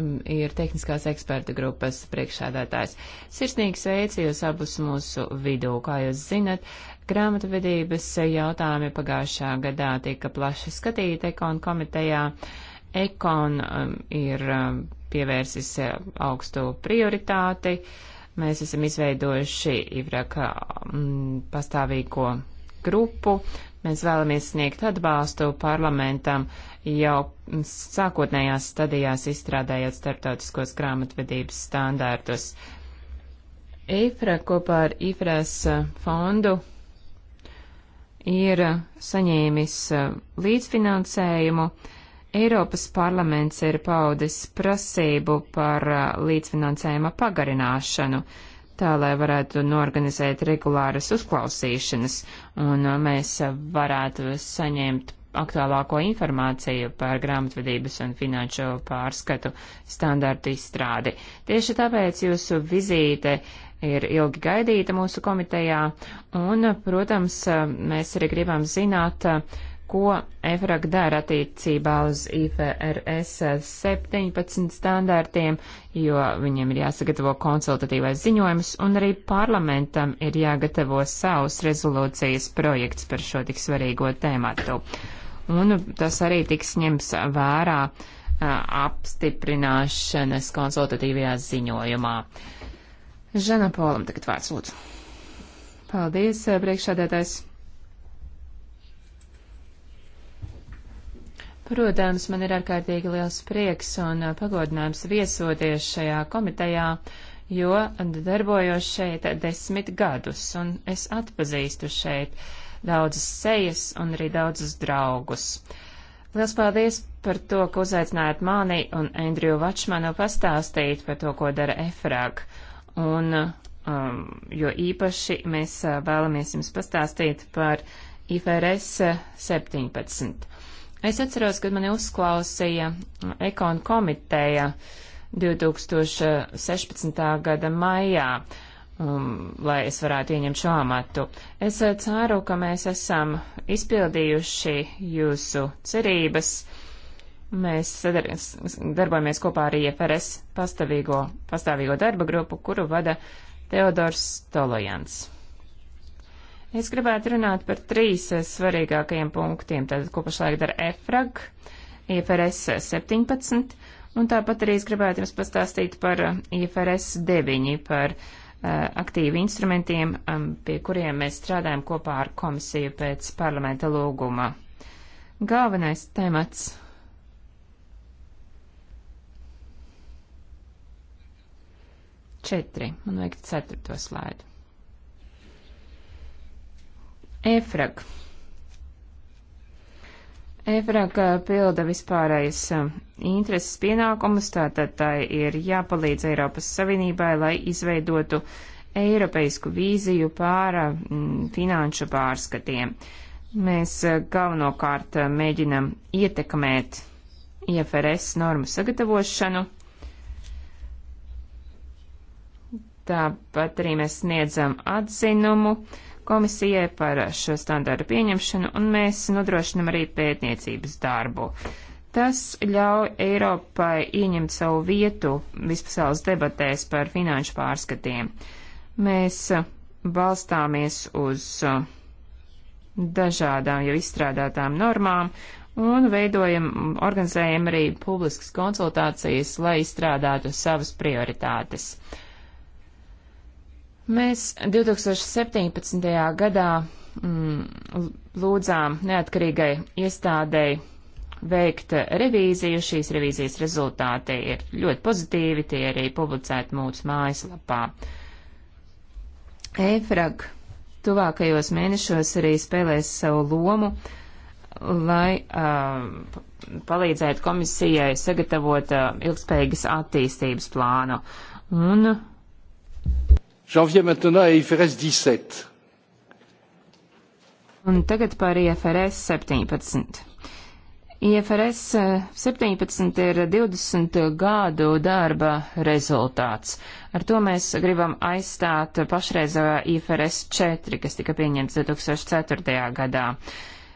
um, ir tehniskās eksperta grupas priekšādātājs. Sirsnīgi sveicu jūs abus mūsu vidū. Kā jūs zinat, grāmatvedības jautājumi pagājušā gadā tika plaši skatīti ekon komitejā. Ekon um, ir um, pievērsis augstu prioritāti. Uh, Mēs esam izveidojuši Ivraka mm, pastāvīgo grupu. Mēs vēlamies sniegt atbalstu parlamentam jau sākotnējās stadijās izstrādājot starptautiskos grāmatvedības standārtus. IFRA kopā ar IFRAS fondu ir saņēmis līdzfinansējumu Eiropas parlaments ir paudis prasību par uh, līdzfinansējuma pagarināšanu, tā lai varētu norganizēt regulāras uzklausīšanas, un uh, mēs varētu saņemt aktuālāko informāciju par grāmatvedības un finanšu pārskatu standartu izstrādi. Tieši tāpēc jūsu vizīte ir ilgi gaidīta mūsu komitejā, un, protams, uh, mēs arī gribam zināt, uh, ko EFRAG dara attiecībā uz IFRS 17 standārtiem, jo viņiem ir jāsagatavo konsultatīvais ziņojums, un arī parlamentam ir jāgatavo savus rezolūcijas projekts par šo tik svarīgo tēmatu. Un tas arī tiks ņems vērā apstiprināšanas konsultatīvajā ziņojumā. Žana Polam tagad vārds lūdzu. Paldies, priekšādētājs. Protams, man ir ārkārtīgi liels prieks un uh, pagodinājums viesoties šajā komitejā, jo darbojos šeit desmit gadus, un es atpazīstu šeit daudzas sejas un arī daudzus draugus. Liels paldies par to, ka uzaicinājāt mani un Andriju Vačmanu pastāstīt par to, ko dara EFRAG. Un, uh, um, jo īpaši mēs uh, vēlamies jums pastāstīt par IFRS 17. Es atceros, kad mani uzklausīja ekonu komiteja 2016. gada maijā, um, lai es varētu ieņemt šo amatu. Es uh, ceru, ka mēs esam izpildījuši jūsu cerības. Mēs darbojamies kopā ar IFRS pastāvīgo, pastāvīgo darba grupu, kuru vada Teodors Tolojans. Es gribētu runāt par trīs eh, svarīgākajiem punktiem, tātad, ko pašlaik dara EFRAG, IFRS 17, un tāpat arī es gribētu jums pastāstīt par eh, IFRS 9, par uh, aktīvu instrumentiem, um, pie kuriem mēs strādājam kopā ar komisiju pēc parlamenta lūguma. Galvenais temats. Četri. Man vajag ceturto slaidu. EFRAG. EFRAG eh, pilda vispārējais eh, intereses pienākumus, tātad tā ir jāpalīdz Eiropas Savienībai, lai izveidotu eiropeisku vīziju pāra eh, m, finanšu pārskatiem. Mēs galvenokārt mēģinam ietekmēt IFRS normu sagatavošanu. Tāpat arī mēs sniedzam atzinumu. Uh, komisijai par šo standārdu pieņemšanu, un mēs nodrošinam arī pētniecības darbu. Tas ļauj Eiropai ieņemt savu vietu vispasaules debatēs par finanšu pārskatiem. Mēs uh, balstāmies uz uh, dažādām jau izstrādātām normām un veidojam, organizējam arī publiskas konsultācijas, lai izstrādātu savas prioritātes. Uh, Mēs 2017. gadā mm, lūdzām neatkarīgai iestādēji veikt revīziju. Šīs revīzijas rezultāti ir ļoti pozitīvi, tie arī publicēti mūsu mājaslapā. Eifrag tuvākajos mēnešos arī spēlēs savu lomu, lai uh, palīdzētu komisijai sagatavot uh, ilgspējīgas attīstības plānu. Un J'en viens maintenant à IFRS 17. Un tagad par IFRS 17. IFRS 17 ir 20 gadu darba rezultāts. Ar to mēs gribam aizstāt pašreizējā IFRS 4, kas tika pieņemts 2004. gadā.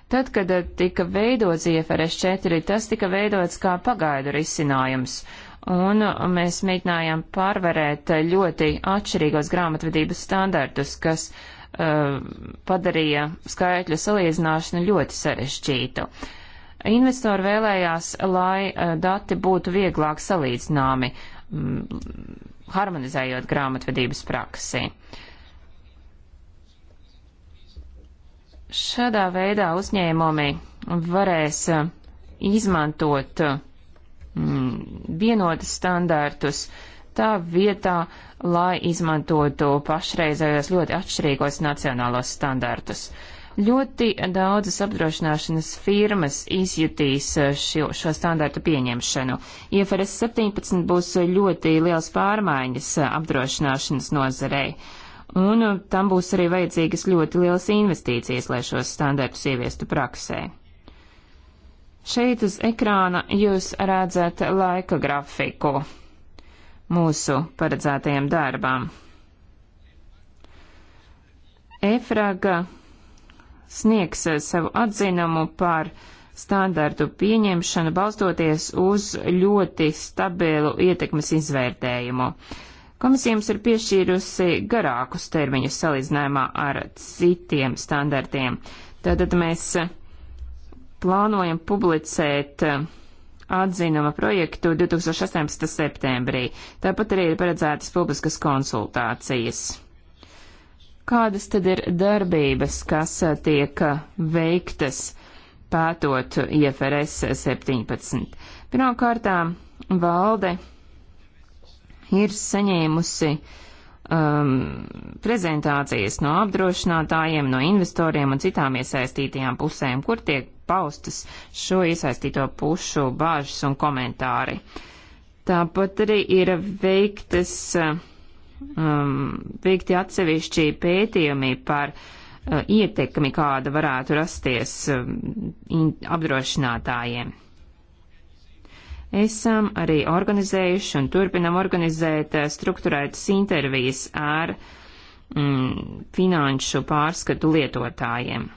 Tad, kad tika veidots IFRS 4, tas tika veidots kā pagaidu risinājums. Uh, un mēs mēģinājām pārvarēt ļoti atšķirīgos grāmatvedības standartus, kas uh, padarīja skaitļu salīdzināšanu ļoti sarežģītu. Investori vēlējās, lai uh, dati būtu vieglāk salīdzināmi, mm, harmonizējot grāmatvedības praksi. Šādā veidā uzņēmumi varēs uh, izmantot uh, vienotas standārtus tā vietā, lai izmantotu pašreizējos ļoti atšķirīgos nacionālos standārtus. Ļoti daudzas apdrošināšanas firmas izjutīs šo, šo standārtu pieņemšanu. IFRS 17 būs ļoti liels pārmaiņas apdrošināšanas nozarei, un tam būs arī vajadzīgas ļoti lielas investīcijas, lai šos standārtus ieviestu praksē. Šeit uz ekrāna jūs redzat laika grafiku mūsu paredzētajiem darbām. Efraga sniegs savu atzinumu par standartu pieņemšanu balstoties uz ļoti stabilu ietekmes izvērtējumu. Komisija jums ir piešķīrusi garākus termiņus salīdzinājumā ar citiem standartiem. Tātad mēs plānojam publicēt eh, atzinuma projektu 2018. septembrī. Tāpat arī ir paredzētas publiskas konsultācijas. Kādas tad ir darbības, kas eh, tiek eh, veiktas pētot IFRS 17? Pirmkārtām valde ir saņēmusi uh, um, prezentācijas no apdrošinātājiem, no investoriem un citām iesaistītajām pusēm, kur tiek paustas šo iesaistīto pušu bāžas un komentāri. Tāpat arī ir veiktas, um, veikti atsevišķi pētījumi par uh, ietekmi, kāda varētu rasties um, in, apdrošinātājiem. Esam arī organizējuši un turpinam organizēt eh, struktūrētas intervijas ar mm, finanšu pārskatu lietotājiem.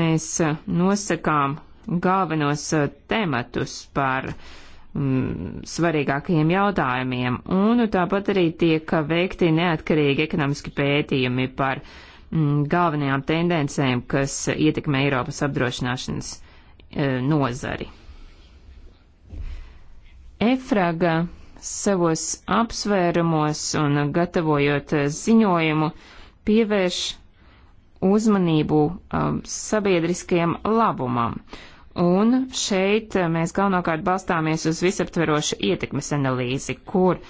Mēs eh, nosakām galvenos eh, tematus par mm, svarīgākajiem jautājumiem, un tāpat arī tiek veikti neatkarīgi ekonomiski pētījumi par mm, galvenajām tendencēm, kas ietekmē Eiropas apdrošināšanas E, nozari. Efraga savos apsvērumos un gatavojot ziņojumu pievērš uzmanību um, sabiedriskajam labumam. Un šeit mēs galvenokārt balstāmies uz visaptverošu ietekmes analīzi, kur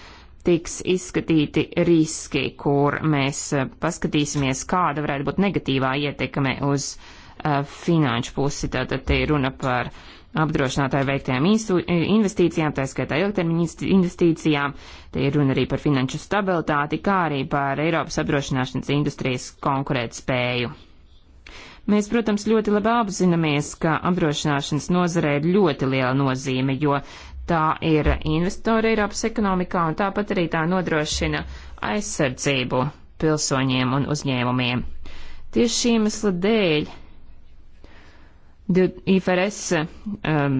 tiks izskatīti riski, kur mēs e, paskatīsimies, kāda varētu būt negatīvā ietekme uz uh, Uh, finanšu pusi. Tātad te ir runa par apdrošinātāju veiktajām investīcijām, tā skaitā ilgtermiņa investīcijām, te ir runa arī par finanšu stabilitāti, kā arī par Eiropas apdrošināšanas industrijas konkurētspēju. Mēs, protams, ļoti labi apzināmies, ka apdrošināšanas nozarē ir ļoti liela nozīme, jo tā ir investori Eiropas ekonomikā un tāpat arī tā nodrošina aizsardzību pilsoņiem un uzņēmumiem. Tieši šī iemesla dēļ IFRS um,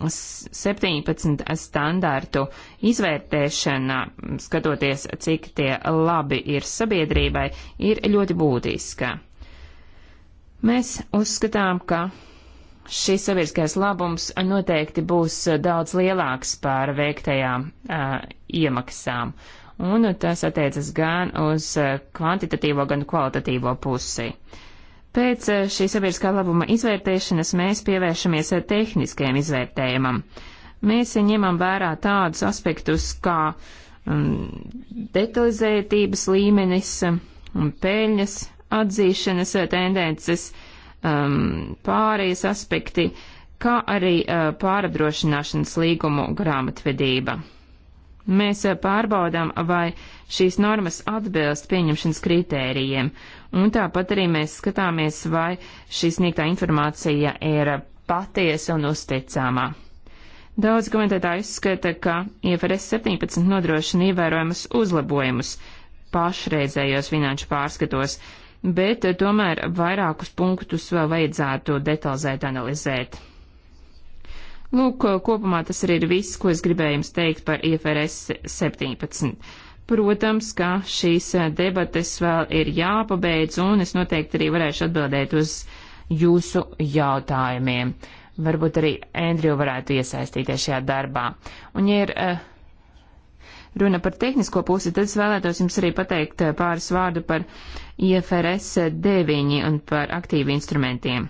17 standārtu izvērtēšana, skatoties, cik tie labi ir sabiedrībai, ir ļoti būtiska. Mēs uzskatām, ka šis sabiedriskais labums noteikti būs daudz lielāks pār veiktajām uh, iemaksām, un tas attiecas gan uz uh, kvantitatīvo, gan kvalitatīvo pusi. Uh, Pēc eh, šī sabiedriskā labuma izvērtēšanas mēs pievēršamies eh, tehniskajam izvērtējumam. Mēs ņemam vērā tādus aspektus kā um, detalizētības līmenis, um, peļņas, atzīšanas eh, tendences, um, pārējais aspekti, kā arī uh, pārapdrošināšanas līgumu grāmatvedība. Mēs uh, pārbaudām, vai šīs normas atbilst pieņemšanas kritērijiem Un tāpat arī mēs skatāmies, vai šī sniegtā informācija ir patiesa un uzticāmā. Daudz komentētāji uzskata, ka IFRS 17 nodrošina ievērojamus uzlabojumus pašreizējos finanšu pārskatos, bet tomēr vairākus punktus vēl vajadzētu detalizēt analizēt. Lūk, kopumā tas arī ir viss, ko es gribēju jums teikt par IFRS 17. Protams, ka šīs eh, debates vēl ir jāpabeidz, un es noteikti arī varēšu atbildēt uz jūsu jautājumiem. Varbūt arī Andriju varētu iesaistīties šajā darbā. Un, ja ir eh, runa par tehnisko pusi, tad es vēlētos jums arī pateikt eh, pāris vārdu par IFRS 9 un par aktīvu instrumentiem.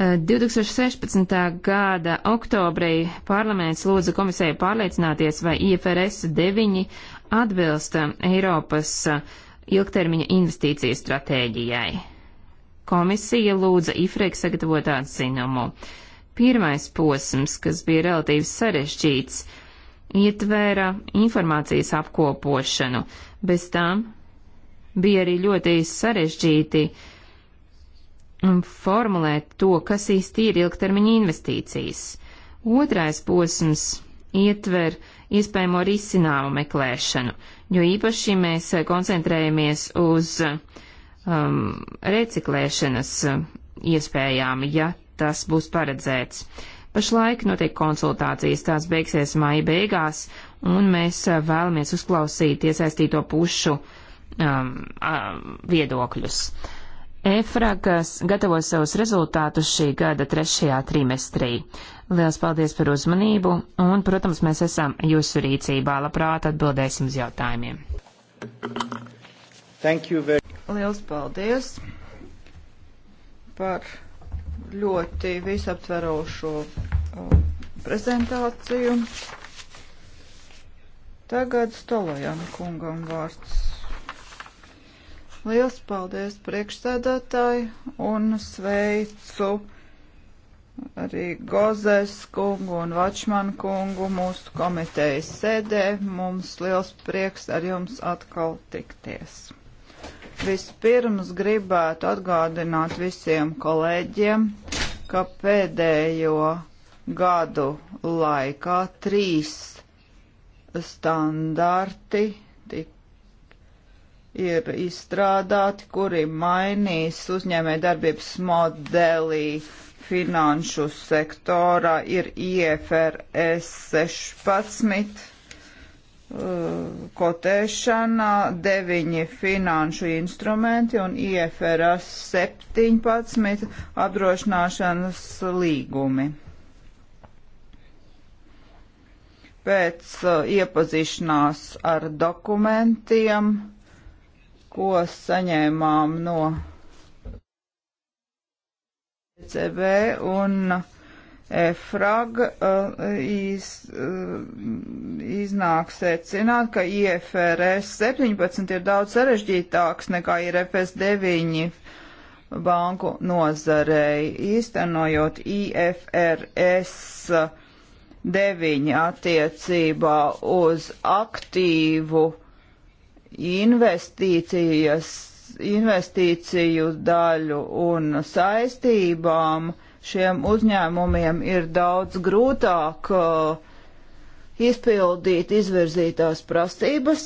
2016. Eh, gada oktobrī parlaments lūdza komisēju pārliecināties, vai IFRS 9 atbilst eh, Eiropas eh, ilgtermiņa investīciju stratēģijai. Komisija lūdza IFREK sagatavot atzinumu. Pirmais posms, kas bija relatīvi sarežģīts, ietvēra informācijas apkopošanu, bez tām bija arī ļoti sarežģīti uh, formulēt to, kas īsti ir ilgtermiņa investīcijas. Otrais posms ietver iespējamo risinājumu meklēšanu, jo īpaši mēs koncentrējamies uz um, reciklēšanas um, iespējām, ja tas būs paredzēts. Pašlaik notiek konsultācijas, tās beigsies māja beigās, un mēs uh, vēlamies uzklausīt iesaistīto pušu um, um, viedokļus. Uh, EFRAGAS gatavo savus rezultātus šī gada trešajā trimestrī. Lielas paldies par uzmanību, un, protams, mēs esam jūsu rīcībā. Labprāt atbildēsim uz jautājumiem. Very... Lielas paldies par ļoti visaptverošo um, prezentāciju. Tagad Stolojam kungam vārds. Liels paldies priekšsēdētāji un sveicu arī Gozes kungu un Vačmanu kungu mūsu komitejas sēdē. Mums liels prieks ar jums atkal tikties. Vispirms gribētu atgādināt visiem kolēģiem, ka pēdējo gadu laikā trīs standarti ir izstrādāti, kuri mainīs uzņēmē darbības modelī finanšu sektorā, ir IFRS 16 uh, kotēšana, deviņi finanšu instrumenti un IFRS 17 apdrošināšanas līgumi. Pēc uh, iepazīšanās ar dokumentiem ko saņēmām no ECB un EFRAG uh, iz, uh, iznāk secināt, ka IFRS 17 ir daudz sarežģītāks nekā IRFS 9 banku nozarei. Īstenojot IFRS 9 attiecībā uz aktīvu uh, investīcijas, investīciju daļu un saistībām šiem uzņēmumiem ir daudz grūtāk uh, izpildīt izvirzītās prasības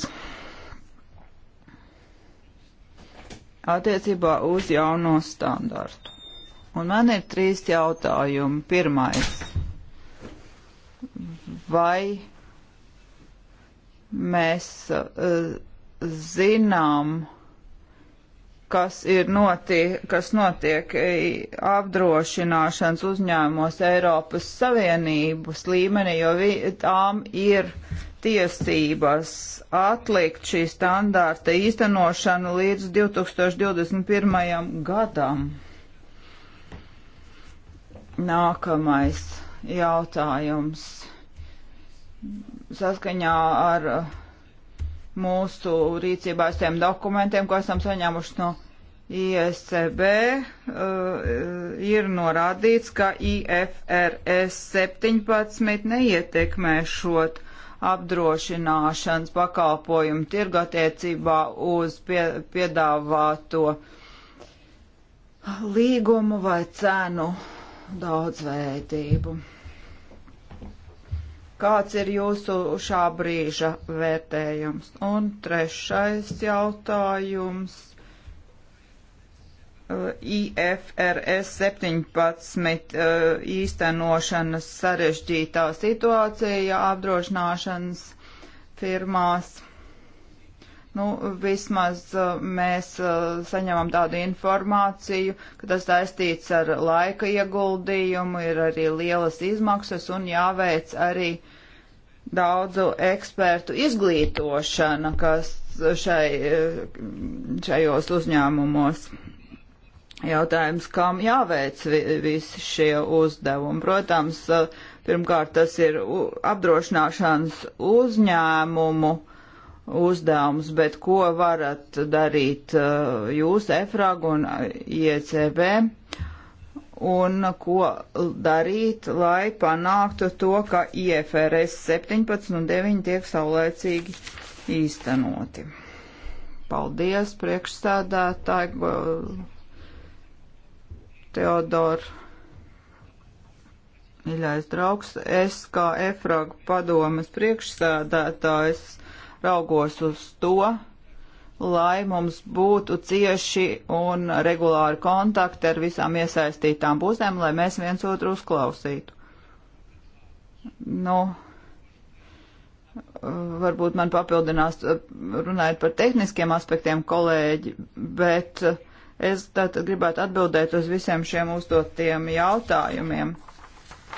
attiecībā uz jauno standartu. Un man ir trīs jautājumi. Pirmais. Vai mēs uh, zinām, kas ir notiek, kas notiek e, apdrošināšanas uzņēmumos Eiropas Savienības līmenī, jo vi, tām ir tiesības atlikt šī standārta īstenošanu līdz 2021. gadam. Nākamais jautājums. Saskaņā ar uh, mūsu rīcībā esam dokumentiem, ko esam saņēmuši no ISB, uh, ir norādīts, ka IFRS 17 neietekmē šot apdrošināšanas pakalpojumu tirgu attiecībā uz pie, piedāvāto līgumu vai cenu daudzveidību. Kāds ir jūsu šā brīža vērtējums? Un trešais jautājums. IFRS 17 īstenošanas sarežģītā situācija apdrošināšanas firmās. Nu, vismaz mēs saņemam tādu informāciju, ka tas saistīts ar laika ieguldījumu, ir arī lielas izmaksas un jāveic arī uh, daudzu ekspertu izglītošana, kas šai, šajos uzņēmumos jautājums, kam jāveic visi šie uzdevumi. Protams, pirmkārt tas ir apdrošināšanas uzņēmumu uzdevums, bet ko varat darīt uh, jūs, EFRAG un uh, IECB? un ko darīt, lai panāktu to, ka IFRS 17 un 9 tiek saulēcīgi īstenoti. Paldies, priekšstādātāji, Teodor, mīļais draugs. Es kā EFRAG padomas priekšstādātājs raugos uz to, lai mums būtu cieši un regulāri kontakti ar visām iesaistītām pusēm, lai mēs viens otru uzklausītu. Nu, varbūt man papildinās runājot par tehniskiem aspektiem kolēģi, bet es tātad gribētu atbildēt uz visiem šiem uzdotiem jautājumiem.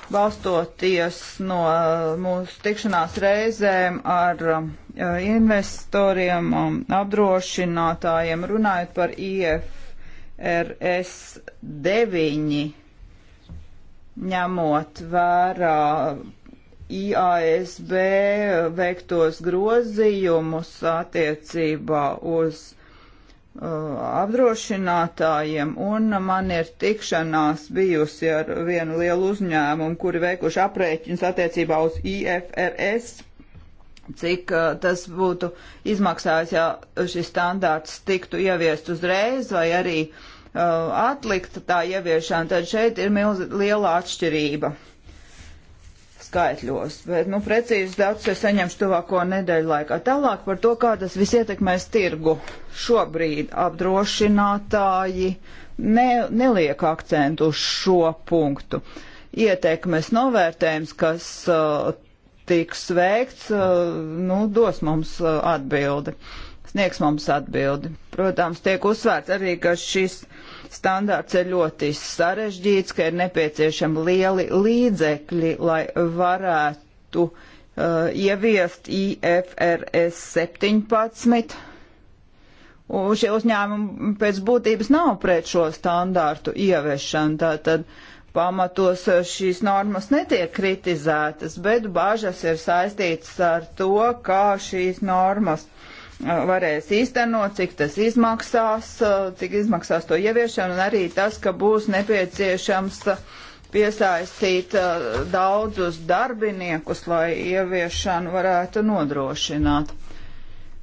Balstoties no mūsu tikšanās reizēm ar Eh, investoriem, um, apdrošinātājiem, runājot par IFRS 9, ņemot vērā IASB veiktos grozījumus attiecībā uz eh, apdrošinātājiem, un man ir tikšanās bijusi ar vienu lielu uzņēmumu, kuri veikuši aprēķins attiecībā uz IFRS cik uh, tas būtu izmaksājis, ja šis standārts tiktu ieviests uzreiz vai arī uh, atlikt tā ieviešana, tad šeit ir milz, liela atšķirība skaitļos, bet, nu, precīzi datus es saņemšu tuvāko nedēļu laikā. Tālāk par to, kā tas viss ietekmēs tirgu. Šobrīd apdrošinātāji ne, neliek akcentu uz šo punktu. Ietekmes novērtējums, kas uh, tiks veikts, eh, nu, dos mums eh, atbildi, sniegs mums atbildi. Protams, tiek uzsvērts arī, ka šis standārts ir ļoti sarežģīts, ka ir nepieciešami lieli līdzekļi, lai varētu uh, ieviest IFRS 17. Un šie uzņēmumi pēc būtības nav pret šo standārtu ieviešanu. Tātad, uh, pamatos eh, šīs normas netiek kritizētas, bet bāžas ir saistītas ar to, kā šīs normas eh, varēs īstenot, cik tas izmaksās, eh, cik izmaksās to ieviešanu un arī tas, ka būs nepieciešams piesaistīt daudzus darbiniekus, lai ieviešanu varētu nodrošināt.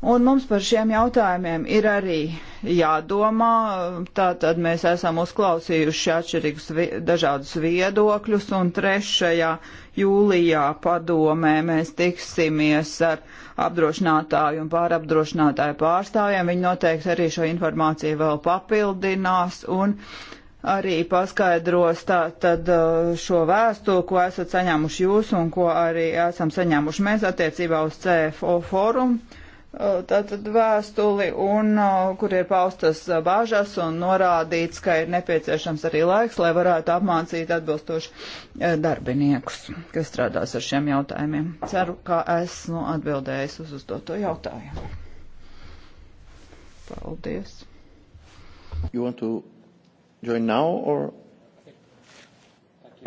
Un mums par šiem jautājumiem ir arī jādomā. Tātad mēs esam uzklausījuši atšķirīgus vi dažādus viedokļus, un 3. jūlijā padomē mēs tiksimies ar apdrošinātāju un pārapdrošinātāju pārstāvjiem. Viņi noteikti arī šo informāciju vēl papildinās un arī paskaidros tātad uh, šo vēstuli, ko esat saņēmuši jūs un ko arī esam saņēmuši mēs attiecībā uz CFO forumu Eh, tātad vēstuli un eh, kur ir paustas eh, bāžas un norādīts, ka ir nepieciešams arī laiks, lai varētu apmācīt atbilstoši darbiniekus, kas strādās ar šiem jautājumiem. Ceru, ka esmu atbildējis uz uzdoto jautājumu. Paldies. You want to join now or?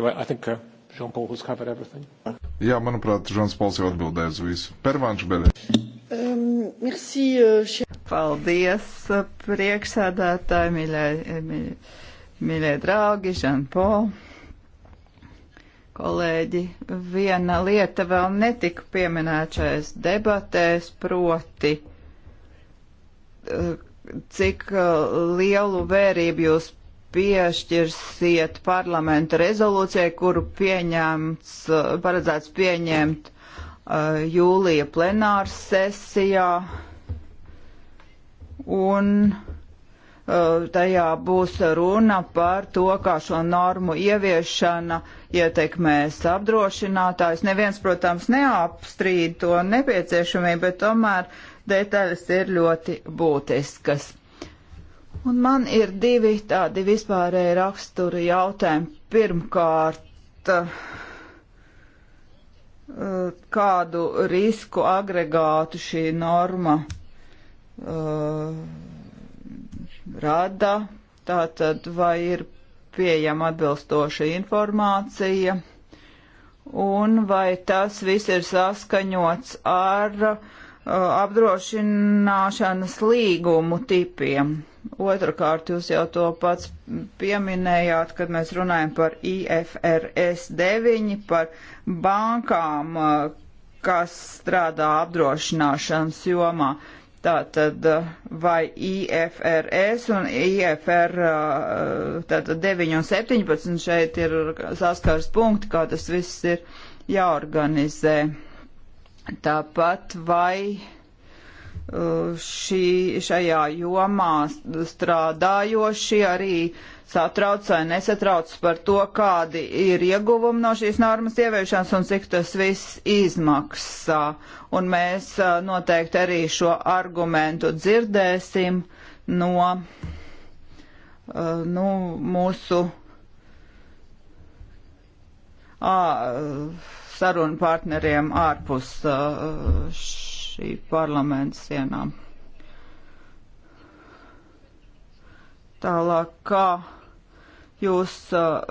I think uh, Jean-Paul has covered everything. Jā, manuprāt, Žans Pauls jau atbildēja uz visu. Pervanš Beļē. Merci, euh, Paldies, uh, priekšsēdētāji, mīļie, eh, mīļie draugi, Žanpo, kolēģi. Viena lieta vēl netika pieminēta šajās debatēs, proti, eh, cik eh, lielu vērību jūs piešķirsiet parlamenta rezolūcijai, kuru pieņemts, paredzēts pieņemt Eh, jūlija plenāras sesijā, un eh, tajā būs runa par to, kā šo normu ieviešana ietekmēs apdrošinātājs. Neviens, protams, neapstrīd to nepieciešamību, bet tomēr detaļas ir ļoti būtiskas. Un man ir divi tādi vispārēji raksturi jautājumi. Pirmkārt, uh, kādu risku agregātu šī norma uh, rada, tātad vai ir pieejama atbilstoša informācija un vai tas viss ir saskaņots ar uh, apdrošināšanas līgumu tipiem. Otrakārt, jūs jau to pats pieminējāt, kad mēs runājam par IFRS 9, par bankām, eh, kas strādā apdrošināšanas jomā. Tātad eh, vai IFRS un IFR eh, tātad 9 un 17 šeit ir saskars punkti, kā tas viss ir jāorganizē. Tāpat vai šī, šajā jomā strādājošie arī satrauc vai nesatrauc par to, kādi ir ieguvumi no šīs normas ieviešanas un cik tas viss izmaksā. Un mēs noteikti arī šo argumentu dzirdēsim no nu, mūsu à, sarunu partneriem ārpus. Uh, šī parlamenta sienām. Tālāk, kā jūs uh,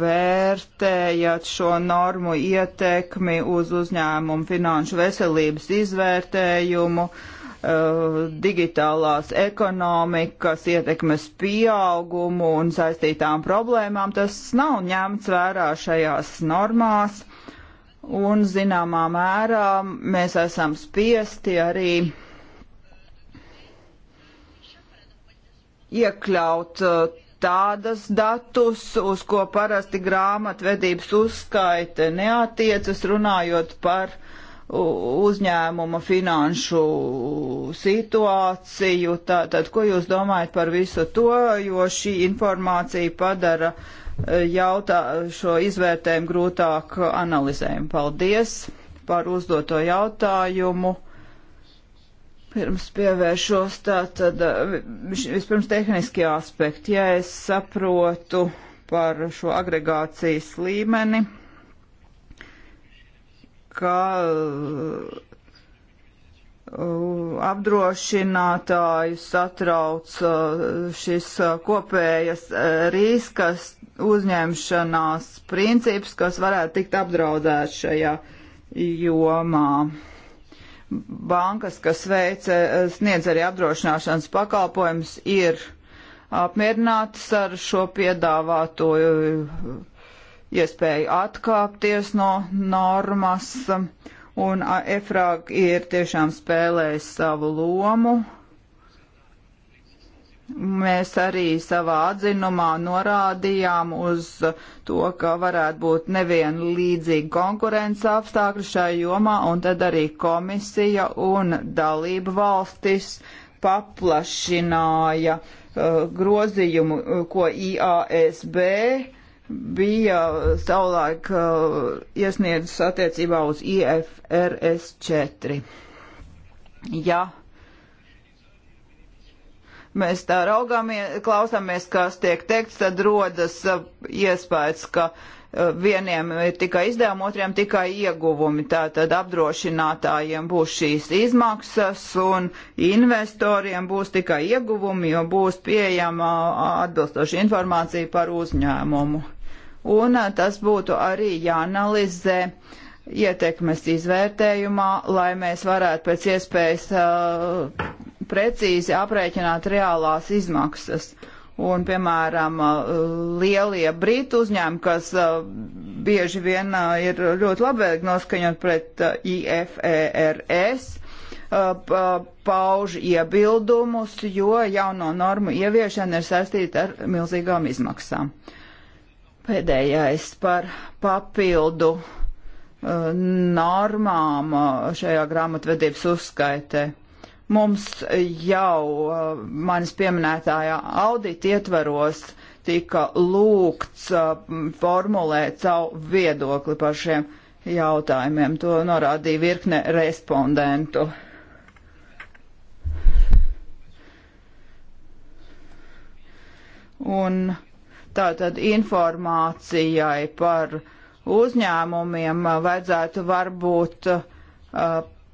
vērtējat šo normu ietekmi uz uzņēmumu finanšu veselības izvērtējumu, uh, digitālās ekonomikas ietekmes pieaugumu un saistītām problēmām. Tas nav ņemts vērā šajās normās un zināmā mērā mēs esam spiesti arī iekļaut uh, tādas datus, uz ko parasti grāmatvedības uzskaite neatiecas, runājot par uzņēmuma finanšu situāciju. Tātad, ko jūs domājat par visu to, jo šī informācija padara uh, jautā, šo izvērtējumu grūtāk analizējumu. Paldies par uzdoto jautājumu. Pirms pievēršos tā, tad vispirms tehniski aspekti. Ja es saprotu par šo agregācijas līmeni, ka apdrošinātāju satrauc uh, šis uh, kopējas uh, riskas uzņemšanās princips, kas varētu tikt apdraudēts šajā jomā. Bankas, kas veica, eh, sniedz arī apdrošināšanas pakalpojumus, ir apmierinātas ar šo piedāvāto eh, iespēju atkāpties no normas, un eh, EFRAG ir tiešām spēlējis savu lomu Mēs arī savā atzinumā norādījām uz to, ka varētu būt nevien līdzīgi konkurences apstākļi šai jomā, un tad arī komisija un dalība valstis paplašināja uh, grozījumu, uh, ko IASB bija savulaik uh, iesniedzis attiecībā uz IFRS 4. Ja mēs tā raugāmies, klausāmies, kas tiek teikts, tad rodas uh, iespējas, ka uh, vieniem ir tikai izdevumi, otriem tikai ieguvumi. Tātad apdrošinātājiem būs šīs izmaksas un investoriem būs tikai ieguvumi, jo būs pieejama uh, atbilstoša informācija par uzņēmumu. Un tas būtu arī jāanalizē ietekmes izvērtējumā, lai mēs varētu pēc iespējas uh, precīzi aprēķināt reālās izmaksas. Un, piemēram, uh, lielie brītu uzņēmumi, kas uh, bieži vien uh, ir ļoti labvēlīgi noskaņot pret IFERS, pauž iebildumus, jo jauno normu ieviešana ir saistīta ar milzīgām izmaksām. Pēdējais par papildu normām šajā grāmatvedības uzskaitē Mums jau eh, manis pieminētājā audita ietvaros tika lūgts eh, formulēt savu viedokli par šiem jautājumiem. To norādīja virkne respondentu. Un tātad informācijai par uzņēmumiem vajadzētu varbūt uh,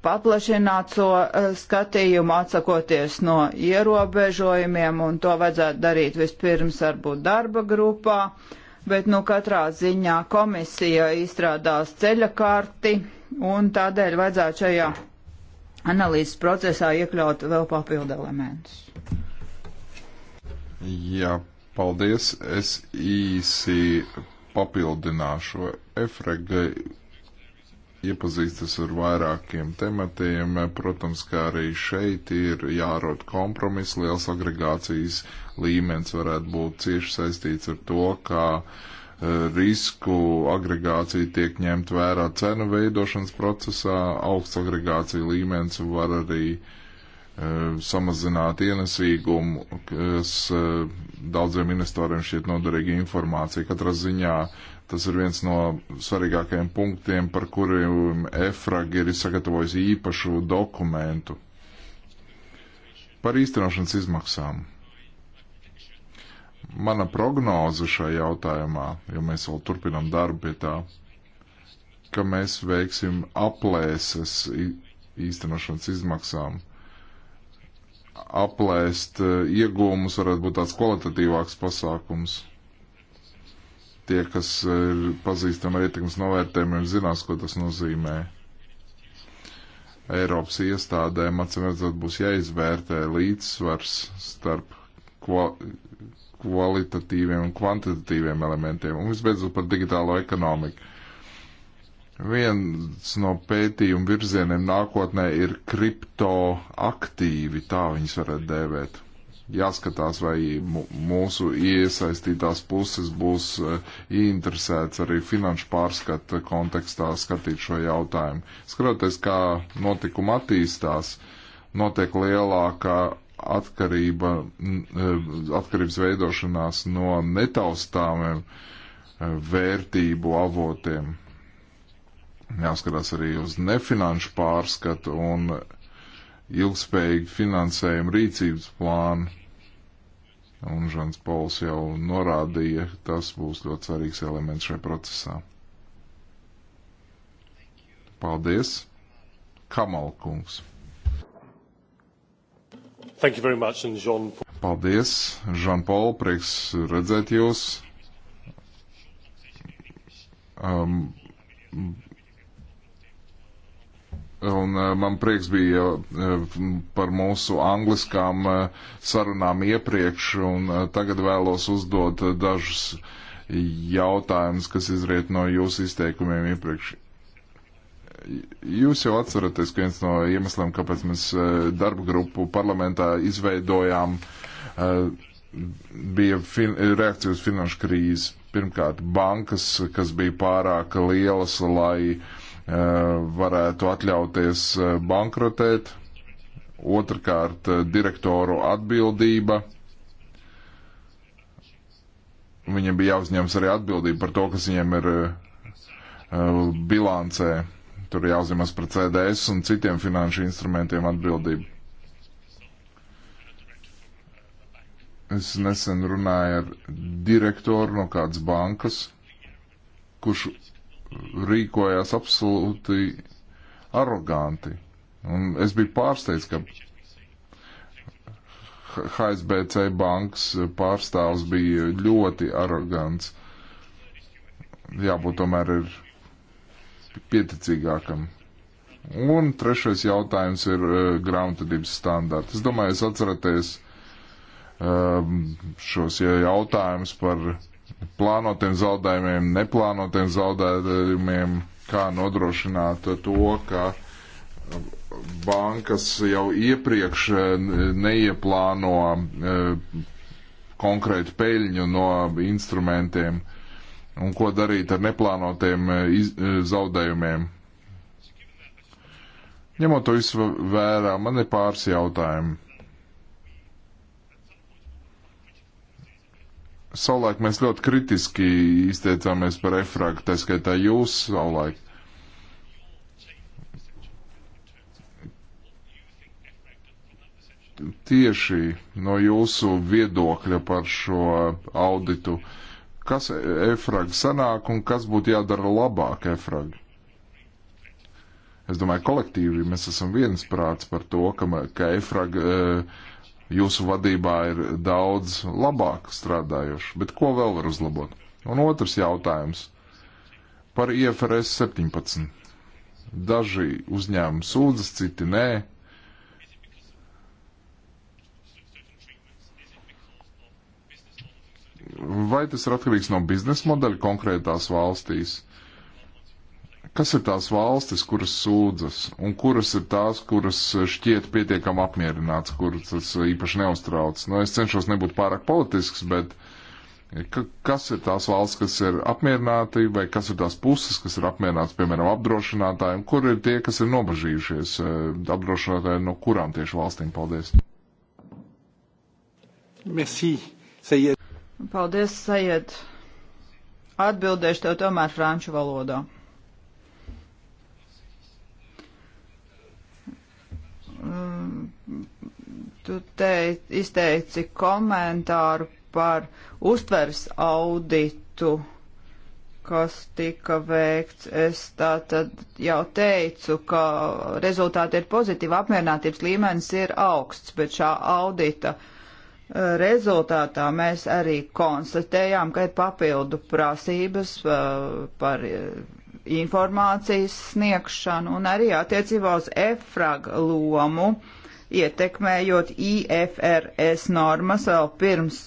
paplašināt šo so eh, skatījumu, atsakoties no ierobežojumiem, un to vajadzētu darīt vispirms varbūt darba grupā, bet nu katrā ziņā komisija izstrādās ceļa karti, un tādēļ vajadzētu šajā analīzes procesā iekļaut vēl papildu elementus. Jā, paldies. Es īsi papildināšu. Efrega iepazīstas ar vairākiem tematiem. Protams, kā arī šeit ir jārod kompromiss, liels agregācijas līmenis varētu būt cieši saistīts ar to, kā eh, risku agregācija tiek ņemt vērā cenu veidošanas procesā, augsts agregācija līmenis var arī uh, samazināt ienesīgumu, kas uh, daudziem investoriem šķiet noderīga informācija. Katrā ziņā uh, Tas ir viens no svarīgākajiem punktiem, par kuriem EFRAG ir sagatavojis īpašu dokumentu par īstenošanas izmaksām. Mana prognoze šajā jautājumā, jo mēs vēl turpinam darbu pie tā, ka mēs veiksim aplēses īstenošanas izmaksām. Aplēst e, iegūmus varētu būt tāds kvalitatīvāks pasākums Tie, kas ir pazīstami ar ietekmes novērtējumiem, zinās, ko tas nozīmē. Eiropas iestādēm, acīm redzot, būs jāizvērtē līdzsvars starp kvalitatīviem un kvantitatīviem elementiem. Un visbeidzot par digitālo ekonomiku. Viens no pētījuma virzieniem nākotnē ir kriptoaktīvi, tā viņas varētu dēvēt jāskatās, vai mūsu iesaistītās puses būs eh, interesēts arī finanšu pārskata kontekstā skatīt šo jautājumu. Skatoties, kā notikuma attīstās, notiek lielāka atkarība, eh, atkarības veidošanās no netaustāmiem eh, vērtību avotiem. Jāskatās arī uz nefinanšu pārskatu un ilgspējīgu finansējumu rīcības plānu un Žans Pols jau norādīja, tas būs ļoti svarīgs elements šajā procesā. Paldies! Kamalkungs! Thank you very much, and Jean Paul. Paldies, Žanpaul, prieks redzēt jūs. Um, Un eh, man prieks bija eh, par mūsu angliskām eh, sarunām iepriekš, un tagad vēlos uzdot dažus jautājumus, kas izriet no jūsu izteikumiem iepriekš. Jūs jau atceraties, ka viens no iemesliem, kāpēc mēs darba grupu parlamentā izveidojām, bija fin reakcija uz finanšu krīzi. Pirmkārt, bankas, kas bija pārāk lielas, lai uh, Eh, varētu atļauties eh, bankrotēt. Otrakārt, eh, direktoru atbildība. Viņam bija jāuzņems arī atbildība par to, kas viņam ir bilancē. Tur jāuzņemas par CDS un citiem finanšu instrumentiem atbildību. Es nesen runāju ar direktoru no kādas bankas, kurš rīkojās absolūti aroganti. Un es biju pārsteigts, ka HSBC bankas pārstāvs bija ļoti arogants. Jābūt tomēr ir pieticīgākam. Un trešais jautājums ir uh, grāmatvedības standarti. Es domāju, es atceraties um, šos jautājumus par plānotiem zaudējumiem, neplānotiem zaudējumiem, kā nodrošināt to, ka bankas jau iepriekš e, neieplāno e, konkrētu peļņu no instrumentiem un ko darīt ar neplānotiem e, zaudējumiem. Ņemot to visu vērā, man ir pāris jautājumi. savulaik mēs ļoti kritiski izteicāmies par efrāgu, tā skaitā jūs savulaik. Tieši no jūsu viedokļa par šo auditu, kas efrāgu sanāk un kas būtu jādara labāk efrāgu? Es domāju, kolektīvi mēs esam viensprāts par to, ka, ka efrāgu. Uh, jūsu vadībā ir daudz labāk strādājuši, bet ko vēl var uzlabot? Un otrs jautājums par IFRS 17. Daži uzņēmumi sūdzas, citi nē. Vai tas ir atkarīgs no biznesa modeļa konkrētās valstīs? Kas ir tās valstis, kuras sūdzas, un kuras ir tās, kuras šķiet pietiekami apmierināts, kuras tas īpaši neuztrauc? Nu, es cenšos nebūt pārāk politisks, bet eh, ka, kas ir tās valsts, kas ir apmierināti, vai kas ir tās puses, kas ir apmierināts, piemēram, apdrošinātāji, un kur ir tie, kas ir nobažījušies, eh, apdrošinātāji no kurām tieši valstīm? Paldies! Merci, Sajed. Paldies, Sajed! Atbildēšu tev tomēr franču valodā. Mm, tu teici, izteici komentāru par uztveres auditu, kas tika veikts. Es tā tad jau teicu, ka rezultāti ir pozitīvi, apmierinātības līmenis ir augsts, bet šā audita eh, rezultātā mēs arī konstatējām, ka ir papildu prasības eh, par eh, informācijas sniegšanu un arī attiecībā uz EFRAG lomu, ietekmējot IFRS normas vēl pirms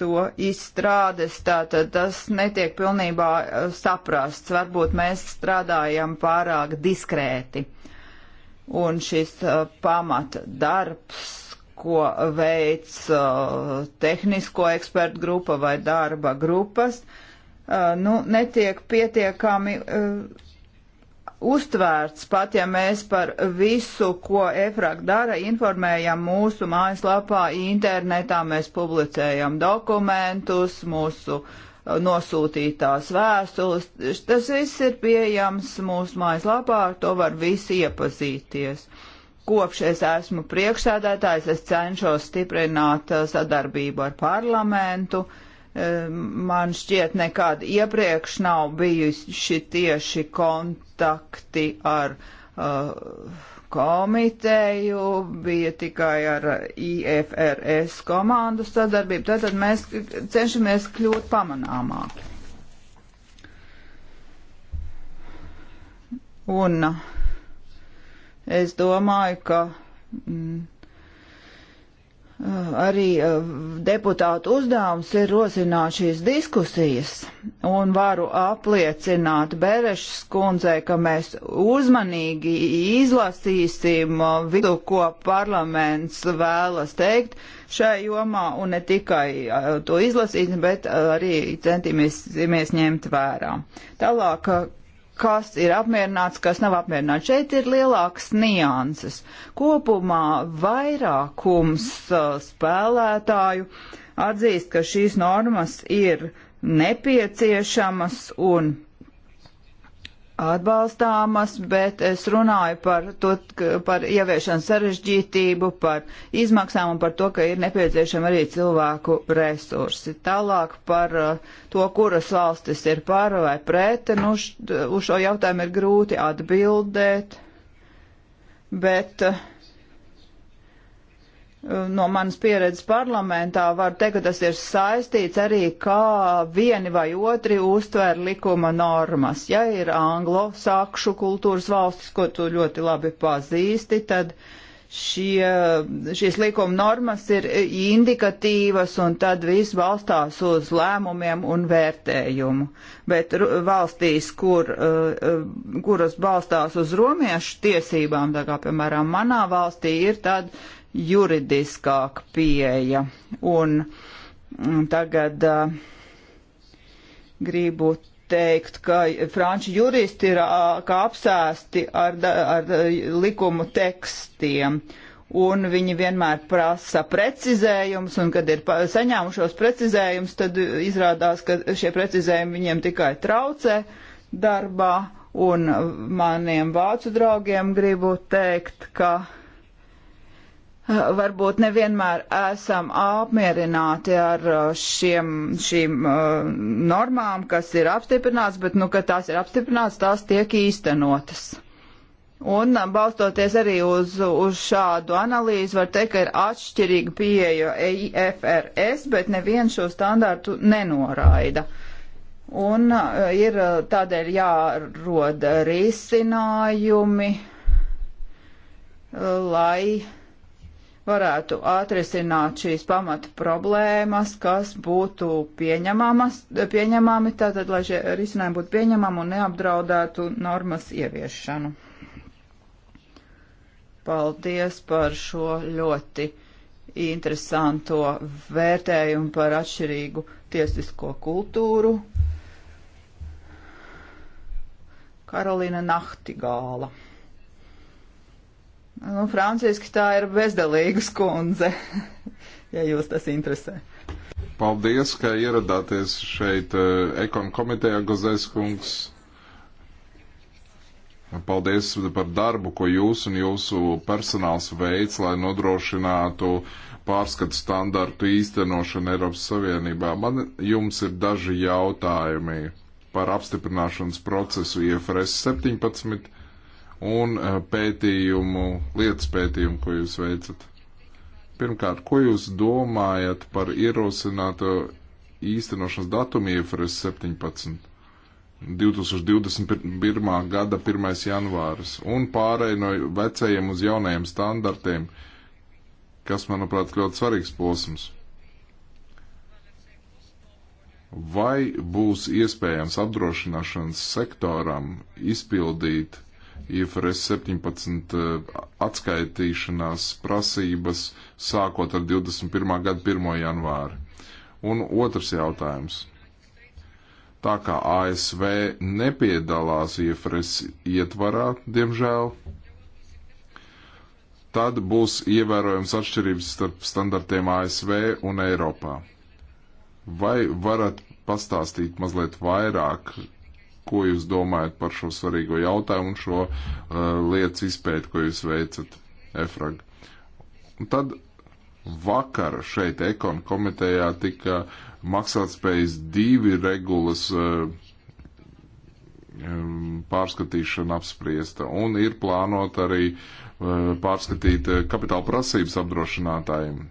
to izstrādes, tātad tas netiek pilnībā eh, saprasts. Varbūt mēs strādājam pārāk diskrēti. Un šis uh, eh, pamata darbs, ko veic uh, tehnisko ekspertu grupa vai darba grupas, uh, Uh, nu, netiek pietiekami uh, uztvērts, pat ja mēs par visu, ko EFRAG dara, informējam mūsu mājaslapā, internetā, mēs publicējam dokumentus, mūsu uh, nosūtītās vēstules. Tas viss ir pieejams mūsu mājaslapā, ar to var visi iepazīties. Kopš es esmu priekšsēdētājs, es cenšos stiprināt sadarbību ar parlamentu. Uh, Eh, man šķiet nekad iepriekš nav bijuši tieši kontakti ar uh, komiteju, bija tikai ar IFRS komandu sadarbību, tātad mēs cenšamies kļūt pamanāmāki. Un eh, es domāju, ka mm, arī e, deputātu uzdevums ir rosināt šīs diskusijas, un varu apliecināt Berešas kundzei, ka mēs uzmanīgi izlasīsim e, vidu, ko parlaments vēlas teikt šai jomā, un ne tikai e, to izlasīsim, bet arī centīsimies ņemt vērā. Tālāk kas ir apmierināts, kas nav apmierināts. Šeit ir lielāks nianses. Kopumā vairākums uh, spēlētāju atzīst, ka šīs normas ir nepieciešamas un atbalstāmas, bet es runāju par, to, par ieviešanas sarežģītību, par izmaksām un par to, ka ir nepieciešama arī cilvēku resursi. Tālāk par uh, to, kuras valstis ir par vai pret, nu, uz šo jautājumu ir grūti atbildēt, bet uh, no manas pieredzes parlamentā var teikt, ka tas ir saistīts arī, kā vieni vai otri uztver likuma normas. Ja ir anglo-sakšu kultūras valstis, ko tu ļoti labi pazīsti, tad šie, šīs likuma normas ir indikatīvas un tad viss balstās uz lēmumiem un vērtējumu. Bet valstīs, kur, eh, kuras balstās uz romiešu tiesībām, tā kā piemēram manā valstī, ir tāda juridiskāka pieeja. Un mm, tagad uh, gribu teikt, ka franču juristi ir uh, kā apsēsti ar, ar likumu tekstiem. Un viņi vienmēr prasa precizējumus, un kad ir saņēmušos precizējumus, tad izrādās, ka šie precizējumi viņiem tikai traucē darbā. Un maniem vācu draugiem gribu teikt, ka uh, Eh, varbūt nevienmēr esam apmierināti ar eh, šiem, šīm eh, normām, kas ir apstiprināts, bet, nu, kad tās ir apstiprināts, tās tiek īstenotas. Un balstoties arī uz, uz šādu analīzi, var teikt, ka ir atšķirīga pieeja EIFRS, bet neviens šo standārtu nenoraida. Un ir tādēļ jārod risinājumi, lai varētu atrisināt šīs pamatu problēmas, kas būtu pieņemamas, pieņemami, tātad, lai šie risinājumi būtu pieņemami un neapdraudētu normas ieviešanu. Paldies par šo ļoti interesanto vērtējumu par atšķirīgu tiesisko kultūru. Karolīna Nachtigāla. Nu, franciski tā ir bezdelīga skundze, ja jūs tas interesē. Paldies, ka ieradāties šeit eh, ekon komitejā, Gozēs kungs. Paldies par darbu, ko jūs un jūsu personāls veids, lai nodrošinātu pārskatu standartu īstenošanu Eiropas Savienībā. Man jums ir daži jautājumi par apstiprināšanas procesu IFRS 17 un eh, pētījumu, lietas pētījumu, ko jūs veicat. Pirmkārt, ko jūs domājat par ierosināto īstenošanas datumu IFRS 17? 2021. gada 1. janvāris un pārēj no vecajiem uz jaunajiem standartiem, kas, manuprāt, ļoti svarīgs posms. Vai būs iespējams apdrošināšanas sektoram izpildīt IFRS 17 eh, atskaitīšanās prasības sākot ar 21. gada 1. janvāri. Un otrs jautājums. Tā kā ASV nepiedalās IFRS ietvarā, diemžēl, tad būs ievērojams atšķirības starp standartiem ASV un Eiropā. Vai varat pastāstīt mazliet vairāk ko jūs domājat par šo svarīgo jautājumu un šo uh, lietas izpēti, ko jūs veicat EFRAG. Un tad vakar šeit ekon komitejā tika maksātspējas divi regulas uh, um, pārskatīšana apspriesta un ir plānot arī uh, pārskatīt uh, kapitāla prasības apdrošinātājiem.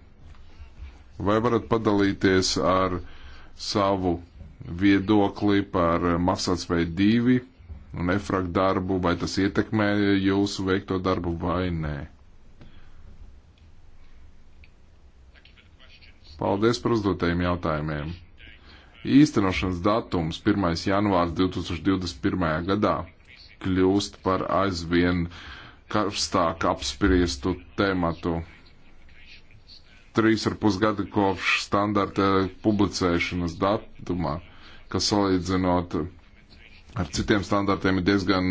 Vai varat padalīties ar savu viedokli par maksātspēju divi un efrakt darbu, vai tas ietekmē jūsu veikto darbu vai nē. Paldies par uzdotajiem jautājumiem. Īstenošanas datums 1. janvārs 2021. gadā kļūst par aizvien karstāk apspriestu tematu. Trīs ar pusgadi kopš standarta publicēšanas datumā kas salīdzinot ar citiem standartiem ir diezgan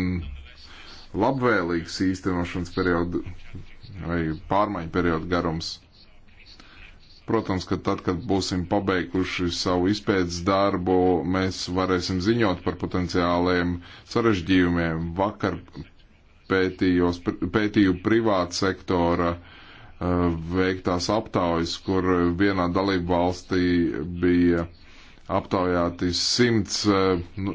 labvēlīgs īstenošanas periodu vai pārmaiņu periodu garums. Protams, ka tad, kad būsim pabeiguši savu izpētes darbu, mēs varēsim ziņot par potenciāliem sarežģījumiem. Vakar pētījos, pētīju privāta sektora eh, veiktās aptaujas, kur vienā dalību valstī bija uh, aptaujāti simts eh, nu,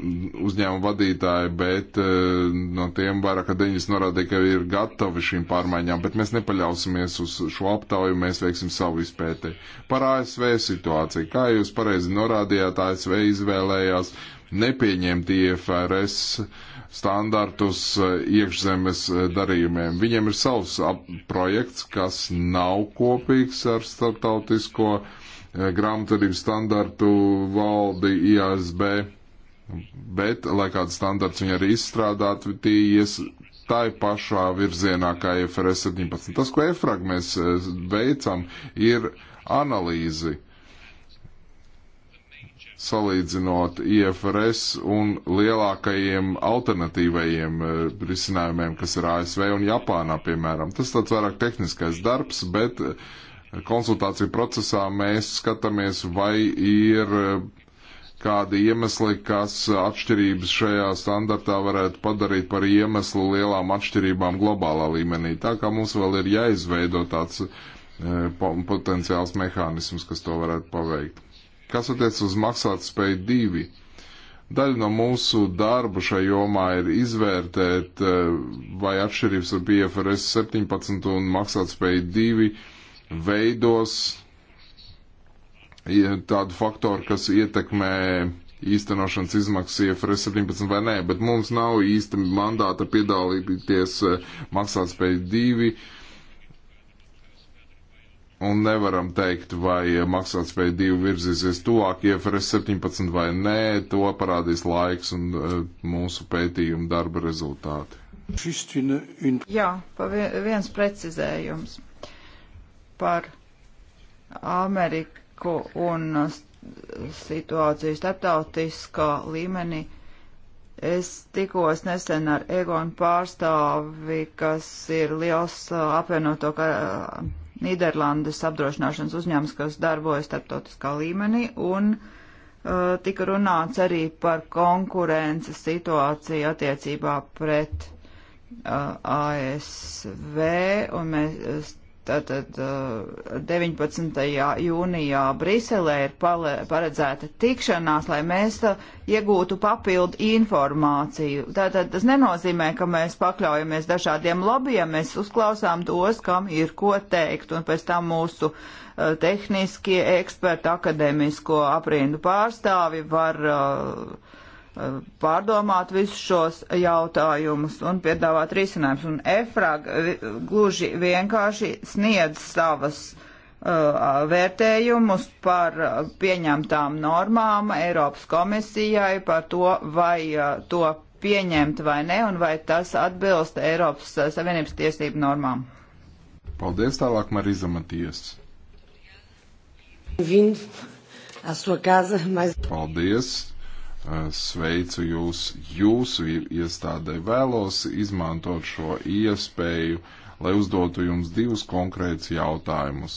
uzņēmumu vadītāji, bet eh, no tiem vairāk kā 90 norādīja, ka ir gatavi šīm pārmaiņām, bet mēs nepaļausimies uz šo aptauju, mēs veiksim savu izpēti. Par ASV situāciju, kā jūs pareizi norādījāt, ASV izvēlējās nepieņemt IFRS standartus eh, iekšzemes darījumiem. Viņiem ir savs projekts, kas nav kopīgs ar starptautisko uh, Eh, grāmatvedības standartu valdi IASB, bet, lai kāds standarts viņi arī izstrādātu, tie ies tai pašā virzienā kā IFRS 17. Tas, ko EFRAG mēs eh, veicam, ir analīzi salīdzinot IFRS un lielākajiem alternatīvajiem eh, risinājumiem, kas ir ASV un Japānā, piemēram. Tas tāds vairāk tehniskais darbs, bet uh, konsultāciju procesā mēs skatāmies, vai ir eh, kādi iemesli, kas atšķirības šajā standartā varētu padarīt par iemeslu lielām atšķirībām globālā līmenī. Tā kā mums vēl ir jāizveido tāds e, potenciāls mehānisms, kas to varētu paveikt. Kas attiec uz maksātspēju divi? Daļa no mūsu darba šai jomā ir izvērtēt, e, vai atšķirības ar PFRS 17 un maksātspēju divi 2 veidos tādu faktoru, kas ietekmē īstenošanas izmaksas IFRS 17 vai nē, bet mums nav īsti mandāta piedalīties eh, maksātspēju divi. Un nevaram teikt, vai maksātspēja divi virzīsies tuvāk IFRS 17 vai nē, to parādīs laiks un eh, mūsu pētījuma darba rezultāti. Jā, viens precizējums par Ameriku un situāciju starptautiskā līmenī. Es tikos nesen ar Egonu pārstāvi, kas ir liels apvienoto ka, Nīderlandes apdrošināšanas uzņēmums, kas darbojas starptautiskā līmenī, un uh, tika runāts arī par konkurences situāciju attiecībā pret uh, ASV, un mēs Tātad 19. Eh, jūnijā Briselē ir pale, paredzēta tikšanās, lai mēs eh, iegūtu papildu informāciju. Tātad tas nenozīmē, ka mēs pakļaujamies dažādiem lobbyiem, mēs uzklausām tos, kam ir ko teikt, un pēc tam mūsu eh, tehniskie eksperti, akadēmisko aprindu pārstāvi var uh, pārdomāt visus šos jautājumus un piedāvāt risinājumus. Un EFRAG gluži vienkārši sniedz savas uh, vērtējumus par uh, pieņemtām normām Eiropas komisijai, par to, vai uh, to pieņemt vai ne, un vai tas atbilst Eiropas uh, Savienības tiesību normām. Paldies tālāk, Marīza Matijas. Paldies. Eh, sveicu jūs jūsu iestādē. Vēlos izmantot šo iespēju, lai uzdotu jums divus konkrētus jautājumus.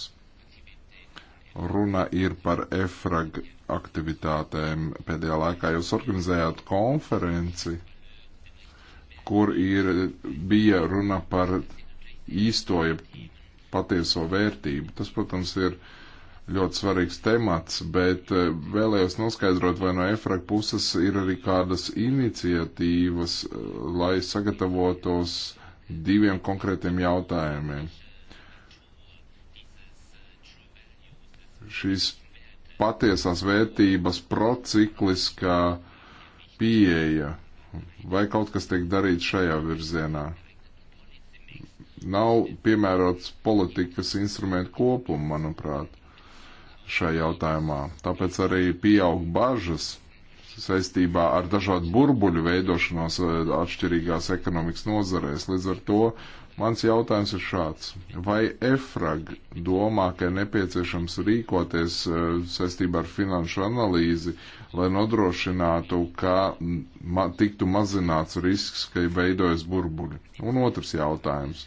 Runa ir par efrag aktivitātēm. Pēdējā laikā jūs organizējāt konferenci, kur ir, bija runa par īsto, ja patieso vērtību. Tas, protams, ir uh, ļoti svarīgs temats, bet e, vēlējos noskaidrot, vai no EFRAG puses ir arī kādas iniciatīvas, e, lai sagatavotos diviem konkrētiem jautājumiem. Šīs patiesās vērtības procikliskā pieeja, vai kaut kas tiek darīts šajā virzienā? Nav piemērots politikas instrumentu kopumu, manuprāt šajā jautājumā. Tāpēc arī pieaug bažas saistībā ar dažādu burbuļu veidošanos eh, atšķirīgās ekonomikas nozarēs. Līdz ar to mans jautājums ir šāds. Vai EFRAG domā, ka ir nepieciešams rīkoties eh, saistībā ar finanšu analīzi, lai nodrošinātu, ka ma tiktu mazināts risks, ka veidojas burbuļi? Un otrs jautājums.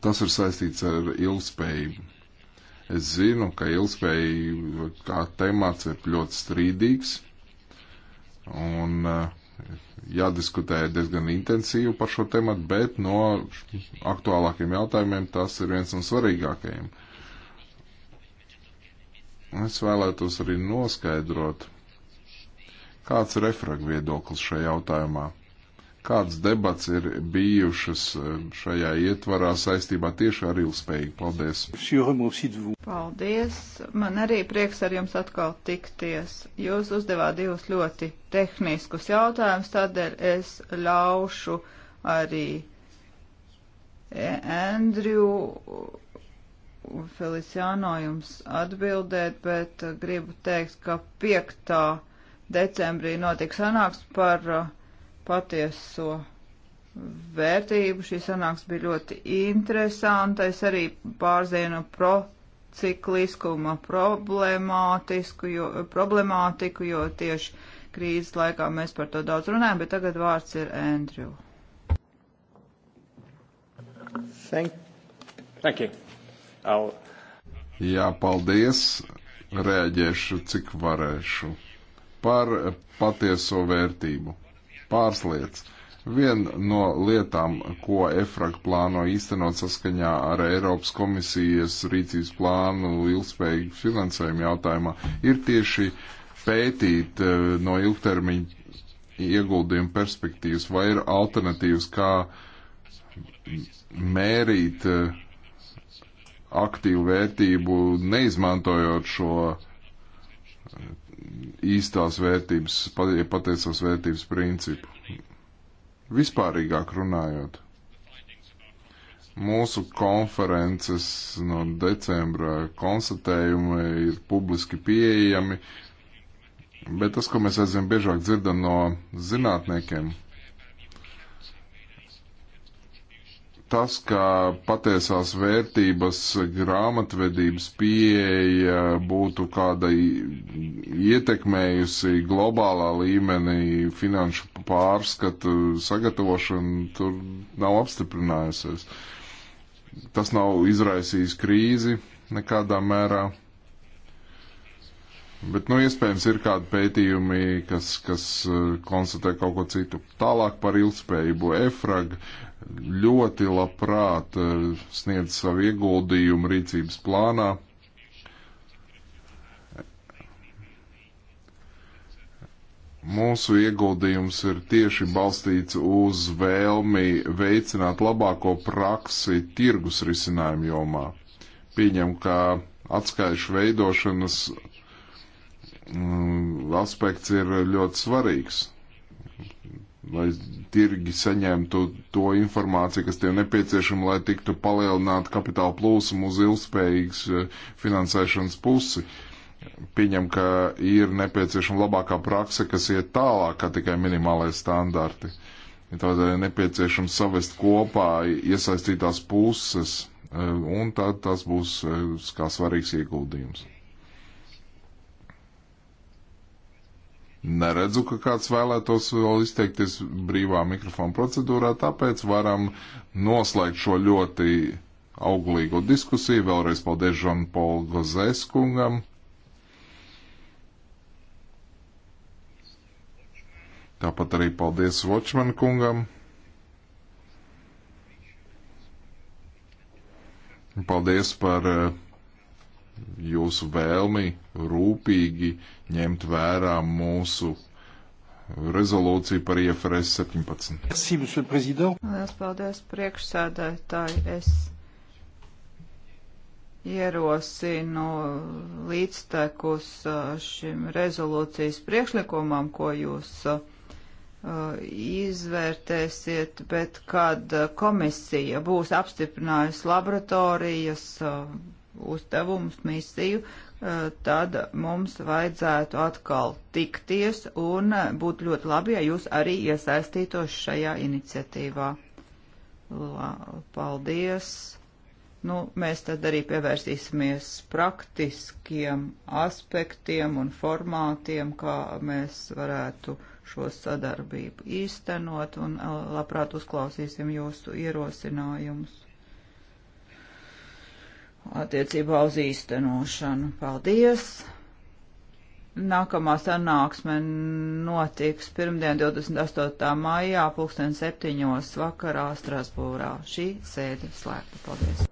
Tas ir saistīts ar ilgspējību Es zinu, ka ilgspējība kā temats ir ļoti strīdīgs un eh, jādiskutē diezgan intensīvi par šo tematu, bet no aktuālākiem jautājumiem tas ir viens no svarīgākajiem. Es vēlētos arī noskaidrot, kāds ir refrag viedoklis šajā jautājumā kādas debats ir bijušas eh, šajā ietvarā saistībā tieši ar ilgspējīgu. Paldies! Paldies! Man arī prieks ar jums atkal tikties. Jūs uzdevāt divus ļoti tehniskus jautājumus, tādēļ es ļaušu arī e, Andriju Feliciāno jums atbildēt, bet eh, gribu teikt, ka 5. decembrī notiks sanāks par uh, patieso vērtību. Šī sanāks bija ļoti interesanta. Es arī pārzienu procikliskuma problemātisku, jo, problemātiku, jo tieši krīzes laikā mēs par to daudz runājam, bet tagad vārds ir Andrew. Thank, thank you. I'll... Jā, paldies. Reaģēšu, cik varēšu. Par patieso vērtību pārslietas. Viena no lietām, ko EFRAG plāno īstenot saskaņā ar Eiropas komisijas rīcības plānu ilgspējīgu finansējumu jautājumā, ir tieši pētīt eh, no ilgtermiņa ieguldījumu perspektīvas, vai ir alternatīvas, kā mērīt eh, aktīvu vērtību, neizmantojot šo uh, īstās vērtības, pateicās vērtības principu. Vispārīgāk runājot, mūsu konferences no decembra konstatējumi ir publiski pieejami, bet tas, ko mēs aizvien biežāk dzirdam no zinātniekiem, tas, ka patiesās vērtības grāmatvedības pieeja būtu kāda ietekmējusi globālā līmenī finanšu pārskatu sagatavošanu, tur nav apstiprinājusies. Tas nav izraisījis krīzi nekādā mērā. Bet, nu, iespējams, ir kādi pētījumi, kas, kas eh, konstatē kaut ko citu. Tālāk par ilgspējību. EFRAG ļoti labprāt eh, sniedz savu ieguldījumu rīcības plānā. Mūsu ieguldījums ir tieši balstīts uz vēlmi veicināt labāko praksi tirgus risinājumu jomā. Pieņem, ka atskaišu veidošanas mm, aspekts ir ļoti svarīgs lai tirgi saņemtu to informāciju, kas tiem nepieciešama, lai tiktu palielināta kapitāla plūsma uz ilgspējīgas eh, finansēšanas pusi. Pieņem, ka ir nepieciešama labākā prakse, kas iet tālāk, kā tikai minimālais standarti. Tādēļ ir nepieciešams savest kopā iesaistītās puses, eh, un tad tas būs eh, kā svarīgs ieguldījums. Neredzu, ka kāds vēlētos vēl izteikties brīvā mikrofona procedūrā, tāpēc varam noslēgt šo ļoti auglīgu diskusiju. Vēlreiz paldies Žanpolu Gozēskungam. Tāpat arī paldies Vočman kungam. Paldies par uh, jūsu vēlmi rūpīgi ņemt vērā mūsu rezolūciju par IFRS 17. Lielas paldies priekšsēdētāji. Es ierosinu līdztekus uh, šim rezolūcijas priekšlikumam, ko jūs uh, izvērtēsiet, bet kad uh, komisija būs apstiprinājusi laboratorijas uzdevumus, misiju, eh, tad mums vajadzētu atkal tikties un eh, būtu ļoti labi, ja jūs arī iesaistītos šajā iniciatīvā. Lā, paldies! Nu, mēs tad arī pievērsīsimies praktiskiem aspektiem un formātiem, kā mēs varētu šo sadarbību īstenot un eh, labprāt uzklausīsim jūsu ierosinājumus attiecībā uz īstenošanu. Paldies! Nākamā sanāksme notiks pirmdien 28. maijā pulksten septiņos vakarā Strasbūrā. Šī sēde slēgta. Paldies!